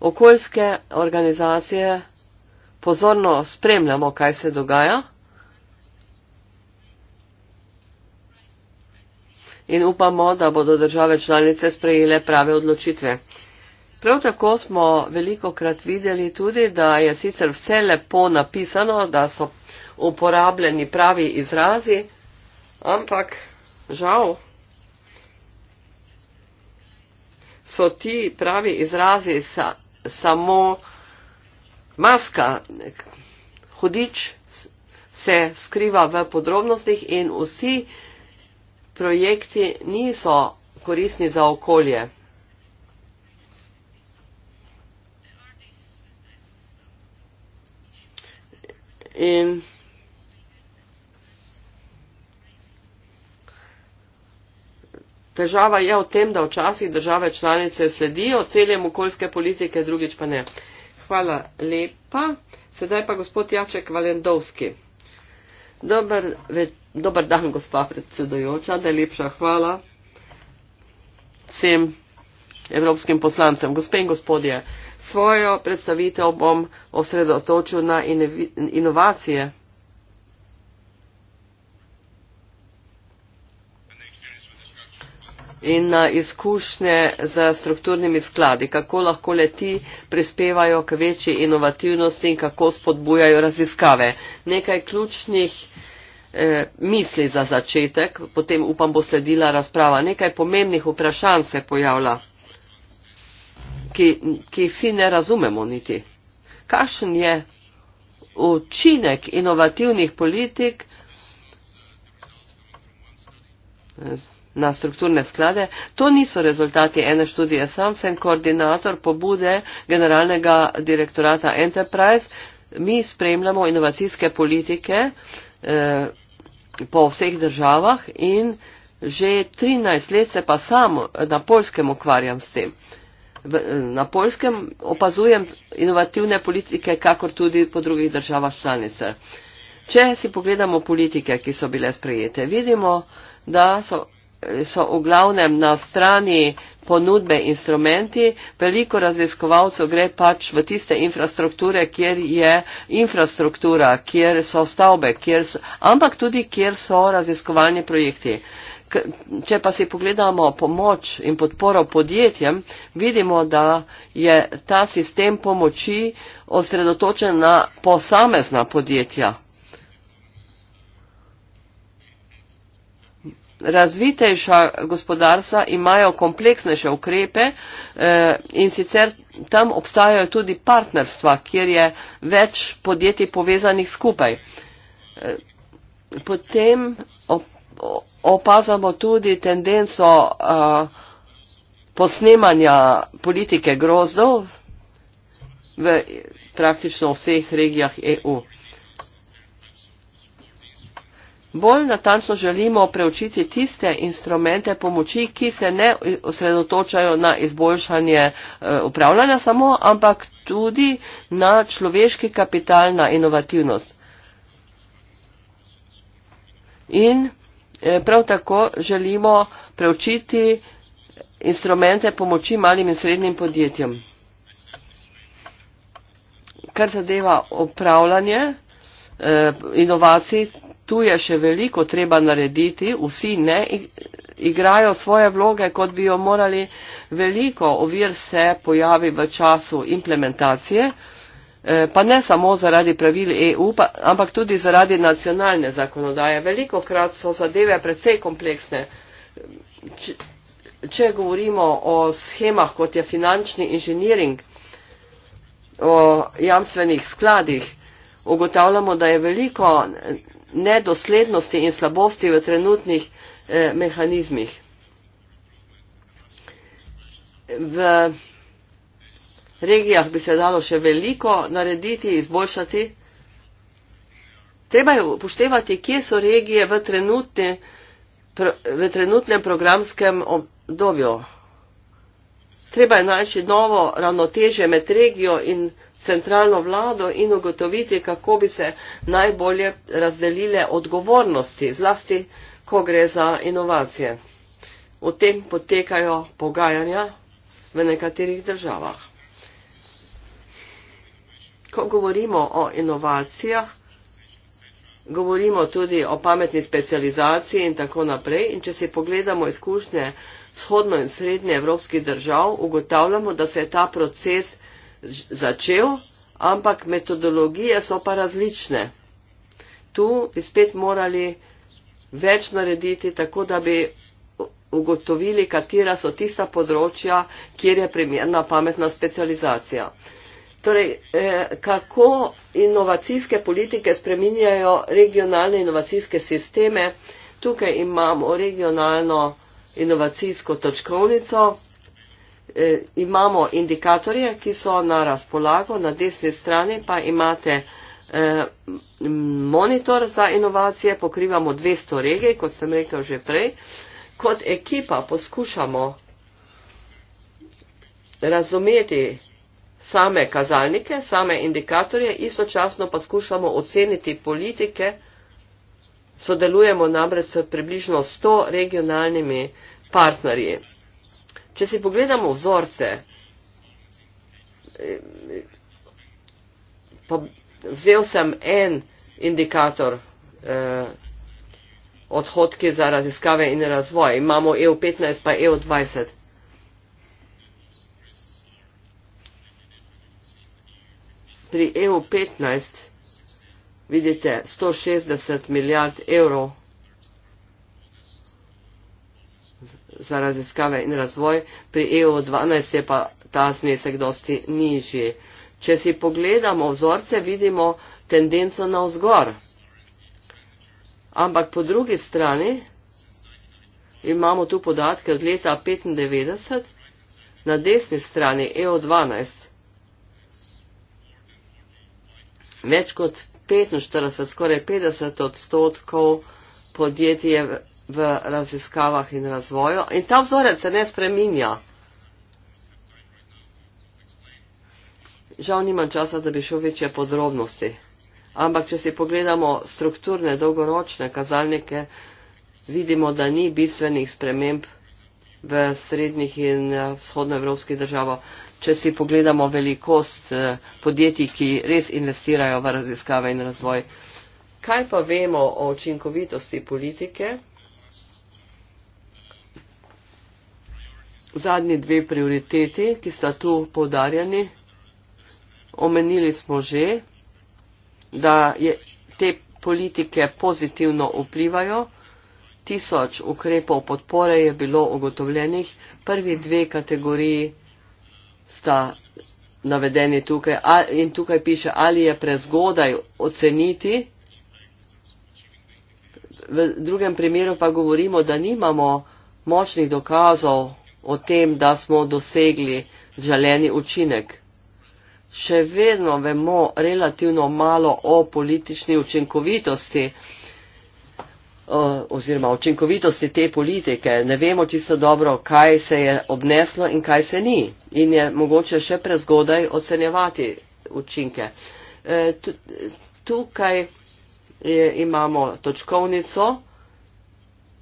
Okoljske organizacije pozorno spremljamo, kaj se dogaja. in upamo, da bodo države članice sprejele prave odločitve. Prav tako smo veliko krat videli tudi, da je sicer vse lepo napisano, da so uporabljeni pravi izrazi, ampak žal so ti pravi izrazi sa, samo maska, nek, hudič se skriva v podrobnostih in vsi projekti niso korisni za okolje. In težava je v tem, da včasih države članice sledijo celjem okoljske politike, drugič pa ne. Hvala lepa. Sedaj pa gospod Jaček Valendovski. Dobar večer. Dobar dan, gospa predsedojoča, najlepša hvala vsem evropskim poslancem. Gospe in gospodje, svojo predstavitev bom osredotočil na inovacije. In na izkušnje z strukturnimi skladi, kako lahko leti prispevajo k večji inovativnosti in kako spodbujajo raziskave. Nekaj ključnih uh, Eh, misli za začetek, potem upam bo sledila razprava. Nekaj pomembnih vprašanj se pojavlja, ki, ki jih vsi ne razumemo niti. Kakšen je učinek inovativnih politik eh, na strukturne sklade? To niso rezultati ene študije. Sam sem koordinator pobude generalnega direktorata Enterprise. Mi spremljamo inovacijske politike. Uh, eh, po vseh državah in že 13 let se pa sam na polskem ukvarjam s tem. V, na polskem opazujem inovativne politike, kakor tudi po drugih državah članice. Če si pogledamo politike, ki so bile sprejete, vidimo, da so so v glavnem na strani ponudbe instrumenti, veliko raziskovalcev gre pač v tiste infrastrukture, kjer je infrastruktura, kjer so stavbe, kjer so, ampak tudi kjer so raziskovalni projekti. Če pa si pogledamo pomoč in podporo podjetjem, vidimo, da je ta sistem pomoči osredotočen na posamezna podjetja. razvitejša gospodarstva imajo kompleksnejše ukrepe eh, in sicer tam obstajajo tudi partnerstva, kjer je več podjetij povezanih skupaj. Eh, potem opazamo tudi tendenco eh, posnemanja politike grozdov v praktično vseh regijah EU. Bolj natančno želimo preučiti tiste instrumente pomoči, ki se ne osredotočajo na izboljšanje eh, upravljanja samo, ampak tudi na človeški kapital, na inovativnost. In eh, prav tako želimo preučiti instrumente pomoči malim in srednjim podjetjem. Kar zadeva upravljanje eh, inovacij, tu je še veliko treba narediti, vsi ne igrajo svoje vloge, kot bi jo morali. Veliko ovir se pojavi v času implementacije, eh, pa ne samo zaradi pravil EU, pa, ampak tudi zaradi nacionalne zakonodaje. Veliko krat so zadeve precej kompleksne. Če, če govorimo o schemah, kot je finančni inženiring, o jamstvenih skladih, ugotavljamo, da je veliko nedoslednosti in slabosti v trenutnih eh, mehanizmih. V regijah bi se dalo še veliko narediti, izboljšati. Treba je upoštevati, kje so regije v, trenutni, v trenutnem programskem obdobju. Treba je najti novo ravnoteže med regijo in regijo centralno vlado in ugotoviti, kako bi se najbolje razdelile odgovornosti, zlasti, ko gre za inovacije. O tem potekajo pogajanja v nekaterih državah. Ko govorimo o inovacijah, govorimo tudi o pametni specializaciji in tako naprej. In če si pogledamo izkušnje vzhodno in srednje evropskih držav, ugotavljamo, da se je ta proces začel, ampak metodologije so pa različne. Tu bi spet morali več narediti, tako da bi ugotovili, katera so tista področja, kjer je primerna pametna specializacija. Torej, eh, kako inovacijske politike spreminjajo regionalne inovacijske sisteme? Tukaj imamo regionalno inovacijsko točkovnico eh, imamo indikatorje, ki so na razpolago, na desni strani pa imate eh, monitor za inovacije, pokrivamo 200 regij, kot sem rekel že prej. Kot ekipa poskušamo razumeti same kazalnike, same indikatorje, istočasno pa skušamo oceniti politike, sodelujemo namreč s približno 100 regionalnimi partnerji če si pogledamo vzorce, pa vzel sem en indikator eh, odhodke za raziskave in razvoj. Imamo EU15 pa EU20. Pri EU15 vidite 160 milijard evrov za raziskave in razvoj, pri EU12 je pa ta znesek dosti nižji. Če si pogledamo vzorce, vidimo tendenco na vzgor. Ampak po drugi strani imamo tu podatke od leta 1995 na desni strani EU12. Več kot 45, skoraj 50 odstotkov podjetij je v raziskavah in razvoju in ta vzorec se ne spreminja. Žal nimam časa, da bi šel večje podrobnosti, ampak če si pogledamo strukturne dolgoročne kazalnike, vidimo, da ni bistvenih sprememb v srednjih in vzhodnoevropskih državah. Če si pogledamo velikost eh, podjetij, ki res investirajo v raziskave in razvoj, kaj pa vemo o učinkovitosti politike? zadnji dve prioriteti, ki sta tu povdarjani. Omenili smo že, da je, te politike pozitivno vplivajo. Tisoč ukrepov podpore je bilo ugotovljenih. Prvi dve kategoriji sta navedeni tukaj in tukaj piše, ali je prezgodaj oceniti. V drugem primeru pa govorimo, da nimamo močnih dokazov o tem, da smo dosegli želeni učinek. Še vedno vemo relativno malo o politični učinkovitosti oziroma učinkovitosti te politike. Ne vemo čisto dobro, kaj se je obneslo in kaj se ni. In je mogoče še prezgodaj ocenjevati učinke. E, tukaj imamo točkovnico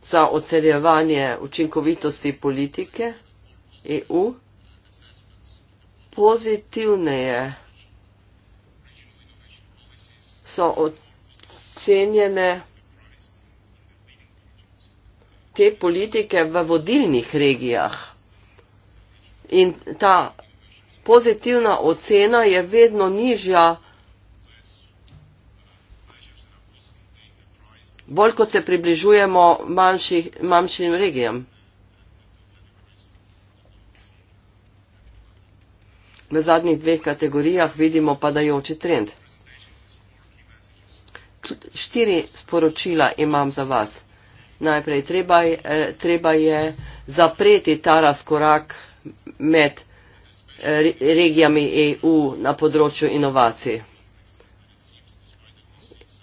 za ocenjevanje učinkovitosti politike EU. Pozitivneje so ocenjene te politike v vodilnih regijah. In ta pozitivna ocena je vedno nižja bolj kot se približujemo manjši, manjšim regijam. V zadnjih dveh kategorijah vidimo padajoči trend. Štiri sporočila imam za vas. Najprej treba je, eh, treba je zapreti ta razkorak med eh, regijami EU na področju inovacij.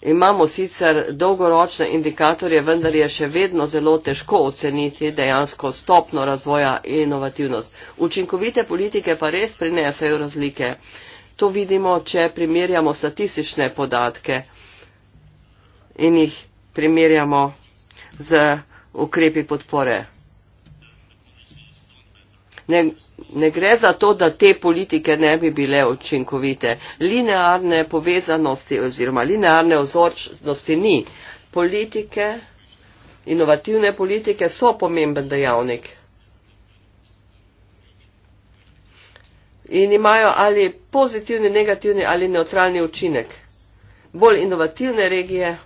Imamo sicer dolgoročne indikatorje, vendar je še vedno zelo težko oceniti dejansko stopno razvoja in inovativnost. Učinkovite politike pa res prinesajo razlike. To vidimo, če primerjamo statistične podatke in jih primerjamo z ukrepi podpore. Ne, ne gre za to, da te politike ne bi bile učinkovite. Linearne povezanosti oziroma linearne ozočnosti ni. Politike, inovativne politike so pomemben dejavnik. In imajo ali pozitivni, negativni ali neutralni učinek. Bolj inovativne regije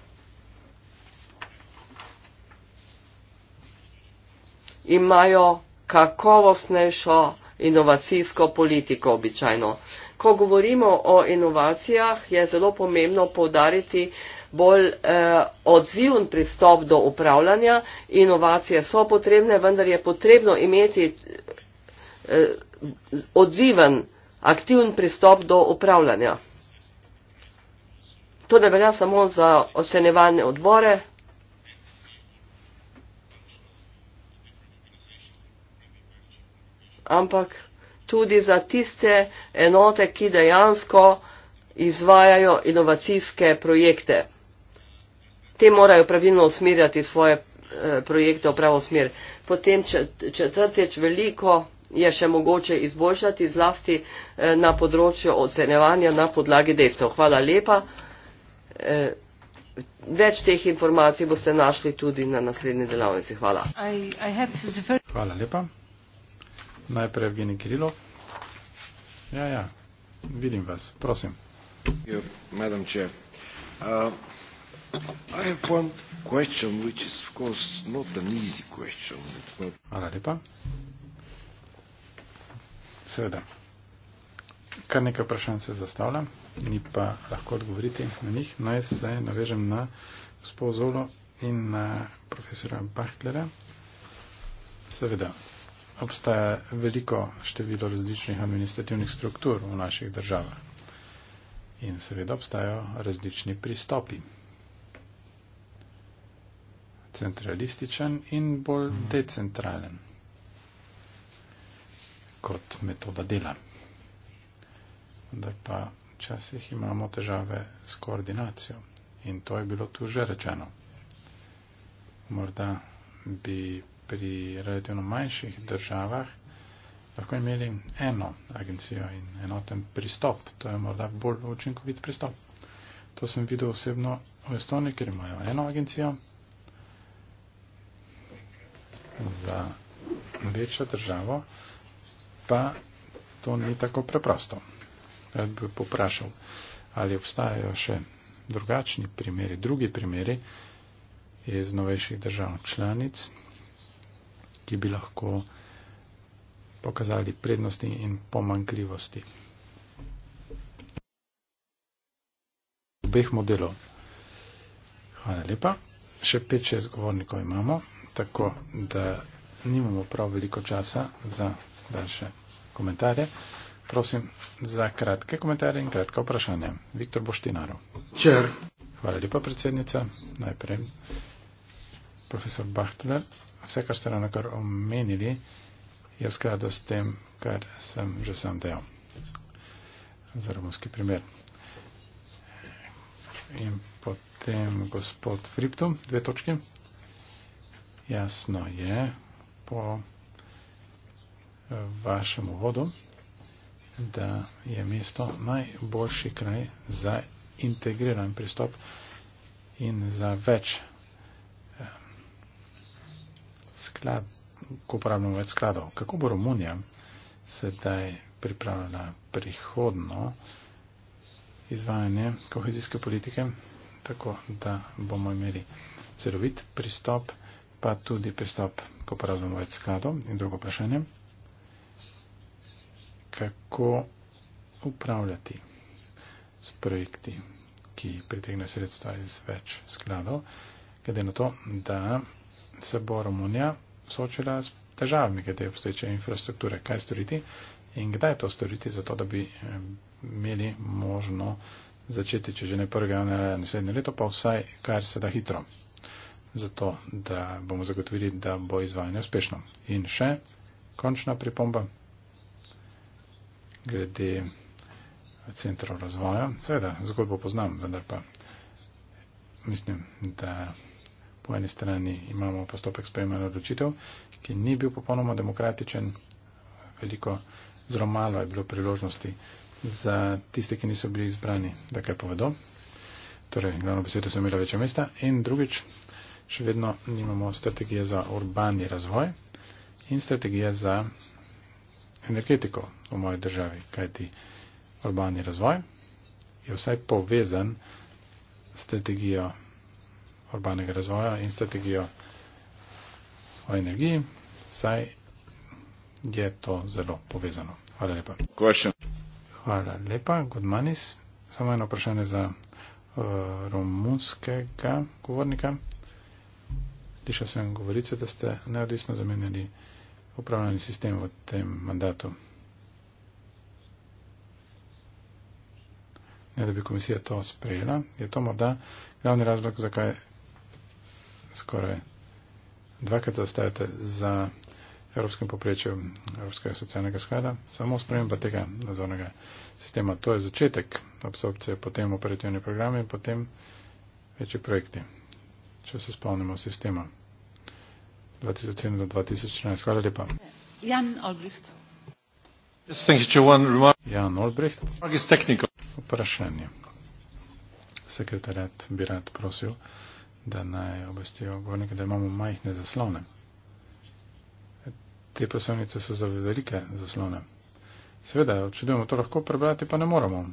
imajo kakovostnejšo inovacijsko politiko običajno. Ko govorimo o inovacijah, je zelo pomembno povdariti bolj eh, odziven pristop do upravljanja. Inovacije so potrebne, vendar je potrebno imeti eh, odziven, aktiven pristop do upravljanja. To ne velja samo za ocenevalne odbore, ampak tudi za tiste enote, ki dejansko izvajajo inovacijske projekte. Te morajo pravilno usmerjati svoje eh, projekte v pravo smer. Potem četrtič veliko je še mogoče izboljšati zlasti eh, na področju ocenjevanja na podlagi dejstev. Hvala lepa. Eh, več teh informacij boste našli tudi na naslednji delavnici. Hvala. I, I Hvala lepa. Najprej Evgeni Kirilov. Ja, ja, vidim vas, prosim. Madam Chair, uh, I have one question which is of course not an easy question. It's not... Hvala lepa. Seveda. Kar nekaj vprašanj se zastavlja, ni pa lahko odgovoriti na njih. Naj se navežem na gospod Zolo in na profesora Bachtlera. Seveda obstaja veliko število različnih administrativnih struktur v naših državah. In seveda obstajajo različni pristopi. Centralističen in bolj mhm. decentralen kot metoda dela. Da pa včasih imamo težave s koordinacijo. In to je bilo tu že rečeno. Morda bi pri relativno manjših državah lahko imeli eno agencijo in enoten pristop. To je morda bolj učinkovit pristop. To sem videl osebno v Estoniji, ker imajo eno agencijo za večjo državo, pa to ni tako preprosto. Jaz bi poprašal, ali obstajajo še drugačni primeri, drugi primeri iz novejših držav članic ki bi lahko pokazali prednosti in pomankljivosti. Obeh modelov. Hvala lepa. Še 5-6 govornikov imamo, tako da nimamo prav veliko časa za daljše komentarje. Prosim za kratke komentarje in kratka vprašanja. Viktor Boštinaro. Čer. Hvala lepa, predsednica. Najprej profesor Bachtler, vse, kar ste nam kar omenili, je v skladu s tem, kar sem že sam dejal. Za romunski primer. In potem gospod Fripto, dve točke. Jasno je, po eh, vašem uvodu, da je mesto najboljši kraj za integriran pristop in za več sklad, ko uporabljamo več skladov. Kako bo Romunija sedaj pripravljena prihodno izvajanje kohezijske politike, tako da bomo imeli celovit pristop, pa tudi pristop, ko uporabljamo več skladov. In drugo vprašanje, kako upravljati s projekti, ki pritegne sredstva iz več skladov, glede na to, da se bo Romunija soočila s težavami glede obstoječe infrastrukture, kaj storiti in kdaj to storiti, zato da bi eh, imeli možno začeti, če že ne prvega januarja naslednje leto, pa vsaj kar se da hitro. Zato, da bomo zagotovili, da bo izvajanje uspešno. In še končna pripomba glede centrov razvoja. Seveda, zgodbo poznam, vendar pa mislim, da po eni strani imamo postopek sprejemanja odločitev, ki ni bil popolnoma demokratičen, veliko, zelo malo je bilo priložnosti za tiste, ki niso bili izbrani, da kaj povedo. Torej, glavno besedo so imela večja mesta. In drugič, še vedno nimamo strategije za urbani razvoj in strategije za energetiko v moji državi, kajti urbani razvoj je vsaj povezan strategijo urbanega razvoja in strategijo o energiji, saj je to zelo povezano. Hvala lepa. Question. Hvala lepa, Godmanis. Samo eno vprašanje za uh, romunskega govornika. Slišal sem govorice, da ste neodvisno zamenjali upravljanje sistem v tem mandatu. Ne, da bi komisija to sprejela. Je to morda glavni razlog, zakaj skoraj dvakrat zaostajate za evropskem poprečju Evropskega socialnega sklada. Samo sprememba tega nadzornega sistema, to je začetek absorpcije, potem operativni programi in potem večji projekti, če se spomnimo sistema 2007 do 2014. Hvala lepa. Jan Albrecht. Jan Olbricht, vprašanje. Sekretariat bi rad prosil da naj obvestijo gornike, da imamo majhne zaslone. Te poslovnice so za velike zaslone. Seveda, čudujemo, to lahko prebrati, pa ne moramo.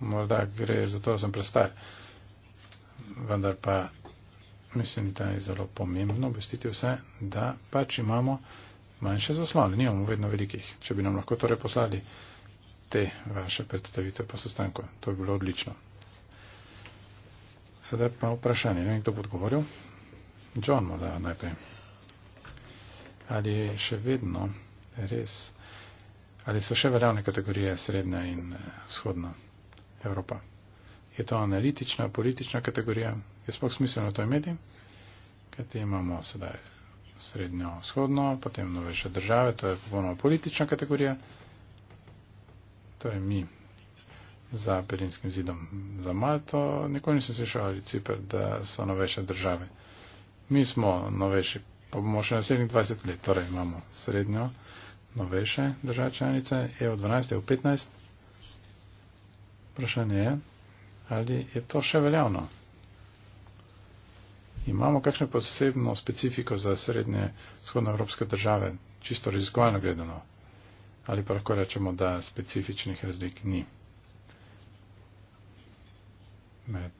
Morda gre za to, da sem prestar. Vendar pa mislim, da je zelo pomembno obvestiti vse, da pač imamo manjše zaslone, nimamo vedno velikih. Če bi nam lahko torej poslali te vaše predstavitve po sestanku, to bi bilo odlično. Sedaj pa vprašanje, ne vem, kdo bo odgovoril. John morda najprej. Ali je še vedno res, ali so še veljavne kategorije srednja in eh, vzhodna Evropa? Je to analitična, politična kategorija? Je sploh smiselno to imeti? Kaj te imamo sedaj srednjo, vzhodno, potem nove še države, to je popolnoma politična kategorija. Torej mi za Berlinskim zidom. Za Malto nikoli nisem slišal ali Cipr, da so novejše države. Mi smo novejši, pa bomo še naslednjih 20 let, torej imamo srednjo novejše države članice, EU12, EU15. Vprašanje je, ali je to še veljavno? Imamo kakšno posebno specifiko za srednje vzhodnoevropske države, čisto raziskovalno gledano? Ali pa lahko rečemo, da specifičnih razlik ni? med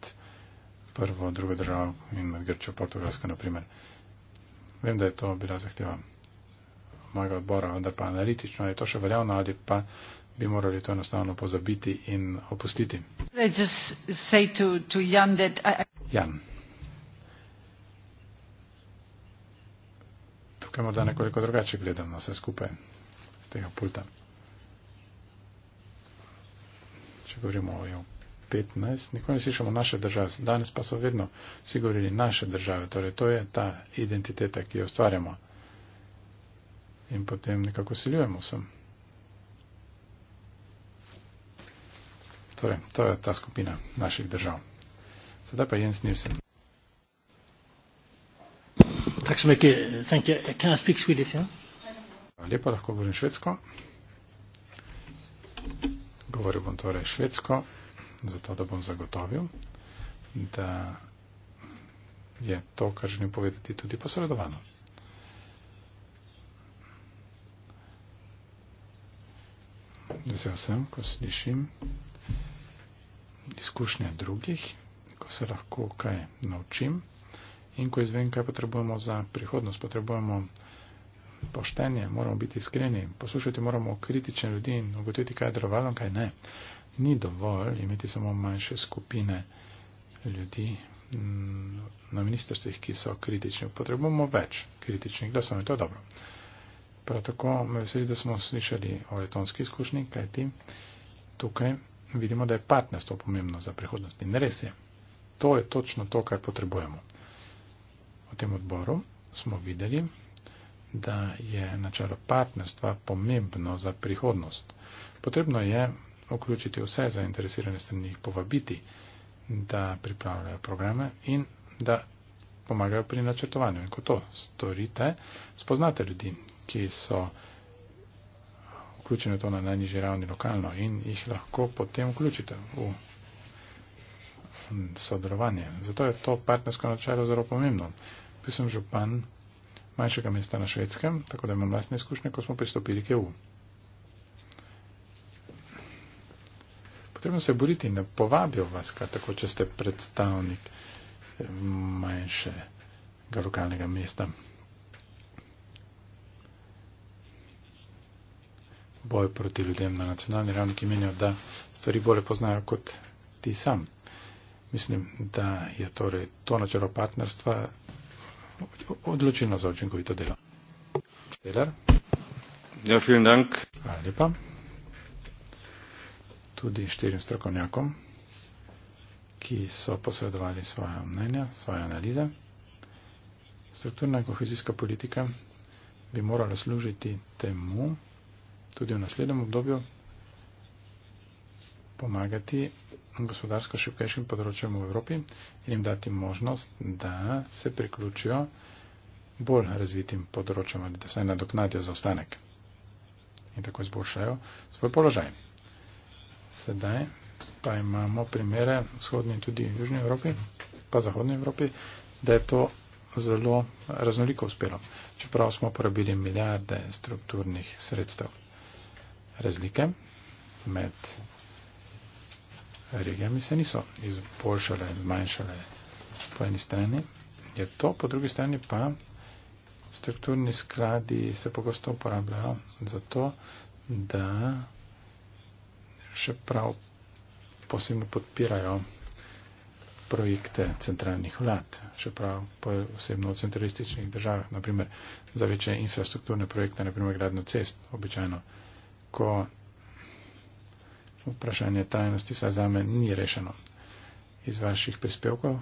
prvo, drugo državo in med Grčjo, Portugalsko, naprimer. Vem, da je to bila zahteva mojega odbora, vendar pa analitično je to še veljavno ali pa bi morali to enostavno pozabiti in opustiti. To, to Jan. Jan. Tukaj morda nekoliko drugače gledam na vse skupaj z tega pulta. Če govorimo o jogu. 15, nikoli ne slišamo naše države, danes pa so vedno vsi govorili naše države, torej to je ta identiteta, ki jo ustvarjamo in potem nekako siljujemo sem. Torej, to je ta skupina naših držav. Sedaj pa Jens Nilsen. Tak som ekki, thank you. Can I speak Swedish, ja? Yeah? Lepo lahko govorim švedsko. Govoril bom torej švedsko zato da bom zagotovil, da je to, kar želim povedati, tudi posredovano. Vesel sem, ko slišim izkušnje drugih, ko se lahko kaj naučim in ko izvem, kaj potrebujemo za prihodnost. Potrebujemo poštenje, moramo biti iskreni, poslušati moramo kritične ljudi in ugotoviti, kaj je drovalo in kaj ne ni dovolj imeti samo manjše skupine ljudi mm, na ministrstvih, ki so kritični. Potrebujemo več kritičnih glasov in to je dobro. Prav tako me veseli, da smo slišali o letonski izkušnji, kajti tukaj vidimo, da je partnerstvo pomembno za prihodnost. In res je, to je točno to, kar potrebujemo. V tem odboru smo videli, da je načelo partnerstva pomembno za prihodnost. Potrebno je vključiti vse zainteresirane strani, povabiti, da pripravljajo programe in da pomagajo pri načrtovanju. In ko to storite, spoznate ljudi, ki so vključeni v to na najnižji ravni lokalno in jih lahko potem vključite v sodelovanje. Zato je to partnersko načelo zelo pomembno. Bil sem župan manjšega mesta na švedskem, tako da imam vlastne izkušnje, ko smo pristopili k EU. treba se boriti, ne povabijo vas, kaj tako, če ste predstavnik eh, manjšega lokalnega mesta. Boj proti ljudem na nacionalni ravni, ki menijo, da stvari bolje poznajo kot ti sam. Mislim, da je torej to načelo partnerstva odločilno za učinkovito delo. Ja, vielen Dank. Hvala lepa tudi štirim strokovnjakom, ki so posredovali svoje mnenja, svoje analize. Strukturna kohezijska politika bi morala služiti temu, tudi v naslednjem obdobju, pomagati gospodarsko šipkejšim področjem v Evropi in jim dati možnost, da se priključijo bolj razvitim področjem ali da se nadoknadijo za ostanek in tako izboljšajo svoj položaj sedaj pa imamo primere v vzhodnji in tudi v južni Evropi, pa zahodni Evropi, da je to zelo raznoliko uspelo, čeprav smo porabili milijarde strukturnih sredstev. Razlike med regijami se niso izboljšale, zmanjšale po eni strani, je to, po drugi strani pa strukturni skladi se pogosto uporabljajo za to, da še prav posebno podpirajo projekte centralnih vlad, še prav posebno v centralističnih državah, naprimer za večje infrastrukturne projekte, naprimer gradno cest, običajno, ko vprašanje trajnosti vsaj za me ni rešeno. Iz vaših prispevkov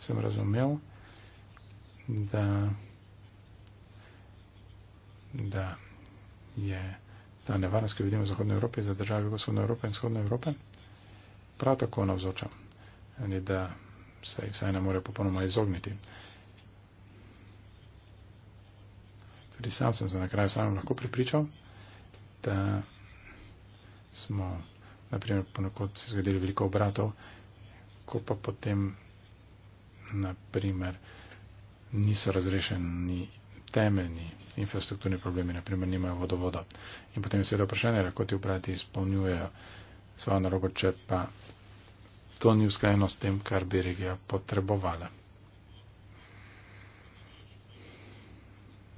sem razumel, da, da je yeah ta nevarnost, ki vidimo v Zahodnoj Evropi, za države Jugoslavne Evrope in Vzhodne Evrope, prav tako navzoča. Ni da se jih vsaj ne more popolnoma izogniti. Tudi sam sem se na kraju sam lahko pripričal, da smo naprimer ponekod zgodili veliko obratov, ko pa potem naprimer niso razrešeni temeljni infrastrukturni problemi, naprimer nimajo vodovoda. In potem je seveda vprašanje, kako ti upravljati izpolnjujejo svojo narogo, če pa to ni usklajeno s tem, kar bi regija potrebovala.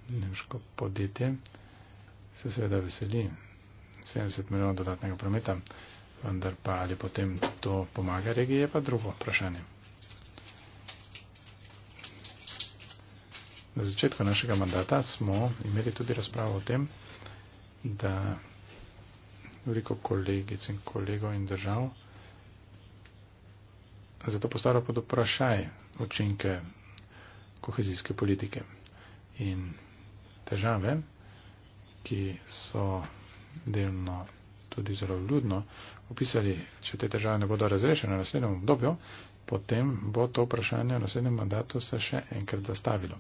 Nemško podjetje se seveda veseli 70 milijonov dodatnega prometa, vendar pa ali potem to pomaga regiji, je pa drugo vprašanje. Na začetku našega mandata smo imeli tudi razpravo o tem, da veliko kolegic in kolegov in držav zato postavlja pod vprašaj učinke kohezijske politike in težave, ki so delno tudi zelo ljudno opisali, če te težave ne bodo razrešene v naslednjem obdobju, potem bo to vprašanje v naslednjem mandatu se še enkrat zastavilo.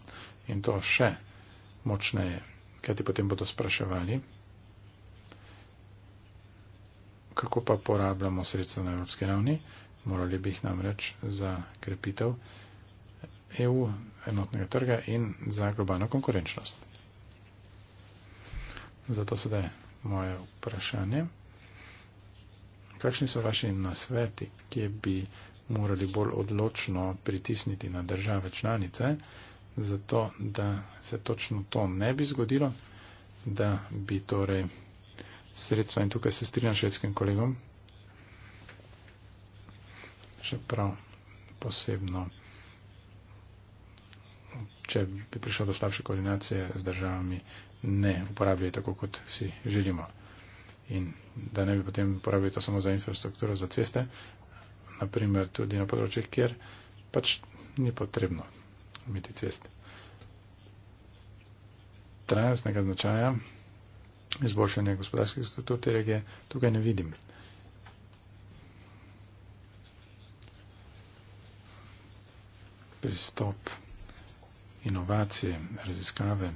In to še močneje, kajti potem bodo spraševali, kako pa porabljamo sredstva na evropski ravni, morali bi jih namreč za krepitev EU enotnega trga in za globalno konkurenčnost. Zato sedaj moje vprašanje. Kakšni so vaši nasveti, kje bi morali bolj odločno pritisniti na države članice, zato da se točno to ne bi zgodilo, da bi torej sredstva in tukaj se strinjam švedskim kolegom, še prav posebno, če bi prišlo do slabše koordinacije z državami, ne uporabljajo tako, kot si želimo. In da ne bi potem uporabljali to samo za infrastrukturo, za ceste, naprimer tudi na področju, kjer pač ni potrebno imeti ceste. Trajnostnega značaja izboljšanja gospodarskih institutov regije tukaj ne vidim. Pristop, inovacije, raziskave,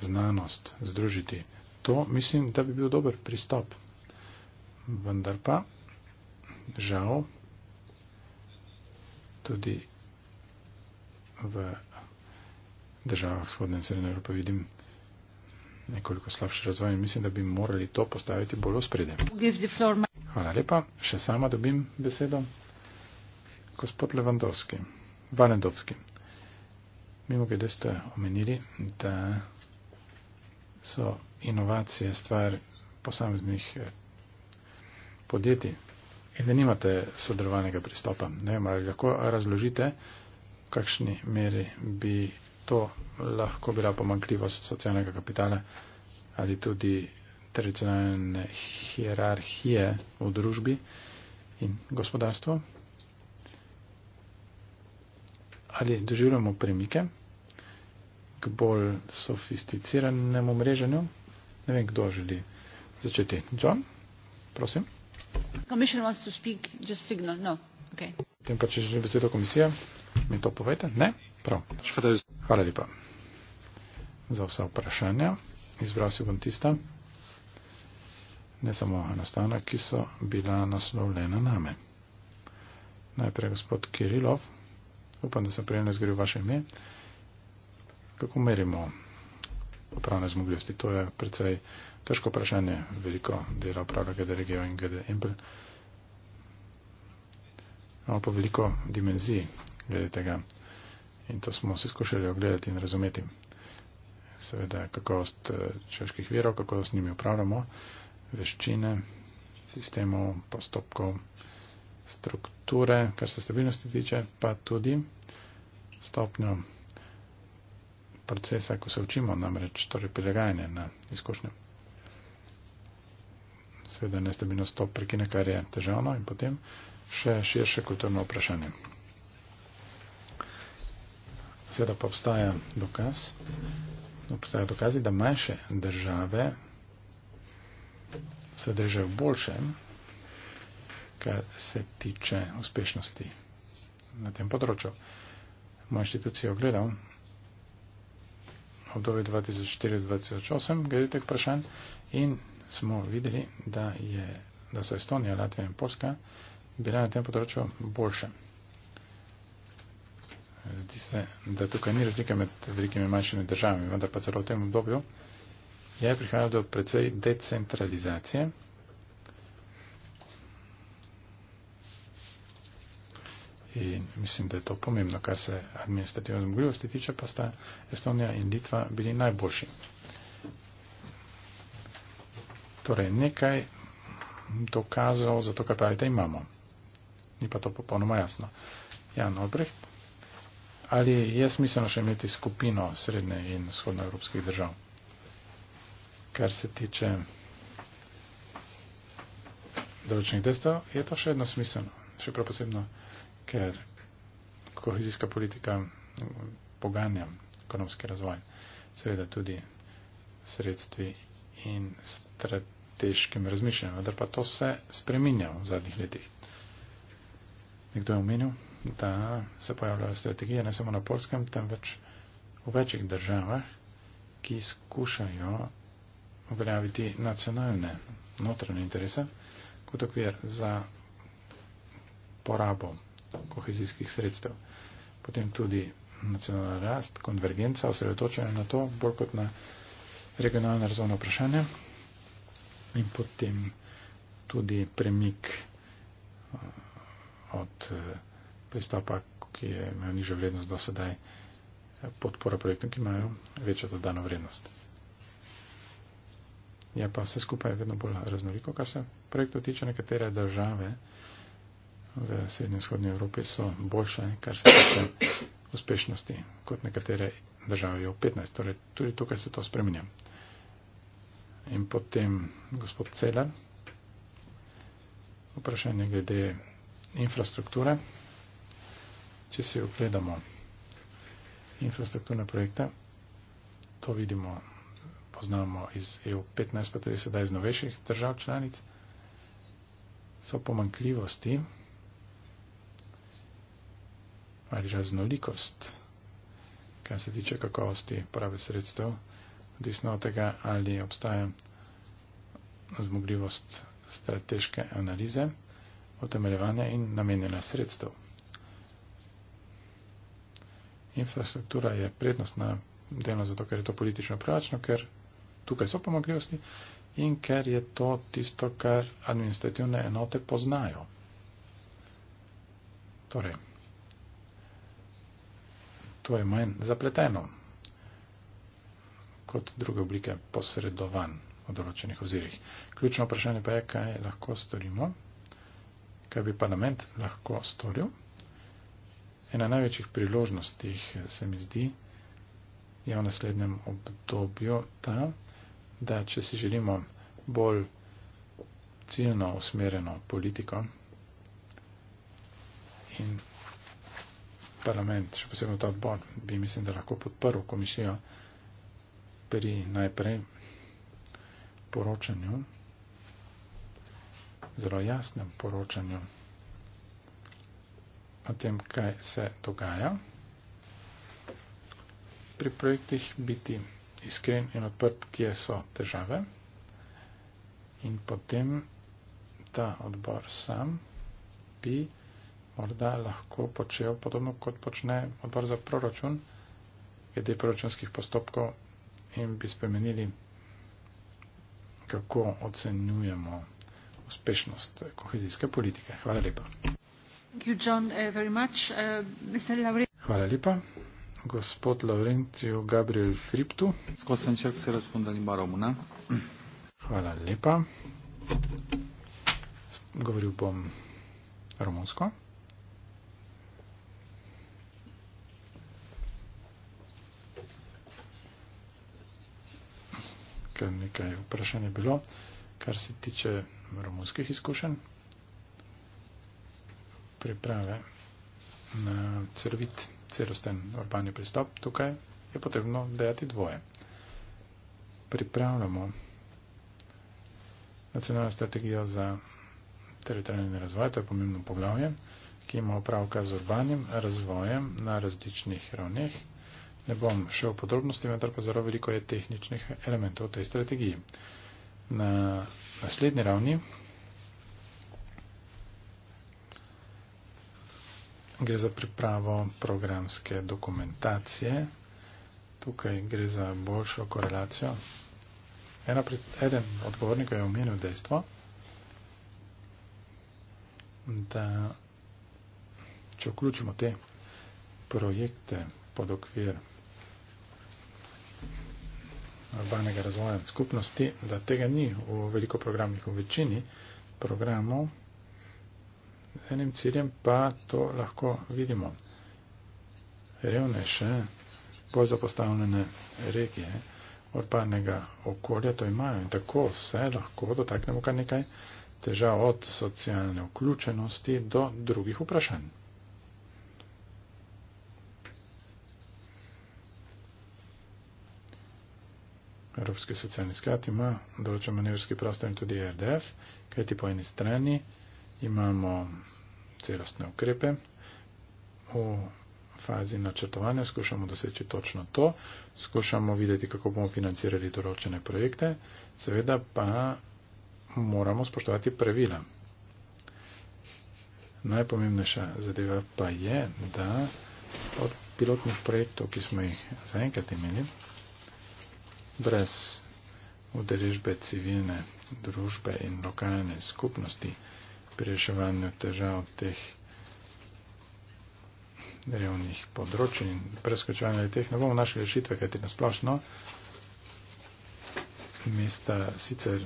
znanost, združiti. To mislim, da bi bil dober pristop. Vendar pa žal, tudi v državah vzhodne in srednje Evrope vidim nekoliko slabši razvoj in mislim, da bi morali to postaviti bolj v sprede. Hvala lepa. Še sama dobim besedo. Gospod Levandovski, Valendovski, mimo kaj, da ste omenili, da so inovacije stvar posameznih eh, podjetij, in da nimate sodelovanega pristopa. Ne vem, ali lahko razložite, v kakšni meri bi to lahko bila pomankljivost socialnega kapitala ali tudi tradicionalne hierarhije v družbi in gospodarstvu. Ali doživljamo premike k bolj sofisticiranemu mreženju? Ne vem, kdo želi začeti. John, prosim. No, Potem pa če že besedo komisije, mi to povete? Ne? Prav. Hvala lepa za vsa vprašanja. Izbral si bom tista, ne samo Anastana, ki so bila naslovljena name. Najprej gospod Kirilov, upam, da sem prejemno izgoril vaše ime. Kako merimo upravne zmogljivosti? To je predvsej težko vprašanje, veliko dela upravlja GDRG in GD Impel. Imamo pa veliko dimenzij glede tega in to smo vsi skušali ogledati in razumeti. Seveda kakovost eh, čeških virov, kako s njimi upravljamo, veščine, sistemov, postopkov, strukture, kar se stabilnosti tiče, pa tudi stopnjo procesa, ko se učimo, namreč torej prilagajanje na izkušnjo seveda nestabilnost to prekine, kar je težavno in potem še širše kulturno vprašanje. Seveda pa obstaja dokaz, obstaja dokazi, da manjše države se držajo boljše, kar se tiče uspešnosti na tem področju. Moja inštitucija je ogledal obdobje 2004-2008, glede teh vprašanj, in smo videli, da, je, da so Estonija, Latvija in Polska bila na tem področju boljše. Zdi se, da tukaj ni razlike med velikimi in manjšimi državami, vendar pa celo v tem obdobju je prihajalo do precej decentralizacije. In mislim, da je to pomembno, kar se administrativne zmogljivosti tiče, pa sta Estonija in Litva bili najboljši. Torej, nekaj dokazov za to, kar pravite, imamo. Ni pa to popolnoma jasno. Jan Obreht, ali je smiselno še imeti skupino srednje in vzhodnoevropskih držav? Kar se tiče določenih dejstev, je to še vedno smiselno. Še prav posebno, ker kohezijska politika poganja ekonomski razvoj. Seveda tudi sredstvi in strateškem razmišljanju, vendar pa to se spreminja v zadnjih letih. Nekdo je omenil, da se pojavljajo strategije ne samo na polskem, temveč v večjih državah, ki skušajo uveljaviti nacionalne notranje interese kot okvir za porabo kohezijskih sredstev. Potem tudi nacionalna rast, konvergenca, osredotočena na to, bolj kot na regionalna razvojna vprašanja in potem tudi premik eh, od eh, pristopa, ki je imel nižjo vrednost do sedaj, eh, podpora projektom, ki imajo večjo dodano vrednost. Je pa vse skupaj vedno bolj raznoliko, kar se projektov tiče. Nekatere države v srednji in vzhodnji Evropi so boljše, kar se tiče uspešnosti, kot nekatere države v 15. Torej, tudi tukaj se to spremenja in potem gospod Celer. Vprašanje glede infrastrukture. Če si ogledamo infrastrukturne projekte, to vidimo, poznamo iz EU 15, pa tudi sedaj iz novejših držav članic, so pomankljivosti ali raznolikost, kar se tiče kakovosti porabe sredstev odvisno od tega, ali obstaja zmogljivost strateške analize, utemeljevanja in namenjena sredstev. Infrastruktura je prednostna delno zato, ker je to politično pravačno, ker tukaj so pomagljivosti in ker je to tisto, kar administrativne enote poznajo. Torej, to je manj zapleteno kot druge oblike posredovanj v določenih ozirih. Ključno vprašanje pa je, kaj lahko storimo, kaj bi parlament lahko storil. Ena največjih priložnosti, se mi zdi, je v naslednjem obdobju ta, da če si želimo bolj ciljno usmerjeno politiko in parlament, še posebej ta odbor, bi mislim, da lahko podprl komisijo, pri najprej poročanju, zelo jasnem poročanju o tem, kaj se dogaja. Pri projektih biti iskren in odprt, kje so težave in potem ta odbor sam bi morda lahko počel podobno, kot počne odbor za proračun, glede proračunskih postopkov in bi spremenili, kako ocenjujemo uspešnost kohezijske politike. Hvala lepa. Eh, eh, Hvala lepa. Gospod Laurentiu Gabriel Friptu. Hvala lepa. Govoril bom romunsko. tukaj nekaj vprašanje bilo, kar se tiče romunskih izkušenj, priprave na crvit, celosten urbani pristop. Tukaj je potrebno dejati dvoje. Pripravljamo nacionalno strategijo za teritorijalni razvoj, to je pomembno poglavje, ki ima opravka z urbanim razvojem na različnih ravneh, ne bom šel v podrobnosti, vendar pa zelo veliko je tehničnih elementov tej strategiji. Na naslednji ravni gre za pripravo programske dokumentacije. Tukaj gre za boljšo korelacijo. Ena pri, eden odgovornik je omenil dejstvo, da če vključimo te projekte pod okvir urbanega razvoja skupnosti, da tega ni v veliko programih, v večini programov, z enim ciljem pa to lahko vidimo. Revnejše, bolj zapostavljene regije urbanega okolja to imajo in tako se lahko dotaknemo kar nekaj težav od socialne vključenosti do drugih vprašanj. Evropski socialni sklad ima določen manevrski prostor in tudi e RDF, kajti po eni strani imamo celostne ukrepe. V fazi načrtovanja skušamo doseči točno to, skušamo videti, kako bomo financirali določene projekte, seveda pa moramo spoštovati pravila. Najpomembnejša zadeva pa je, da od pilotnih projektov, ki smo jih zaenkrat imeli, brez udeležbe civilne družbe in lokalne skupnosti pri reševanju težav teh revnih področij in preskočevanja teh ne bomo našli rešitve, kajti nasplošno mesta sicer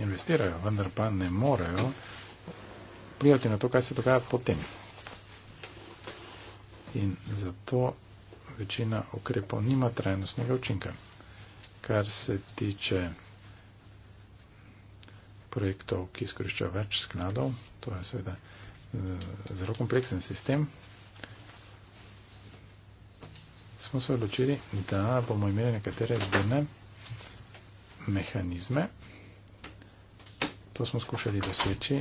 investirajo, vendar pa ne morejo vplivati na to, kaj se dogaja potem. In zato večina ukrepov nima trajnostnega učinka kar se tiče projektov, ki izkoriščajo več skladov, to je seveda eh, zelo kompleksen sistem, smo se odločili, da bomo imeli nekatere zbirne mehanizme. To smo skušali doseči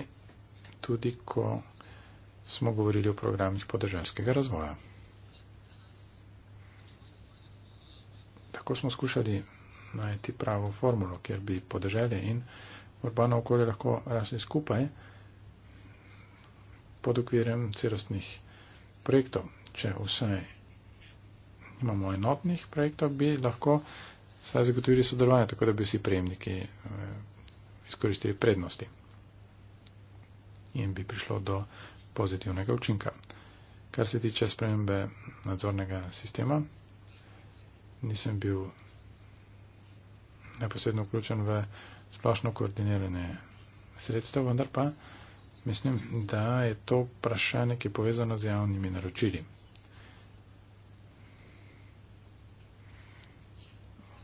tudi, ko smo govorili o programih podržavskega razvoja. Tako smo skušali najti pravo formulo, kjer bi podeželje in urbano okolje lahko rasli skupaj pod okvirjem celostnih projektov. Če vsaj imamo enotnih projektov, bi lahko saj zagotovili sodelovanje, tako da bi vsi prejemniki eh, izkoristili prednosti in bi prišlo do pozitivnega učinka. Kar se tiče spremembe nadzornega sistema, nisem bil neposredno vključen v splošno koordiniranje sredstev, vendar pa mislim, da je to vprašanje, ki je povezano z javnimi naročili.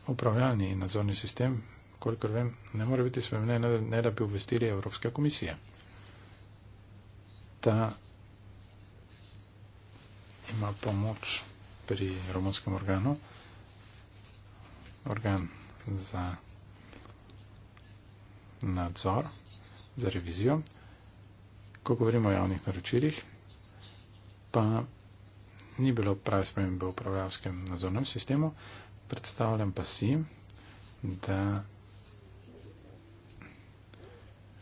Upravljalni in nadzorni sistem, kolikor vem, ne more biti spremenjen, ne da bi obvestili Evropske komisije. Ta ima pomoč pri romanskem organu, organ za nadzor, za revizijo. Ko govorimo o javnih naročilih, pa ni bilo prave spremembe v upravljavskem nadzornem sistemu, predstavljam pa si, da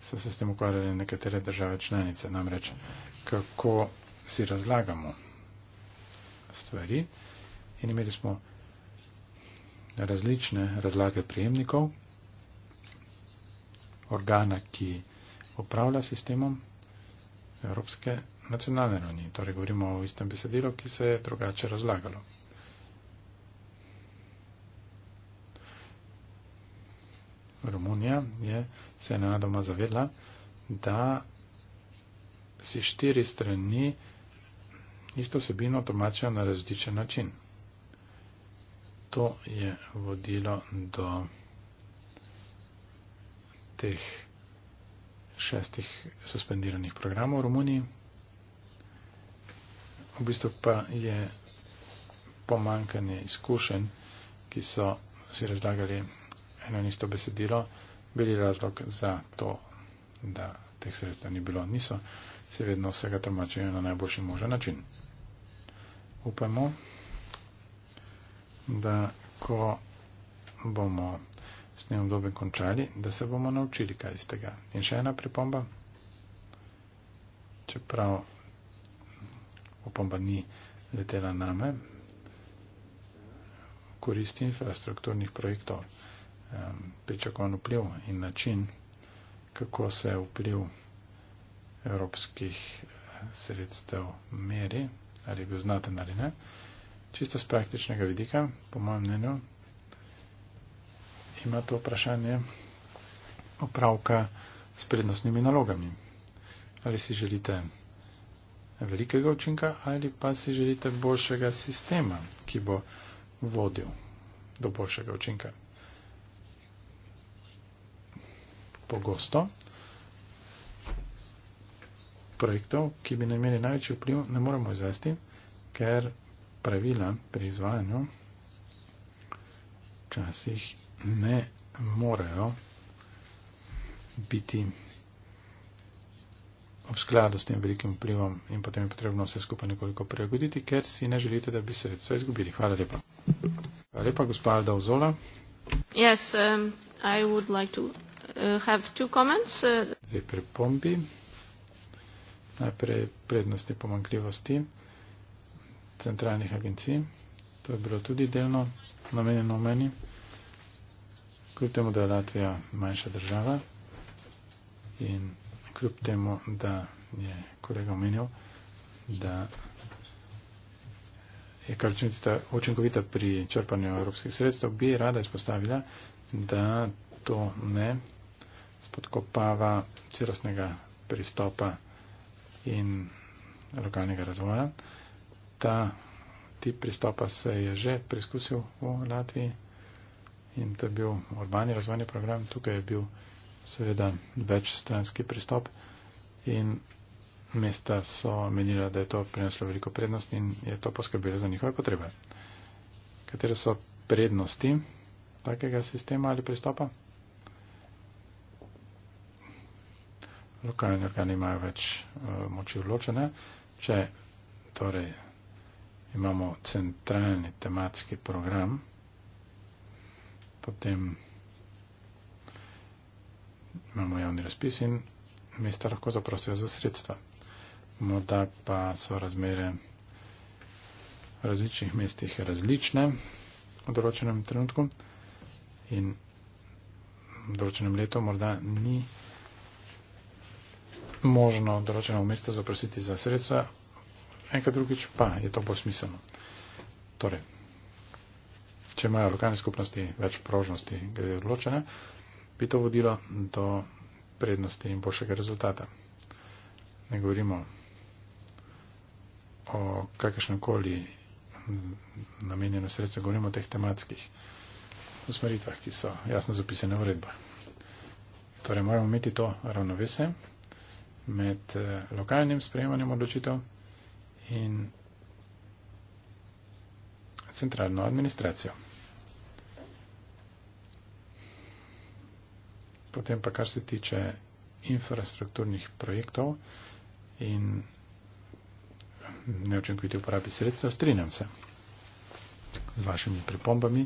so se s tem ukvarjali nekatere države članice, namreč kako si razlagamo stvari in imeli smo različne razlage prijemnikov, organa, ki upravlja sistemom Evropske nacionalne ravni. Torej govorimo o istem besedilu, ki se je drugače razlagalo. Romunija je se je nenadoma zavedla, da si štiri strani isto sebino tolmačijo na različen način to je vodilo do teh šestih suspendiranih programov v Romuniji. V bistvu pa je pomankanje izkušenj, ki so si razlagali eno in isto besedilo, bili razlog za to, da teh sredstev ni bilo. Niso se vedno vsega tolmačili na najboljši možen način. Upamo da ko bomo s tem obdobjem končali, da se bomo naučili kaj iz tega. In še ena pripomba, čeprav opomba ni letela name, koristi infrastrukturnih projektov, pričakovan vpliv in način, kako se vpliv evropskih eh, sredstev meri, ali je bil znaten ali ne čisto z praktičnega vidika, po mojem mnenju, ima to vprašanje opravka s prednostnimi nalogami. Ali si želite velikega učinka ali pa si želite boljšega sistema, ki bo vodil do boljšega učinka. Pogosto projektov, ki bi imeli največji vpliv, ne moremo izvesti, ker pravila pri izvajanju včasih ne morejo biti v skladu s tem velikim vplivom in potem je potrebno vse skupaj nekoliko prilagoditi, ker si ne želite, da bi sredstva izgubili. Hvala lepa. Hvala lepa, gospa Alda Ozola. Yes, um, I would like to uh, have two comments. Uh. Dve pripombi. Najprej prednosti pomankljivosti centralnih agencij. To je bilo tudi delno namenjeno meni, kljub temu, da je Latvija manjša država in kljub temu, da je kolega omenjal, da je kar učinkovita pri črpanju evropskih sredstev, bi rada izpostavila, da to ne spodkopava celostnega pristopa in lokalnega razvoja ta tip pristopa se je že preizkusil v Latviji in to je bil urbani razvojni program. Tukaj je bil seveda večstranski pristop in mesta so menila, da je to prineslo veliko prednost in je to poskrbilo za njihove potrebe. Katere so prednosti takega sistema ali pristopa? Lokalni organi imajo več uh, moči odločene. Če torej imamo centralni tematski program, potem imamo javni razpis in mesta lahko zaprosijo za sredstva. Morda pa so razmere v različnih mestih različne v določenem trenutku in v določenem letu morda ni možno določeno mesto zaprositi za sredstva, enkrat drugič pa je to bolj smiselno. Torej, če imajo lokalne skupnosti več prožnosti glede odločanja, bi to vodilo do prednosti in boljšega rezultata. Ne govorimo o kakršnem koli namenjenem sredstvu, govorimo o teh tematskih usmeritvah, ki so jasno zapisane v uredbo. Torej, moramo imeti to ravnovese med eh, lokalnim sprejemanjem odločitev, in centralno administracijo. Potem pa kar se tiče infrastrukturnih projektov in neučinkovite uporabe sredstva, strinjam se z vašimi pripombami.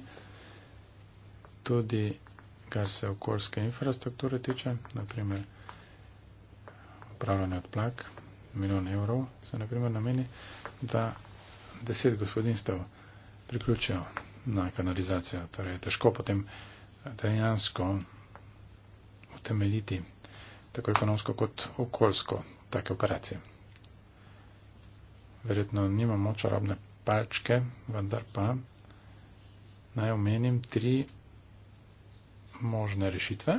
Tudi kar se okoljske infrastrukture tiče, naprimer upravljanje odplak, milijon evrov, se na primer nameni, da deset gospodinstv priključijo na kanalizacijo. Torej je težko potem dejansko utemeljiti tako ekonomsko kot okoljsko take operacije. Verjetno nimamo čarobne palčke, vendar pa naj omenim tri možne rešitve.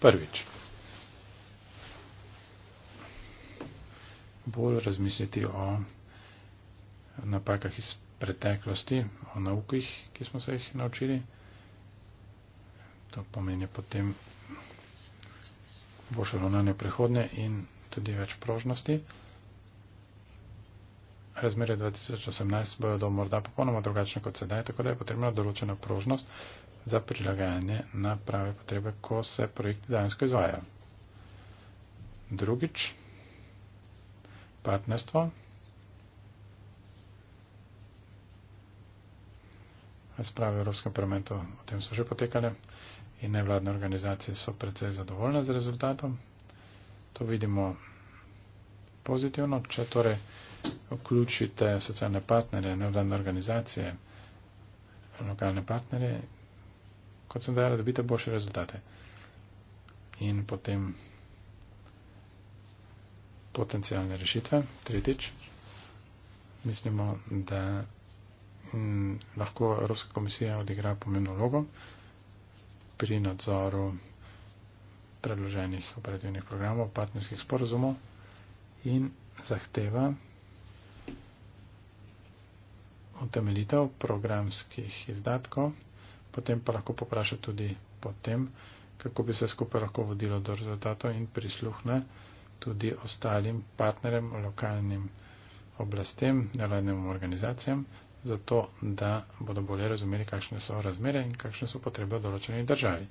Prvič. bolj razmisliti o napakah iz preteklosti, o naukih, ki smo se jih naučili. To pomeni potem boljše ravnanje prihodnje in tudi več prožnosti. Razmere 2018 bojo do morda popolnoma drugačne kot sedaj, tako da je potrebna določena prožnost za prilagajanje na prave potrebe, ko se projekti dejansko izvajajo. Drugič, partnerstva. Razprave Evropskega parlamenta o tem so že potekale in nevladne organizacije so predvsej zadovoljne z rezultatom. To vidimo pozitivno, če torej vključite socialne partnerje, nevladne organizacije, lokalne partnerje, kot sem dejala, dobite boljše rezultate. In potem potencijalne rešitve. Tretjič, mislimo, da m, mm, lahko Evropska komisija odigra pomembno vlogo pri nadzoru predloženih operativnih programov, partnerskih sporozumov in zahteva utemeljitev programskih izdatkov, potem pa lahko popraša tudi potem, kako bi se skupaj lahko vodilo do rezultatov in prisluhne tudi ostalim partnerjem, lokalnim oblastem, nevladnim organizacijam, zato da bodo bolje razumeli, kakšne so razmere in kakšne so potrebe v določeni državi.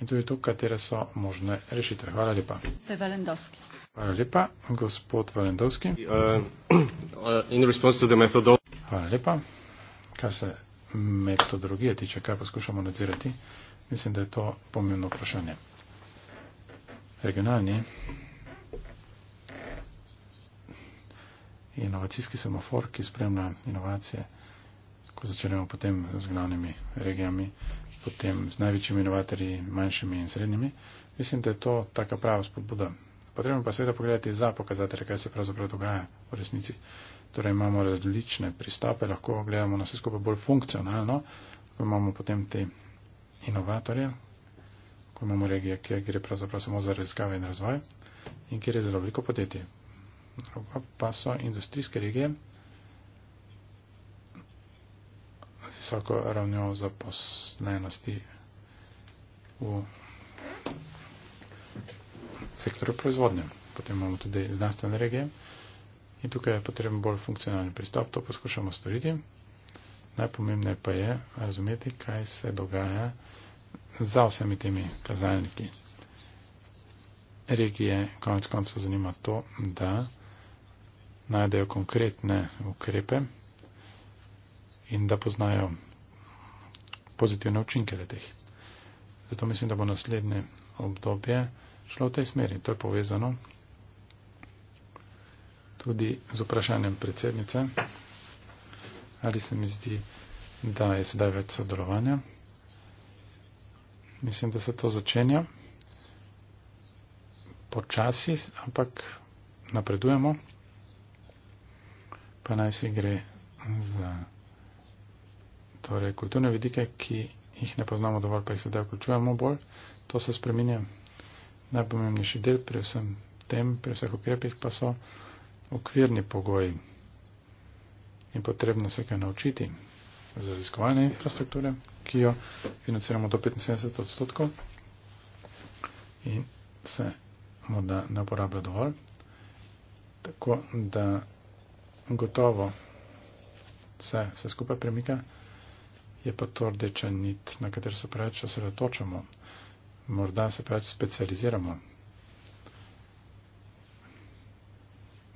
In tudi tu, katere so možne rešitve. Hvala lepa. Hvala lepa, gospod Valendovski. Uh, uh, Hvala lepa. Kar se metodologije tiče, kaj poskušamo nadzirati, mislim, da je to pomembno vprašanje. Regionalni. inovacijski semafor, ki spremlja inovacije, ko začnemo potem z glavnimi regijami, potem z največjimi inovatorji, manjšimi in srednjimi. Mislim, da je to taka prava spodbuda. Potrebno pa seveda pogledati za pokazatelje, kaj se pravzaprav dogaja v resnici. Torej imamo različne pristope, lahko gledamo na vse skupaj bolj funkcionalno, ko imamo potem te inovatorje, ko imamo regije, kjer gre pravzaprav samo za raziskave in razvoj in kjer je zelo veliko podjetij. Europa paso industrijske regije z visoko ravnjo zaposlenosti v sektorju proizvodnje. Potem imamo tudi znanstvene regije in tukaj je potreben bolj funkcionalni pristop, to poskušamo storiti. Najpomembneje pa je razumeti, kaj se dogaja za vsemi temi kazalniki. Regije konec koncev zanima to, da najdejo konkretne ukrepe in da poznajo pozitivne učinke letih. Zato mislim, da bo naslednje obdobje šlo v tej smeri. To je povezano tudi z vprašanjem predsednice, ali se mi zdi, da je sedaj več sodelovanja. Mislim, da se to začenja počasi, ampak napredujemo pa naj si gre za torej, kulturne vidike, ki jih ne poznamo dovolj, pa jih sedaj vključujemo bolj, to se spreminja. Najpomembnejši del pri vsem tem, pri vseh ukrepih pa so okvirni pogoji. In potrebno se kaj naučiti za raziskovalne infrastrukture, ki jo financiramo do 75 odstotkov in se morda ne uporablja dovolj. Tako da gotovo se vse skupaj premika, je pa to rdeča nit, na katero se preveč osredotočamo, morda se preveč specializiramo.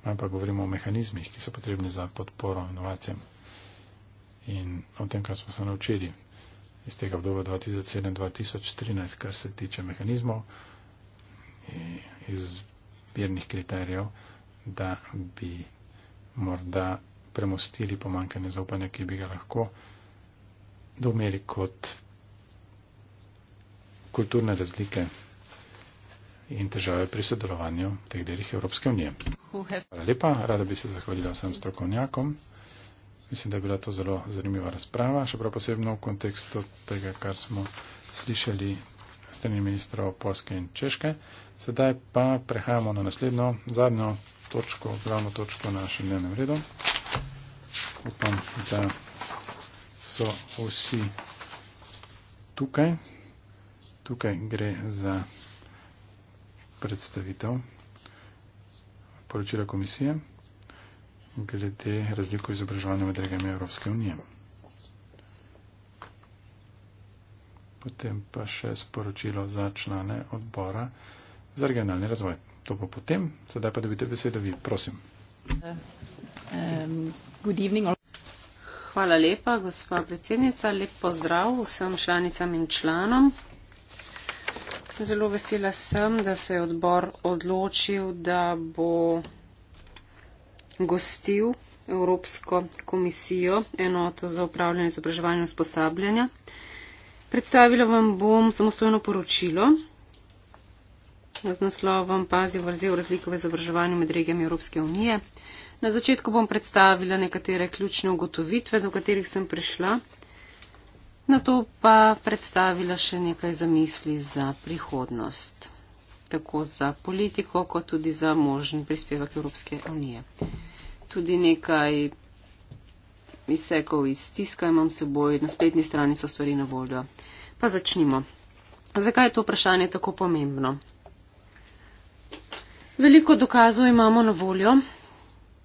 Ampak govorimo o mehanizmih, ki so potrebni za podporo inovacijam in o tem, kar smo se naučili iz tega obdobja 2007-2013, kar se tiče mehanizmov in izbirnih kriterijev, da bi morda premostili pomankanje zaupanja, ki bi ga lahko domeli kot kulturne razlike in težave pri sodelovanju v teh delih Evropske unije. Hvala lepa, rada bi se zahvalila vsem strokovnjakom. Mislim, da je bila to zelo zanimiva razprava, še prav posebno v kontekstu tega, kar smo slišali strani ministrov Polske in Češke. Sedaj pa prehajamo na naslednjo, zadnjo točko, glavno točko našem dnevnem redu. Upam, da so vsi tukaj. Tukaj gre za predstavitev poročila komisije glede razliko izobraževanja med regijami Evropske unije. Potem pa še sporočilo za člane odbora za regionalni razvoj to pa potem. Sedaj pa dobite besedo vi, prosim. Hvala lepa, gospa predsednica. Lep pozdrav vsem članicam in članom. Zelo vesela sem, da se je odbor odločil, da bo gostil Evropsko komisijo enoto za upravljanje izobraževanja in usposabljanja. Predstavila vam bom samostojno poročilo z naslovom Pazi vrzel razliko v izobraževanju med regijami Evropske unije. Na začetku bom predstavila nekatere ključne ugotovitve, do katerih sem prišla, na to pa predstavila še nekaj zamisli za prihodnost, tako za politiko, kot tudi za možen prispevek Evropske unije. Tudi nekaj izsekov iz tiska imam s seboj, na spletni strani so stvari na voljo. Pa začnimo. Zakaj je to vprašanje tako pomembno? Veliko dokazov imamo na voljo,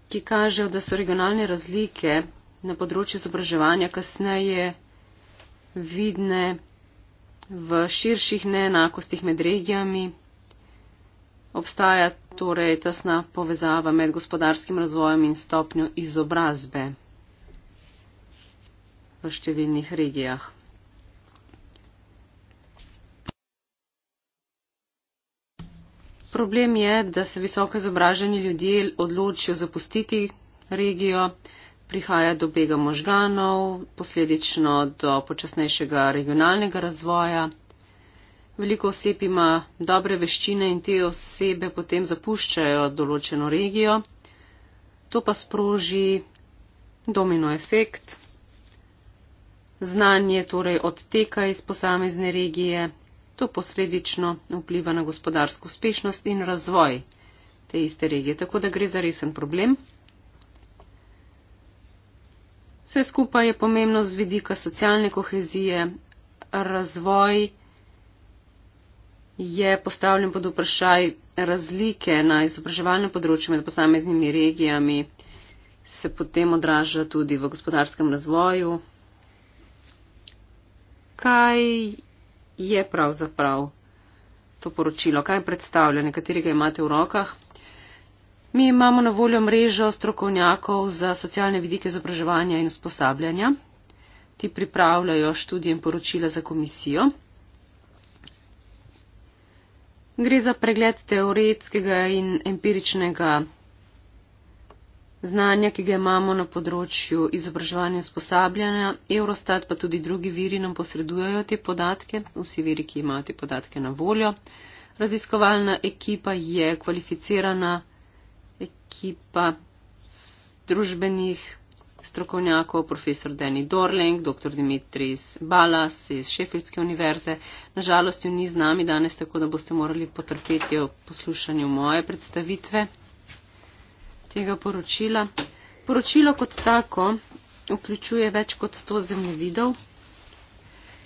ki kažejo, da so regionalne razlike na področju izobraževanja kasneje vidne v širših neenakostih med regijami. Obstaja torej tesna povezava med gospodarskim razvojem in stopnjo izobrazbe v številnih regijah. problem je, da se visoko izobraženi ljudje odločijo zapustiti regijo, prihaja do bega možganov, posledično do počasnejšega regionalnega razvoja. Veliko oseb ima dobre veščine in te osebe potem zapuščajo določeno regijo. To pa sproži domino efekt. Znanje torej odteka iz posamezne regije To posledično vpliva na gospodarsko uspešnost in razvoj te iste regije, tako da gre za resen problem. Vse skupaj je pomembno z vidika socialne kohezije. Razvoj je postavljen pod vprašaj razlike na izobraževalnem področju med posameznimi regijami, se potem odraža tudi v gospodarskem razvoju. Kaj je pravzaprav to poročilo, kaj predstavlja, nekaterega imate v rokah. Mi imamo na voljo mrežo strokovnjakov za socialne vidike izobraževanja in usposabljanja. Ti pripravljajo študije in poročila za komisijo. Gre za pregled teoretskega in empiričnega Znanja, ki ga imamo na področju izobraževanja in sposabljanja, Eurostat pa tudi drugi viri nam posredujejo te podatke, vsi viri, ki imajo te podatke na voljo. Raziskovalna ekipa je kvalificirana ekipa družbenih strokovnjakov, profesor Deni Dorleng, dr. Dimitris Balas iz Šefilske univerze. Nažalost, ju ni z nami danes, tako da boste morali potrpeti o poslušanju moje predstavitve tega poročila. Poročilo kot tako vključuje več kot 100 zemljevidov,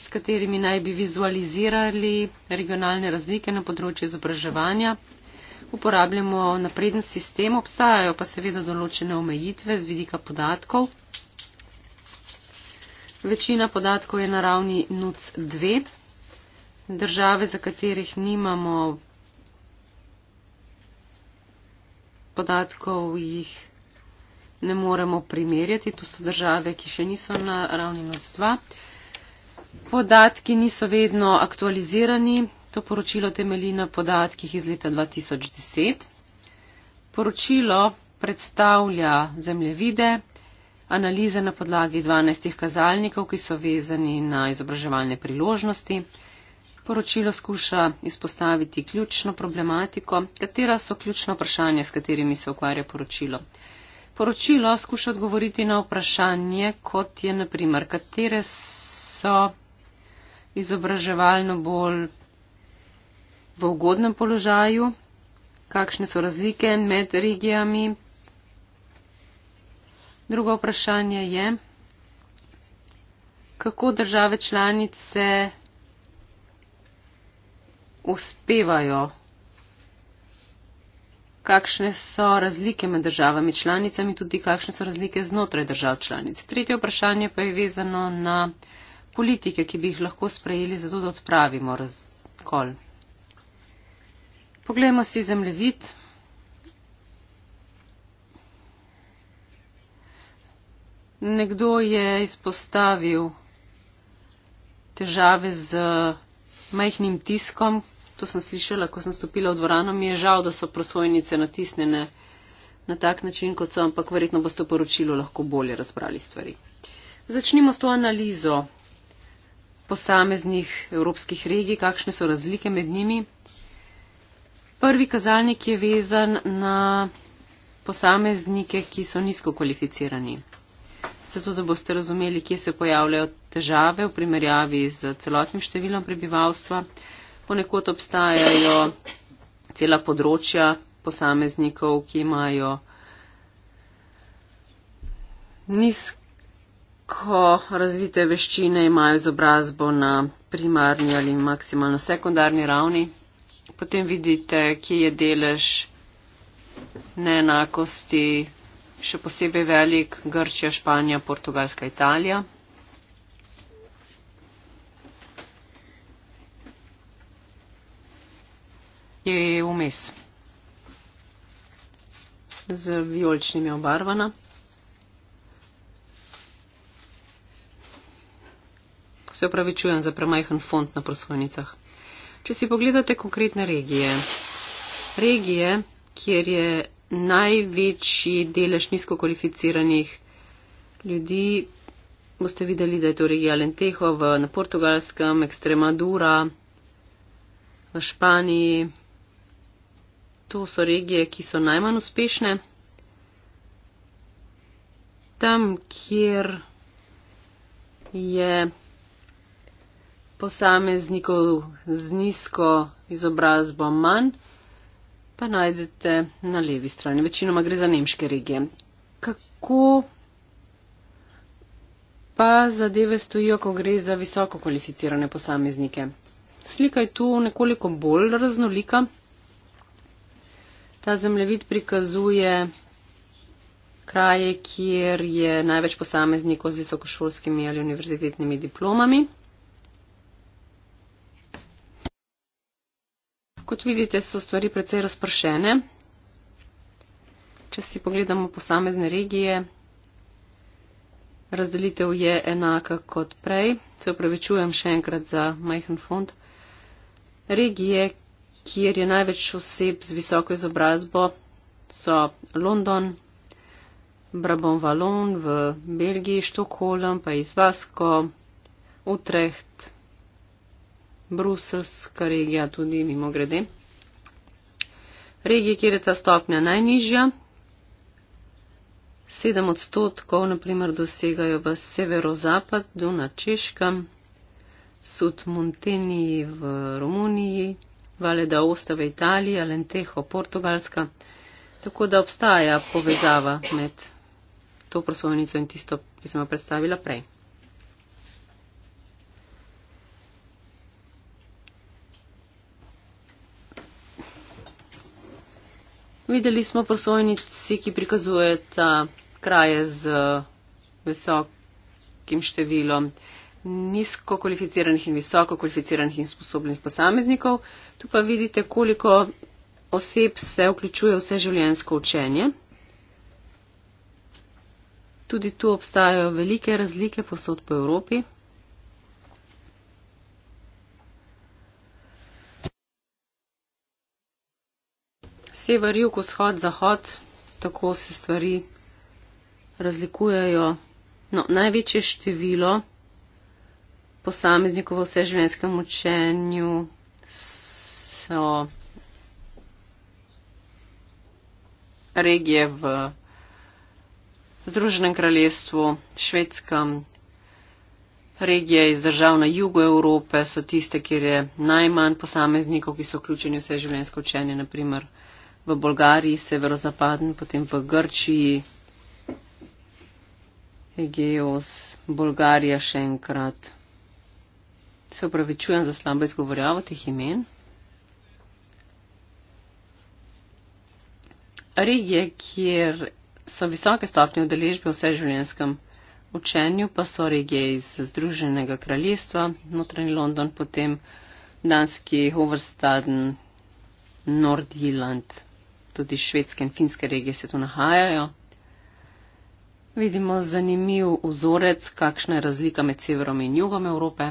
s katerimi naj bi vizualizirali regionalne razlike na področju izobraževanja. Uporabljamo napreden sistem, obstajajo pa seveda določene omejitve z vidika podatkov. Večina podatkov je na ravni NUC 2. Države, za katerih nimamo podatkov jih ne moremo primerjati. To so države, ki še niso na ravni nodstva. Podatki niso vedno aktualizirani. To poročilo temelji na podatkih iz leta 2010. Poročilo predstavlja zemljevide, analize na podlagi 12 kazalnikov, ki so vezani na izobraževalne priložnosti. Poročilo skuša izpostaviti ključno problematiko, katera so ključna vprašanja, s katerimi se ukvarja poročilo. Poročilo skuša odgovoriti na vprašanje, kot je naprimer, katere so izobraževalno bolj v ugodnem položaju, kakšne so razlike med regijami. Drugo vprašanje je, kako države članice uspevajo? Kakšne so razlike med državami članicami, tudi kakšne so razlike znotraj držav članic? Tretje vprašanje pa je vezano na politike, ki bi jih lahko sprejeli, zato da odpravimo razkol. Poglejmo si zemljevid. Nekdo je izpostavil težave z majhnim tiskom, to sem slišala, ko sem stopila v dvorano, mi je žal, da so prosojnice natisnjene na tak način, kot so, ampak verjetno boste v poročilu lahko bolje razbrali stvari. Začnimo s to analizo posameznih evropskih regij, kakšne so razlike med njimi. Prvi kazalnik je vezan na posameznike, ki so nizko kvalificirani zato da boste razumeli, kje se pojavljajo težave v primerjavi z celotnim številom prebivalstva. Ponekod obstajajo cela področja posameznikov, ki imajo nizko razvite veščine, imajo izobrazbo na primarni ali maksimalno sekundarni ravni. Potem vidite, kje je delež neenakosti še posebej velik Grčija, Španija, Portugalska, Italija. Je vmes z vijoličnimi obarvana. Se opravičujem za premajhen fond na prosvojnicah. Če si pogledate konkretne regije, regije, kjer je največji delež nizko kvalificiranih ljudi. Boste videli, da je to regija Lenteho v, na portugalskem, Extremadura, v Španiji. To so regije, ki so najmanj uspešne. Tam, kjer je posameznikov z nizko izobrazbo manj, pa najdete na levi strani. Večinoma gre za nemške regije. Kako pa zadeve stojijo, ko gre za visoko kvalificirane posameznike? Slika je tu nekoliko bolj raznolika. Ta zemljevid prikazuje kraje, kjer je največ posameznikov z visokošolskimi ali univerzitetnimi diplomami. Kot vidite, so stvari precej razpršene. Če si pogledamo posamezne regije, razdelitev je enaka kot prej. Se upravičujem še enkrat za majhen fond. Regije, kjer je največ oseb z visoko izobrazbo, so London, Brabon Valon v Belgiji, Štokholm, pa iz Vasko, Utrecht, Bruselska regija tudi mimo grede. Regije, kjer je ta stopnja najnižja, 7 odstotkov naprimer dosegajo v severozapad, Duna Češka, Sud Monteniji v Romuniji, Vale da Osta v Italiji, Alenteho Portugalska. Tako da obstaja povezava med to prosovnico in tisto, ki sem jo predstavila prej. Videli smo prosojnici, ki prikazujeta kraje z eh, visokim številom nizko kvalificiranih in visoko kvalificiranih in sposobnih posameznikov. Tu pa vidite, koliko oseb se vključuje vse življensko učenje. Tudi tu obstajajo velike razlike posod po Evropi. sever, jug, vzhod, zahod, tako se stvari razlikujejo. No, največje število posameznikov v vseživljenjskem učenju so regije v Združenem kraljestvu, švedskem. Regije iz držav na jugu Evrope so tiste, kjer je najmanj posameznikov, ki so vključeni v vseživljenjsko učenje, naprimer v Bolgariji, severozapadni, potem v Grčiji, Egeos, Bolgarija še enkrat. Se upravičujem za slabo izgovorjavo teh imen. Regije, kjer so visoke stopnje udeležbe v vseživljenjskem učenju, pa so regije iz Združenega kraljestva, notranji London, potem danski Hoverstaden, Nordjylland tudi švedske in finske regije se tu nahajajo. Vidimo zanimiv vzorec, kakšna je razlika med severom in jugom Evrope.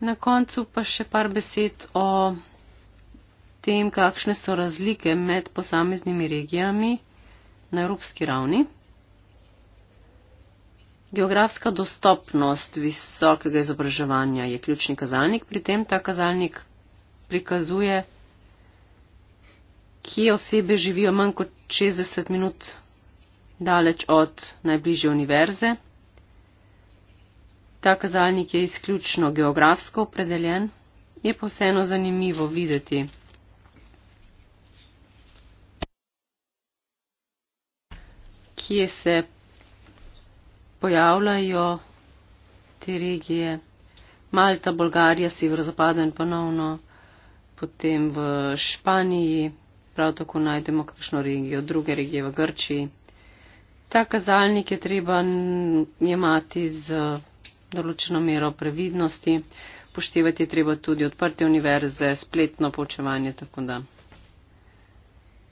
Na koncu pa še par besed o tem, kakšne so razlike med posameznimi regijami na evropski ravni. Geografska dostopnost visokega izobraževanja je ključni kazalnik pri tem. Ta kazalnik prikazuje kje osebe živijo manj kot 60 minut daleč od najbližje univerze. Ta kazalnik je izključno geografsko opredeljen, je pa vseeno zanimivo videti. kje se pojavljajo te regije. Malta, Bolgarija, severozapaden ponovno, potem v Španiji, prav tako najdemo kakšno regijo, druge regije v Grčiji. Ta kazalnik je treba jemati z določeno mero previdnosti, poštevati je treba tudi odprte univerze, spletno poučevanje, tako da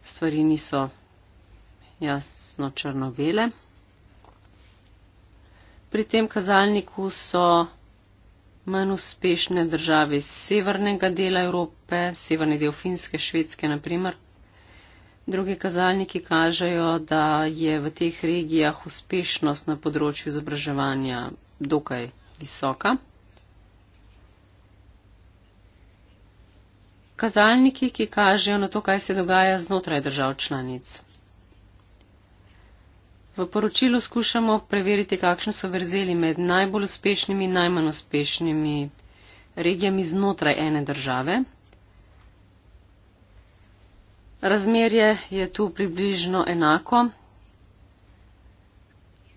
stvari niso jasno črno-bele. Pri tem kazalniku so manj uspešne države iz severnega dela Evrope, severni del Finske, Švedske naprimer. Drugi kazalniki kažejo, da je v teh regijah uspešnost na področju izobraževanja dokaj visoka. Kazalniki, ki kažejo na to, kaj se dogaja znotraj držav članic. V poročilu skušamo preveriti, kakšne so verzeli med najbolj uspešnimi in najmanj uspešnimi regijami znotraj ene države. Razmerje je tu približno enako.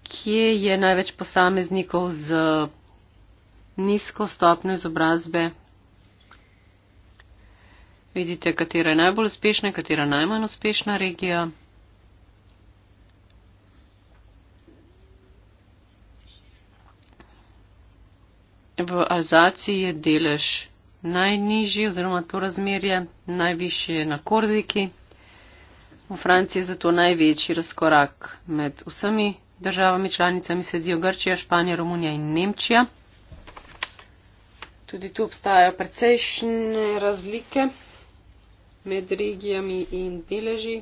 Kje je največ posameznikov z nizko stopnjo izobrazbe? Vidite, katera je najbolj uspešna, katera najmanj uspešna regija. V Alzaciji je delež najnižji oziroma to razmerje, najvišje je na Korziki. V Franciji je zato največji razkorak med vsemi državami članicami sedijo Grčija, Španija, Romunija in Nemčija. Tudi tu obstajajo precejšnje razlike med regijami in deleži.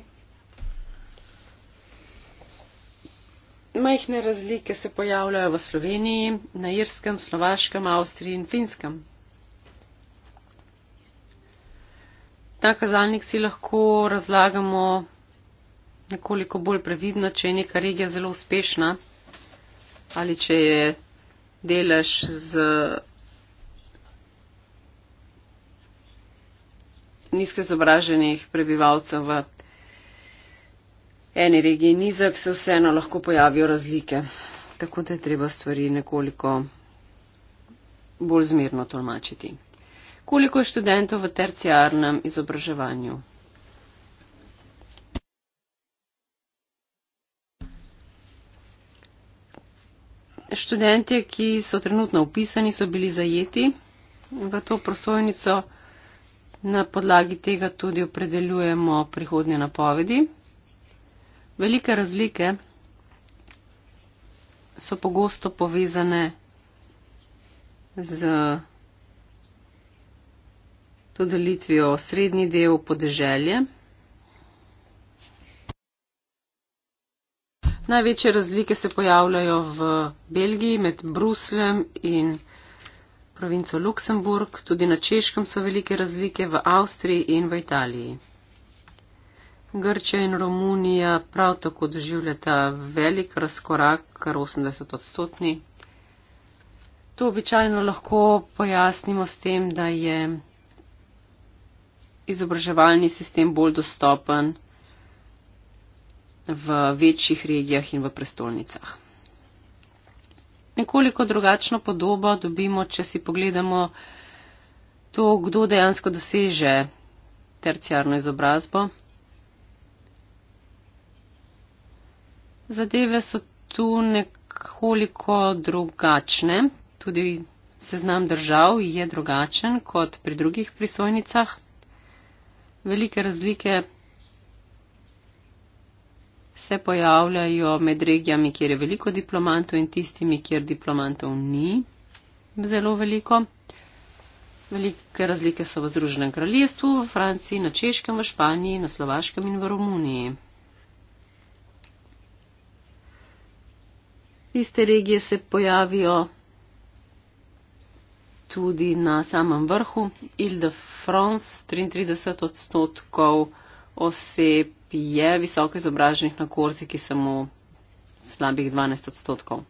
Majhne razlike se pojavljajo v Sloveniji, na Irskem, Slovaškem, Avstriji in Finskem. ta kazalnik si lahko razlagamo nekoliko bolj previdno, če je neka regija zelo uspešna ali če je delež z nizko izobraženih prebivalcev v eni regiji nizek, se vseeno lahko pojavijo razlike. Tako da je treba stvari nekoliko bolj zmerno tolmačiti. Koliko je študentov v terciarnem izobraževanju? Študentje, ki so trenutno upisani, so bili zajeti v to prosojnico. Na podlagi tega tudi opredeljujemo prihodnje napovedi. Velike razlike so pogosto povezane z to delitvijo osrednji del podeželje. Največje razlike se pojavljajo v Belgiji med Bruslem in provinco Luksemburg, tudi na Češkem so velike razlike v Avstriji in v Italiji. Grčija in Romunija prav tako doživljata velik razkorak, kar 80 odstotni. To običajno lahko pojasnimo s tem, da je izobraževalni sistem bolj dostopen v večjih regijah in v prestolnicah. Nekoliko drugačno podobo dobimo, če si pogledamo to, kdo dejansko doseže terciarno izobrazbo. Zadeve so tu nekoliko drugačne, tudi seznam držav je drugačen kot pri drugih prisojnicah velike razlike se pojavljajo med regijami, kjer je veliko diplomantov in tistimi, kjer diplomantov ni zelo veliko. Velike razlike so v Združenem kraljestvu, v Franciji, na Češkem, v Španiji, na Slovaškem in v Romuniji. Iste regije se pojavijo tudi na samem vrhu. Ile de France 33 odstotkov oseb je visoko izobraženih na korzi, ki samo slabih 12 odstotkov.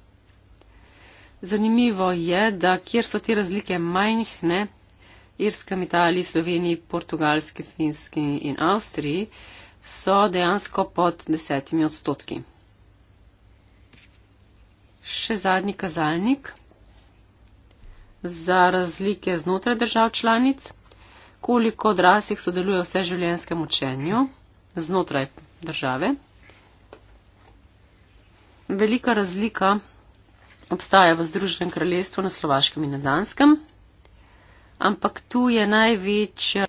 Zanimivo je, da kjer so te razlike majhne, Irska, Italija, Slovenija, Portugalska, Finska in Avstrija, so dejansko pod desetimi odstotki. Še zadnji kazalnik za razlike znotraj držav članic, koliko odraslih sodeluje v vseživljenjskem učenju znotraj države. Velika razlika obstaja v Združenem kraljestvu na Slovaškem in na Danskem, ampak tu je največja.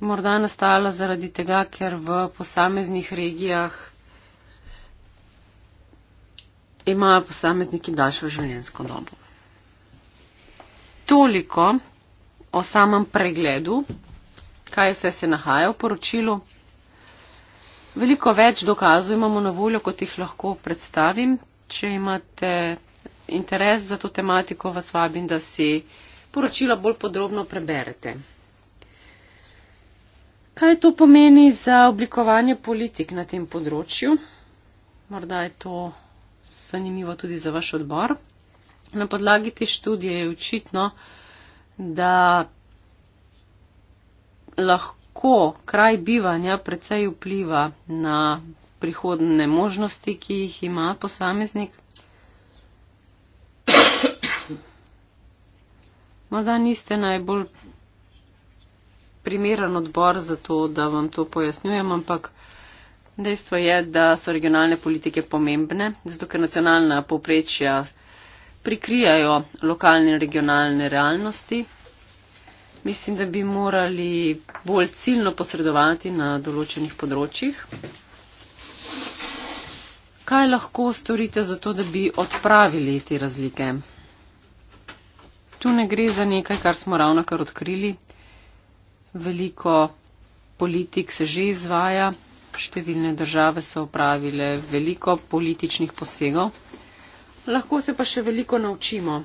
Morda nastala zaradi tega, ker v posameznih regijah imajo posamezniki daljšo življenjsko dobo. Toliko o samem pregledu, kaj vse se nahaja v poročilu. Veliko več dokazov imamo na voljo, kot jih lahko predstavim. Če imate interes za to tematiko, vas vabim, da si poročila bolj podrobno preberete. Kaj to pomeni za oblikovanje politik na tem področju? Morda je to zanimivo tudi za vaš odbor. Na podlagi te študije je očitno, da lahko kraj bivanja precej vpliva na prihodne možnosti, ki jih ima posameznik. Morda niste najbolj primeren odbor za to, da vam to pojasnjujem, ampak uh, Dejstvo je, da so regionalne politike pomembne, zato ker nacionalna poprečja prikrijajo lokalne in regionalne realnosti. Mislim, da bi morali bolj ciljno posredovati na določenih področjih. Kaj lahko storite za to, da bi odpravili te razlike? Tu ne gre za nekaj, kar smo ravno kar odkrili. Veliko politik se že izvaja, Številne države so upravile veliko političnih posegov, lahko se pa še veliko naučimo.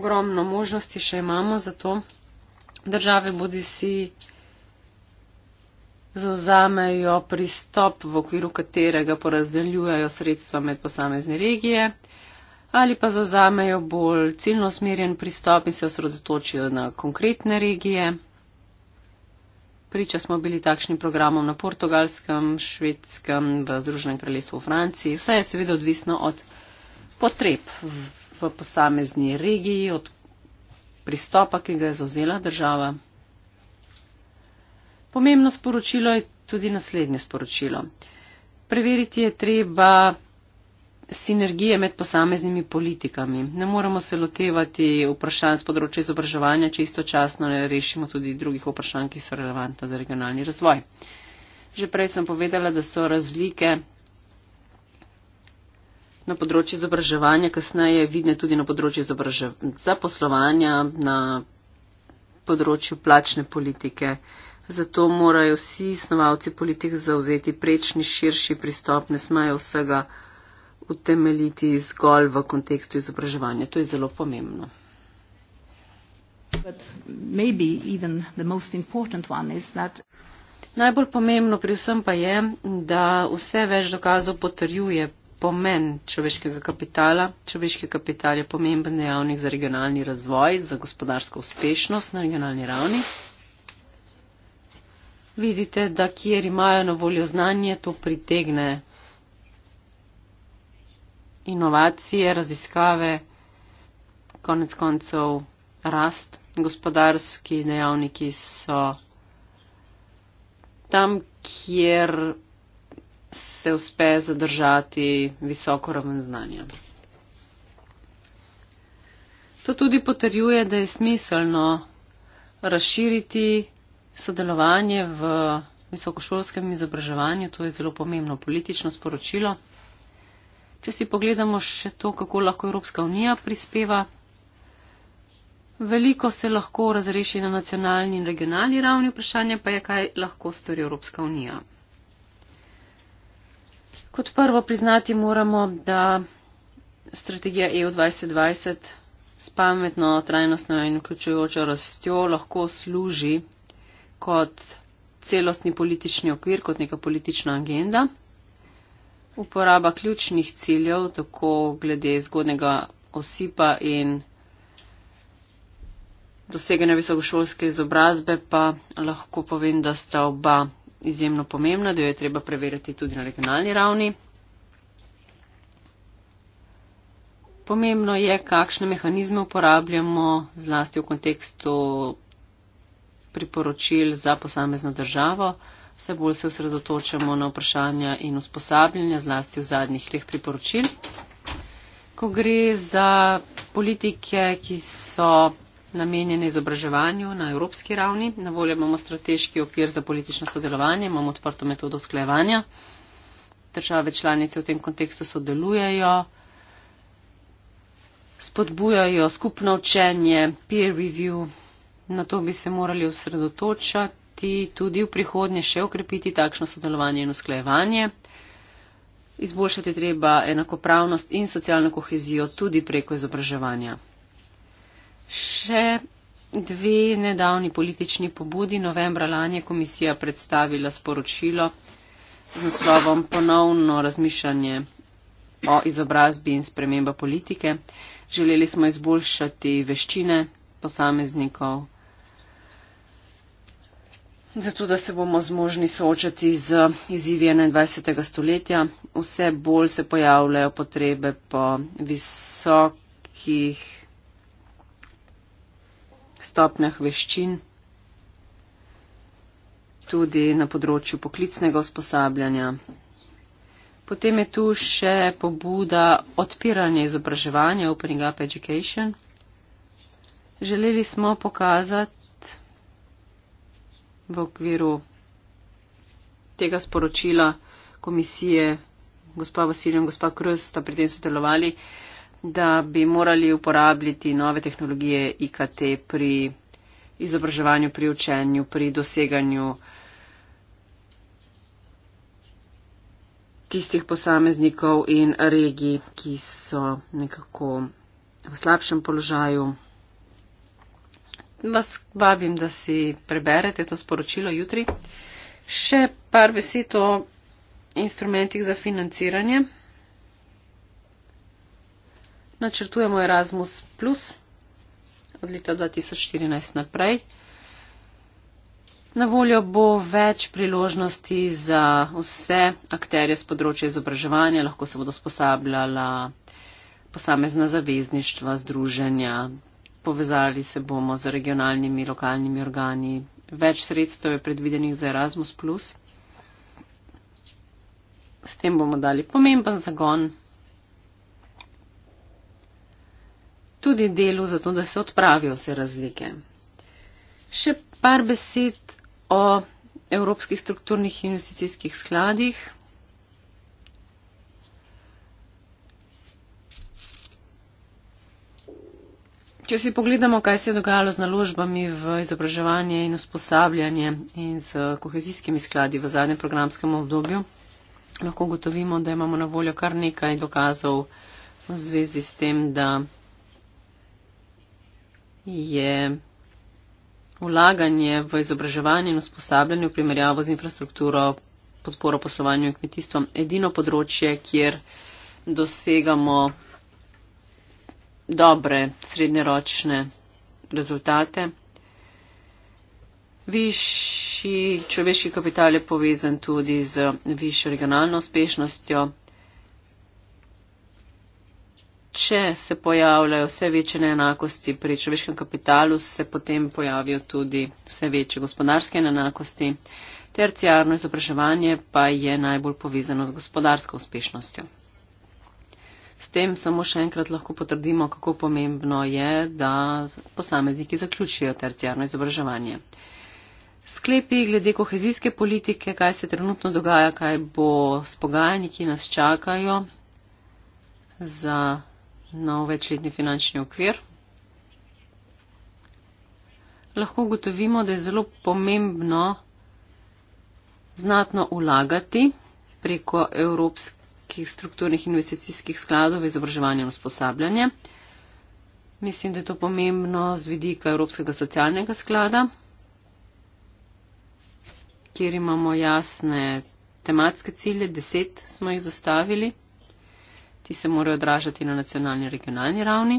Ogromno možnosti še imamo za to. Države bodi si zauzamejo pristop, v okviru katerega porazdeljujejo sredstva med posamezne regije, ali pa zauzamejo bolj ciljno usmerjen pristop in se osredotočijo na konkretne regije. Priča smo bili takšnim programom na portugalskem, švedskem, v Združenem kraljestvu v Franciji. Vse je seveda odvisno od potreb v posamezni regiji, od pristopa, ki ga je zauzela država. Pomembno sporočilo je tudi naslednje sporočilo. Preveriti je treba sinergije med posameznimi politikami. Ne moramo se lotevati vprašanj z področja izobraževanja, če istočasno ne rešimo tudi drugih vprašanj, ki so relevantna za regionalni razvoj. Že prej sem povedala, da so razlike na področju izobraževanja, kasneje vidne tudi na področju zaposlovanja, na področju plačne politike. Zato morajo vsi snovalci politik zauzeti prečni širši pristop, ne smajo vsega utemeljiti zgolj v kontekstu izobraževanja. To je zelo pomembno. Najbolj pomembno pri vsem pa je, da vse več dokazov potrjuje pomen človeškega kapitala. Človeški kapital je pomemben dejavnik za regionalni razvoj, za gospodarsko uspešnost na regionalni ravni. Vidite, da kjer imajo na voljo znanje, to pritegne inovacije, raziskave, konec koncev rast, gospodarski dejavniki so tam, kjer se uspe zadržati visoko raven znanja. To tudi potrjuje, da je smiselno razširiti sodelovanje v visokošolskem izobraževanju, to je zelo pomembno politično sporočilo. Če si pogledamo še to, kako lahko Evropska unija prispeva, veliko se lahko razreši na nacionalni in regionalni ravni, vprašanje pa je, kaj lahko stori Evropska unija. Kot prvo priznati moramo, da strategija EU 2020 s pametno, trajnostno in vključujočo rastjo lahko služi kot celostni politični okvir, kot neka politična agenda uporaba ključnih ciljev, tako glede zgodnega osipa in doseganja visokošolske izobrazbe, pa lahko povem, da sta oba izjemno pomembna, da jo je treba preveriti tudi na regionalni ravni. Pomembno je, kakšne mehanizme uporabljamo, zlasti v kontekstu priporočil za posamezno državo vse bolj se osredotočamo na vprašanja in usposabljanja, zlasti v zadnjih treh priporočil. Ko gre za politike, ki so namenjene izobraževanju na evropski ravni, na voljo imamo strateški okvir za politično sodelovanje, imamo odprto metodo sklejevanja. Države članice v tem kontekstu sodelujejo, spodbujajo skupno učenje, peer review. Na to bi se morali osredotočati želeti tudi v prihodnje še ukrepiti takšno sodelovanje in usklajevanje. Izboljšati treba enakopravnost in socialno kohezijo tudi preko izobraževanja. Še dve nedavni politični pobudi. Novembra lani je komisija predstavila sporočilo z naslovom Ponovno razmišljanje o izobrazbi in sprememba politike. Želeli smo izboljšati veščine posameznikov zato da se bomo zmožni soočati z izzivi 21. stoletja. Vse bolj se pojavljajo potrebe po visokih stopnjah veščin, tudi na področju poklicnega usposabljanja. Potem je tu še pobuda odpiranje izobraževanja, opening up education. Želeli smo pokazati, v okviru tega sporočila komisije gospa Vasilja in gospa Kruz sta pri tem sodelovali, da bi morali uporabljati nove tehnologije IKT pri izobraževanju, pri učenju, pri doseganju tistih posameznikov in regij, ki so nekako v slabšem položaju vas vabim, da si preberete to sporočilo jutri. Še par besed o instrumentih za financiranje. Načrtujemo Erasmus Plus od leta 2014 naprej. Na voljo bo več priložnosti za vse akterje z področja izobraževanja, lahko se bodo sposabljala posamezna zavezništva, združenja, povezali se bomo z regionalnimi, lokalnimi organi. Več sredstev je predvidenih za Erasmus. S tem bomo dali pomemben zagon tudi delu, zato da se odpravijo vse razlike. Še par besed o evropskih strukturnih investicijskih skladih. Če si pogledamo, kaj se je dogajalo z naložbami v izobraževanje in usposabljanje in z kohezijskimi skladi v zadnjem programskem obdobju, lahko gotovimo, da imamo na voljo kar nekaj dokazov v zvezi s tem, da je vlaganje v izobraževanje in usposabljanje v primerjavo z infrastrukturo, podporo poslovanju in kmetijstvom edino področje, kjer dosegamo dobre srednjeročne rezultate. Višji človeški kapital je povezan tudi z višjo regionalno uspešnostjo. Če se pojavljajo vse večje neenakosti pri človeškem kapitalu, se potem pojavijo tudi vse večje gospodarske neenakosti. Terciarno izobraževanje pa je najbolj povezano z gospodarsko uspešnostjo. S tem samo še enkrat lahko potrdimo, kako pomembno je, da posamezniki zaključijo terciarno izobraževanje. Sklepi glede kohezijske politike, kaj se trenutno dogaja, kaj bo s pogajanji, ki nas čakajo za nov večletni finančni okvir. Lahko ugotovimo, da je zelo pomembno znatno ulagati preko evropske velikih strukturnih investicijskih skladov izobraževanja in usposabljanje. Mislim, da je to pomembno z vidika Evropskega socialnega sklada, kjer imamo jasne tematske cilje, deset smo jih zastavili, ti se morajo odražati na nacionalni in regionalni ravni.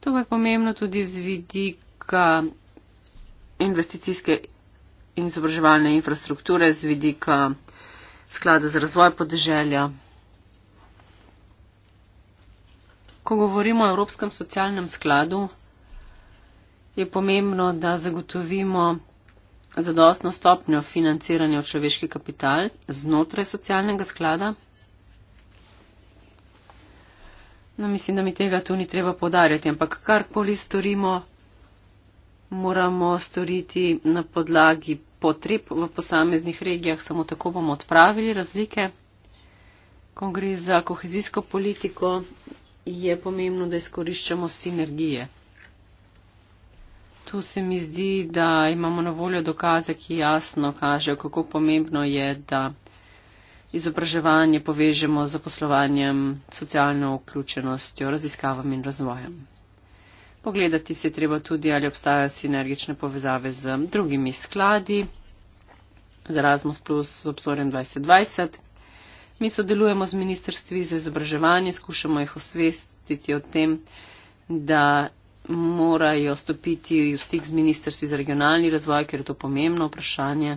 To pa je pomembno tudi z vidika investicijske in izobraževalne infrastrukture, z vidika sklada za razvoj podeželja. Ko govorimo o Evropskem socialnem skladu, je pomembno, da zagotovimo zadostno stopnjo financiranja v človeški kapital znotraj socialnega sklada. No, mislim, da mi tega tu ni treba podarjati, ampak karkoli storimo, moramo storiti na podlagi potreb v posameznih regijah, samo tako bomo odpravili razlike. Ko gre za kohezijsko politiko, je pomembno, da izkoriščamo sinergije. Tu se mi zdi, da imamo na voljo dokaze, ki jasno kažejo, kako pomembno je, da izobraževanje povežemo z zaposlovanjem, socialno vključenostjo, raziskavami in razvojem. Pogledati se treba tudi, ali obstajajo sinergične povezave z drugimi skladi, z Erasmus Plus, z obzorjem 2020, Mi sodelujemo z ministrstvi za izobraževanje, skušamo jih osvestiti o tem, da morajo stopiti v stik z ministrstvi za regionalni razvoj, ker je to pomembno vprašanje.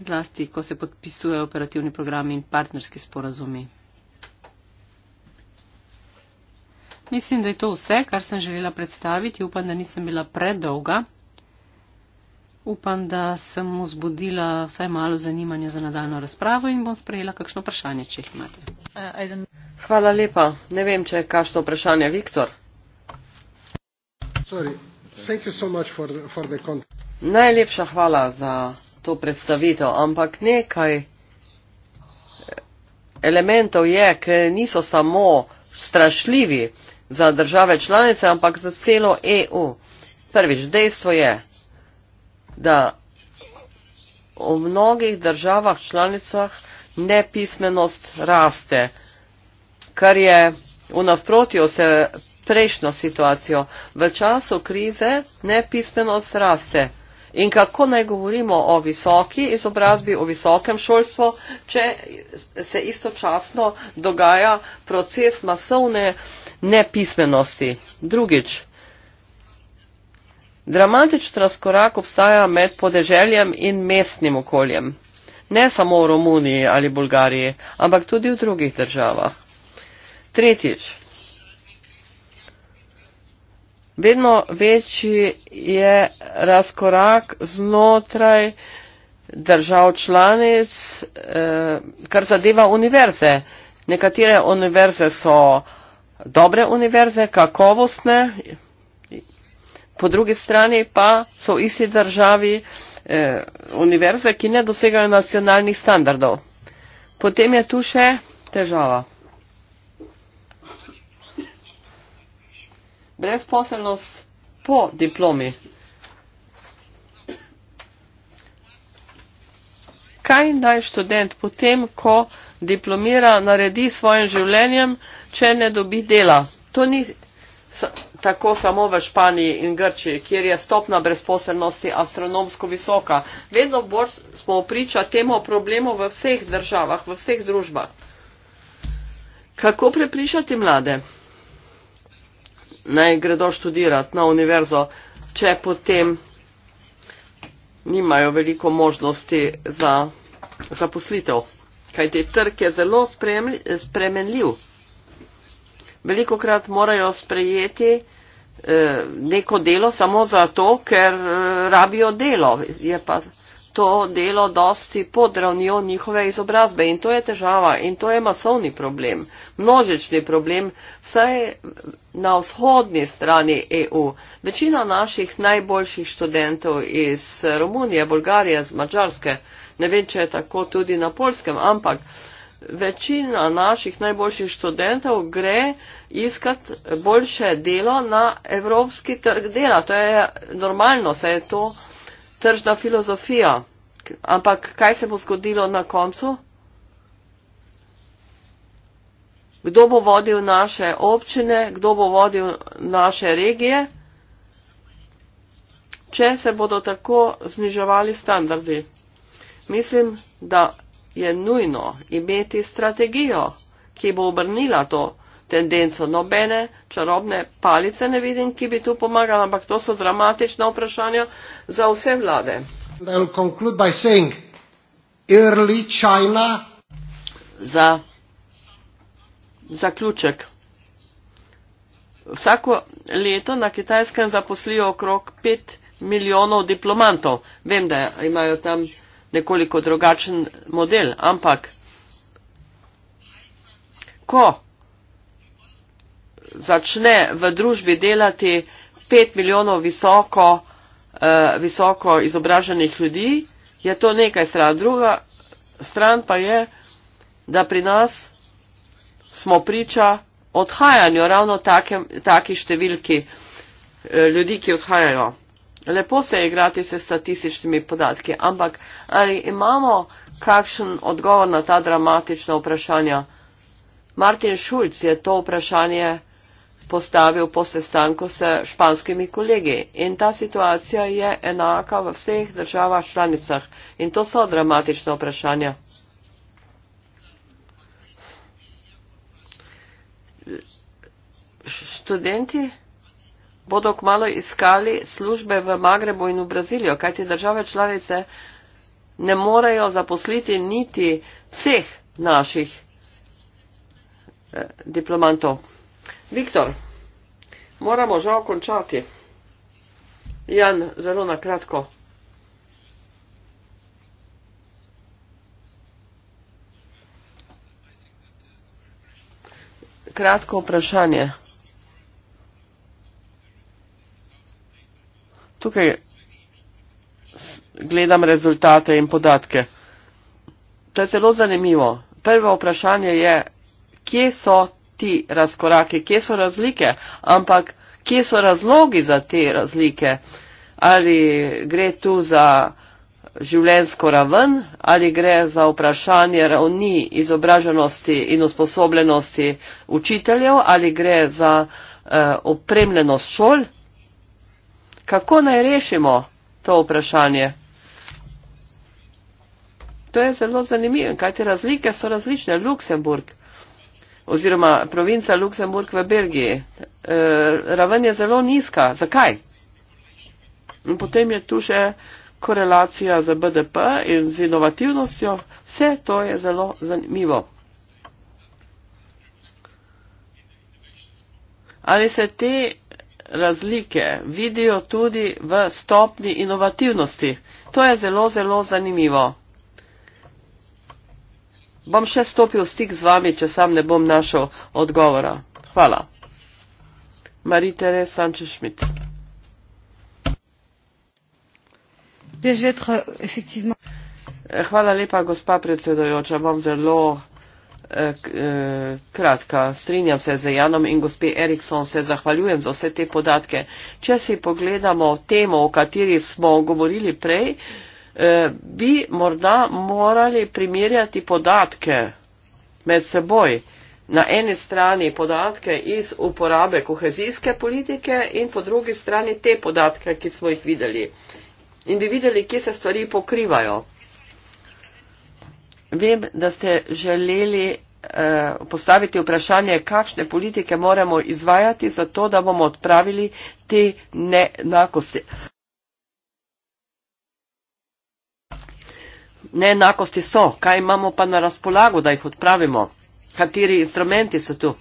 Zlasti, ko se podpisujejo operativni programi in partnerski sporazumi. Mislim, da je to vse, kar sem želela predstaviti. Upam, da nisem bila predolga upam, da sem mu zbudila vsaj malo zanimanja za nadaljno razpravo in bom sprejela kakšno vprašanje, če jih imate. Eh, hvala lepa. Ne vem, če je kakšno vprašanje, Viktor. So for, for Najlepša hvala za to predstavitev, ampak nekaj eh, elementov je, ki niso samo strašljivi za države članice, ampak za celo EU. Prvič, dejstvo je, da v mnogih državah članicah nepismenost raste, kar je v nasprotju se prejšnjo situacijo. V času krize nepismenost raste. In kako naj govorimo o visoki izobrazbi, o visokem šolstvu, če se istočasno dogaja proces masovne nepismenosti. Drugič, Dramatičen razkorak obstaja med podeželjem in mestnim okoljem. Ne samo v Romuniji ali Bulgariji, ampak tudi v drugih državah. Tretjič. Vedno večji je razkorak znotraj držav članic, eh, kar zadeva univerze. Nekatere univerze so dobre univerze, kakovostne, po drugi strani pa so v isti državi eh, univerze, ki ne dosegajo nacionalnih standardov. Potem je tu še težava. Brezposelnost po diplomi. Kaj naj študent potem, ko diplomira, naredi s svojim življenjem, če ne dobi dela? To ni tako samo v Španiji in Grčiji, kjer je stopna brezposelnosti astronomsko visoka. Vedno bolj smo priča temu problemu v vseh državah, v vseh družbah. Kako prepričati mlade? Naj gredo študirati na univerzo, če potem nimajo veliko možnosti za zaposlitev, kajti trg je zelo spremenljiv velikokrat morajo sprejeti eh, neko delo samo zato, ker eh, rabijo delo. Je pa to delo dosti pod ravnjo njihove izobrazbe in to je težava in to je masovni problem, množični problem, vsaj na vzhodni strani EU. Večina naših najboljših študentov iz Romunije, Bolgarije, iz Mačarske, ne vem, če je tako tudi na polskem, ampak uh, večina naših najboljših študentov gre iskat boljše delo na evropski trg dela. To je normalno, saj je to tržna filozofija. Ampak kaj se bo zgodilo na koncu? Kdo bo vodil naše občine, kdo bo vodil naše regije, če se bodo tako zniževali standardi? Mislim, da je nujno imeti strategijo, ki bo obrnila to tendenco. Nobene čarobne palice ne vidim, ki bi tu pomagala, ampak to so dramatična vprašanja za vse vlade. Saying, China... Za zaključek. Vsako leto na kitajskem zaposlijo okrog 5 milijonov diplomantov. Vem, da imajo tam nekoliko drugačen model, ampak ko začne v družbi delati pet milijonov visoko, eh, visoko izobraženih ljudi, je to nekaj stran. Druga stran pa je, da pri nas smo priča odhajanju ravno takih številki eh, ljudi, ki odhajajo. Lepo se je igrati se statističnimi podatki, ampak ali imamo kakšen odgovor na ta dramatična vprašanja? Martin Šulc je to vprašanje postavil po sestanku s španskimi kolegi in ta situacija je enaka v vseh državah članicah in to so dramatična vprašanja. Študenti? bodo kmalo iskali službe v Magrebu in v Brazilijo, kajti države članice ne morejo zaposliti niti vseh naših eh, diplomantov. Viktor, moramo žal končati. Jan, zelo na kratko. Kratko vprašanje. tukaj gledam rezultate in podatke. To je zelo zanimivo. Prvo vprašanje je, kje so ti razkorake, kje so razlike, ampak kje so razlogi za te razlike. Ali gre tu za življensko raven, ali gre za vprašanje ravni izobraženosti in usposobljenosti učiteljev, ali gre za uh, opremljenost šol kako naj rešimo to vprašanje? To je zelo zanimivo, kajti razlike so različne. Luksemburg oziroma provinca Luksemburg v Belgiji, e, raven je zelo nizka. Zakaj? In potem je tu še korelacija z BDP in z inovativnostjo. Vse to je zelo zanimivo. Ali se te razlike vidijo tudi v stopni inovativnosti. To je zelo, zelo zanimivo. Bom še stopil v stik z vami, če sam ne bom našel odgovora. Hvala. Marie-Thérèse Sanchez-Schmidt. Euh, eh, hvala lepa, gospa predsedojoča. Bom zelo Eh, eh, kratka, strinjam se z Janom in gospe Erikson, se zahvaljujem za vse te podatke. Če si pogledamo temo, o kateri smo govorili prej, eh, bi morda morali primerjati podatke med seboj. Na eni strani podatke iz uporabe kohezijske politike in po drugi strani te podatke, ki smo jih videli. In bi videli, kje se stvari pokrivajo. Vem, da ste želeli eh, postaviti vprašanje, kakšne politike moramo izvajati, zato da bomo odpravili te neenakosti. Neenakosti so, kaj imamo pa na razpolago, da jih odpravimo, kateri instrumenti so tu.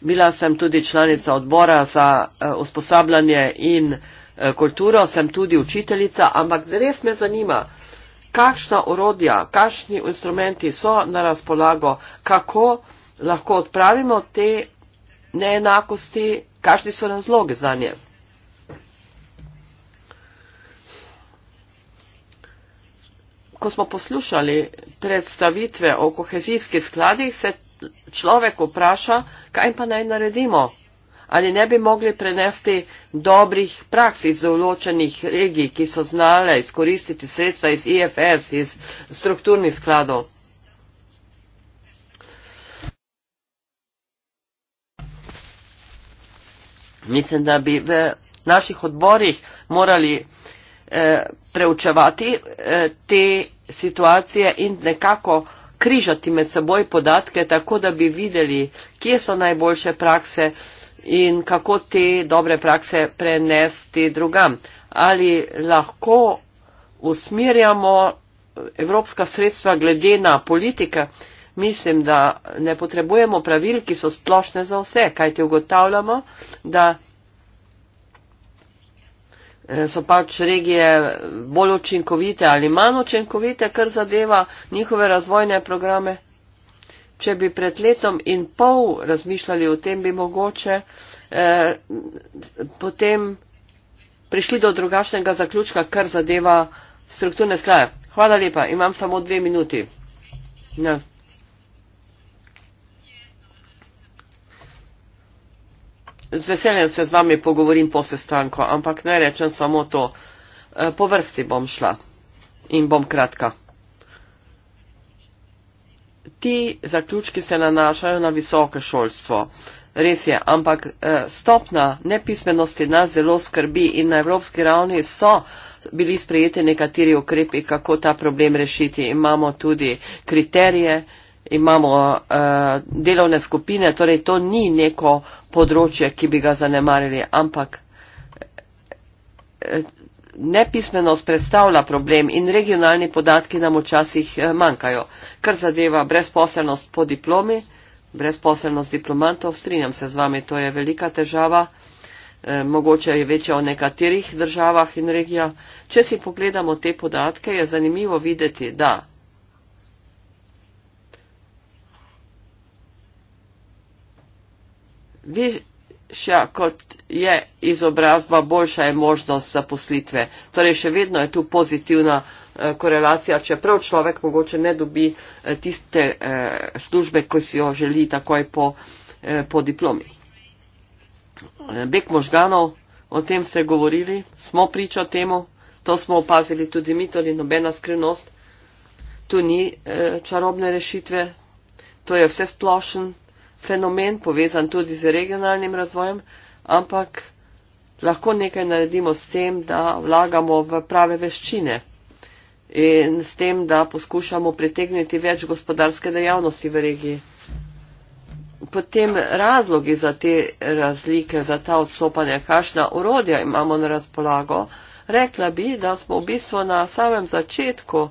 Bila sem tudi članica odbora za eh, usposabljanje in eh, kulturo, sem tudi učiteljica, ampak res me zanima, kakšna orodja, kakšni instrumenti so na razpolago, kako lahko odpravimo te neenakosti, kakšni so razloge za nje. Ko smo poslušali predstavitve o kohezijskih skladih, se človek vpraša, kaj pa naj naredimo, ali ne bi mogli prenesti dobrih praks iz določenih regij, ki so znale izkoristiti sredstva iz IFS, iz strukturnih skladov. Mislim, da bi v naših odborih morali eh, preučevati eh, te situacije in nekako križati med seboj podatke, tako da bi videli, kje so najboljše prakse, eh, in kako te dobre prakse prenesti drugam. Ali lahko usmerjamo evropska sredstva glede na politike? Mislim, da ne potrebujemo pravil, ki so splošne za vse, kajti ugotavljamo, da eh, so pač regije bolj učinkovite ali manj učinkovite, kar zadeva njihove razvojne programe. Če bi pred letom in pol razmišljali o tem, bi mogoče eh, potem prišli do drugačnega zaključka, kar zadeva strukturne sklade. Hvala lepa, imam samo dve minuti. Ja. Z veseljem se z vami pogovorim po sestanku, ampak ne rečem samo to. Eh, po vrsti bom šla in bom kratka ti zaključki se nanašajo na visoke šolstvo. Res je, ampak eh, stopna nepismenosti nas zelo skrbi in na evropski ravni so bili sprejeti nekateri ukrepi, kako ta problem rešiti. Imamo tudi kriterije, imamo uh, delovne skupine, torej to ni neko področje, ki bi ga zanemarili, ampak eh, nepismenost predstavlja problem in regionalni podatki nam včasih eh, manjkajo, kar zadeva brezposelnost po diplomi, brezposelnost diplomantov, strinjam se z vami, to je velika težava, e, mogoče je večja v nekaterih državah in regijah. Če si pogledamo te podatke, je zanimivo videti, da Viš, boljša, kot je izobrazba, boljša je možnost zaposlitve. Torej, še vedno je tu pozitivna eh, korelacija, čeprav človek mogoče ne dobi eh, tiste eh, službe, ko si jo želi takoj po, po diplomi. Bek možganov, o tem ste govorili, smo priča temu, to smo opazili tudi mi, to ni nobena skrivnost, tu ni čarobne rešitve, to je vse splošno fenomen, povezan tudi z regionalnim razvojem, ampak lahko nekaj naredimo s tem, da vlagamo v prave veščine in s tem, da poskušamo pritegniti več gospodarske dejavnosti v regiji. Potem razlogi za te razlike, za ta odstopanja, kašna urodja imamo na razpolago. Rekla bi, da smo v bistvu na samem začetku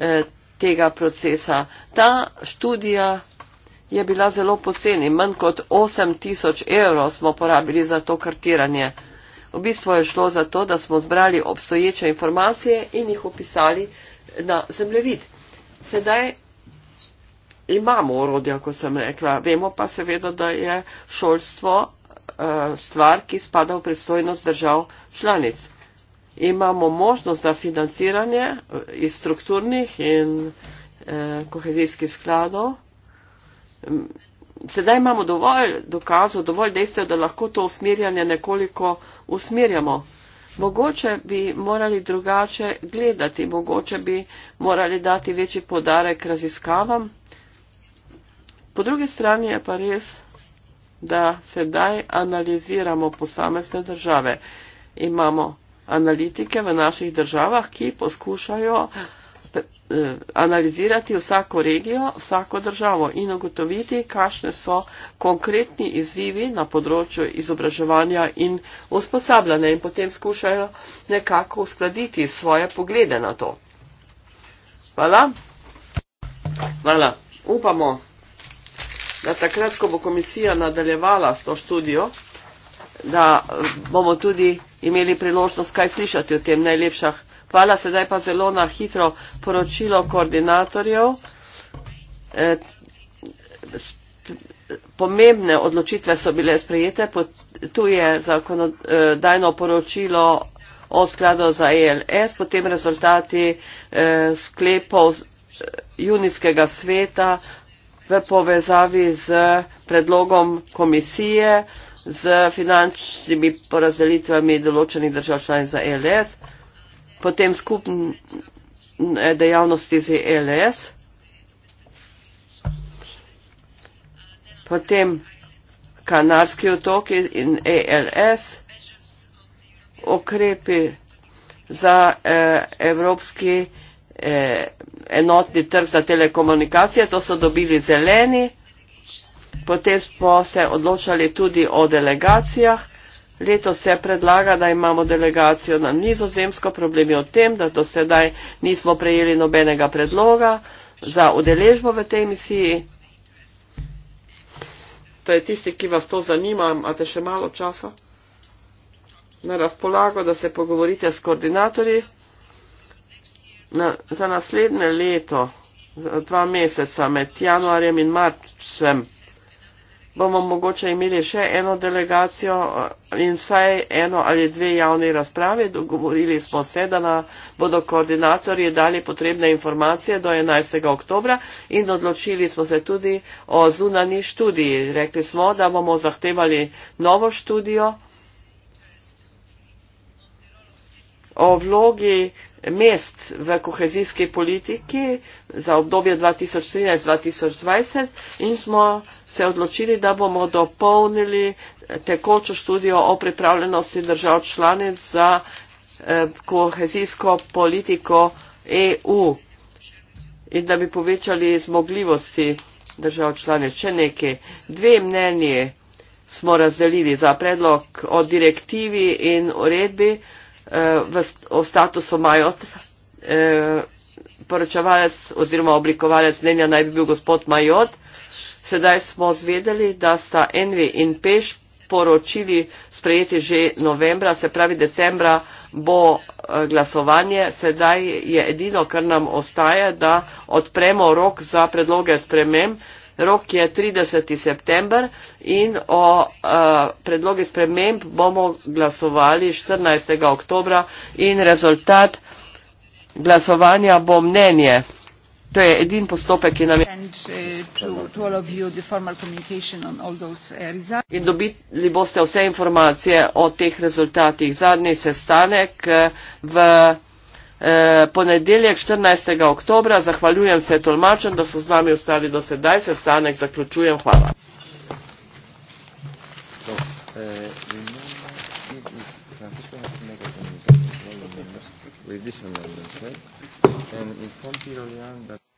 eh, tega procesa. Ta študija je bila zelo poceni, manj kot 8000 evrov smo porabili za to kartiranje. V bistvu je šlo za to, da smo zbrali obstoječe informacije in jih opisali na zemljevid. Sedaj imamo orodja, kot sem rekla, vemo pa seveda, da je šolstvo eh, stvar, ki spada v predstojnost držav članic. Imamo možnost za financiranje eh, iz strukturnih in eh, kohezijskih skladov. Sedaj imamo dovolj dokazov, dovolj dejstev, da lahko to usmerjanje nekoliko usmerjamo. Mogoče bi morali drugače gledati, mogoče bi morali dati večji podarek raziskavam. Po drugi strani je pa res, da sedaj analiziramo posamezne države. Imamo analitike v naših državah, ki poskušajo uh, Eh, analizirati vsako regijo, vsako državo in ugotoviti, kakšne so konkretni izzivi na področju izobraževanja in usposabljanja in potem skušajo nekako uskladiti svoje poglede na to. Hvala. Hvala. Upamo, da takrat, ko bo komisija nadaljevala s to študijo, da bomo tudi imeli priložnost kaj slišati o tem najlepšah. Hvala sedaj pa zelo na hitro poročilo koordinatorjev. E, pomembne odločitve so bile sprejete. Tu je zakonodajno poročilo o skladu za ELS, potem rezultati e, sklepov e, junijskega sveta v povezavi z predlogom komisije z finančnimi porazdelitvami določenih držav članic za ELS potem skupne dejavnosti z e LS, potem Kanarski otoki in ALS, e okrepi za eh, Evropski eh, enotni trg za telekomunikacije, to so dobili zeleni, potem smo se odločali tudi o delegacijah, Letos se predlaga, da imamo delegacijo na nizozemsko, problem je v tem, da do sedaj nismo prejeli nobenega predloga za udeležbo v tej misiji. To je tisti, ki vas to zanima, imate še malo časa na razpolago, da se pogovorite s koordinatorji. Na, za naslednje leto, za dva meseca med januarjem in marcem bomo mogoče imeli še eno delegacijo eh, in vsaj eno ali dve javne razprave. Dogovorili smo se, da na, bodo koordinatorji dali potrebne informacije do 11. oktobra in odločili smo se tudi o zunani študiji. Rekli smo, da bomo zahtevali novo študijo o vlogi mest v kohezijski politiki za obdobje 2013-2020 in smo se odločili, da bomo dopolnili tekočo študijo o pripravljenosti držav članic za eh, kohezijsko politiko EU in da bi povečali zmogljivosti držav članic. Če neke dve mnenje smo razdelili za predlog o direktivi in uredbi eh, v, o statusu Majot, eh, poročevalec oziroma oblikovalec mnenja naj bi bil gospod Majot, Sedaj smo zvedeli, da sta NV in Peš poročili sprejeti že novembra, se pravi decembra bo eh, glasovanje. Sedaj je edino, kar nam ostaje, da odpremo rok za predloge spremem. Rok je 30. september in o uh, predlogi sprememb bomo glasovali 14. oktobra in rezultat glasovanja bo mnenje to je edini postopek ki nam je uh, uh, in dobili boste vse informacije o teh rezultatih. Zadnji sestanek uh, v ponedeljek 14. oktobra. Zahvaljujem se tolmačem, da so z nami ostali do sedaj. Sestanek zaključujem. Hvala. No, eh, With this amendment, right? and inform Peter Leon ja, that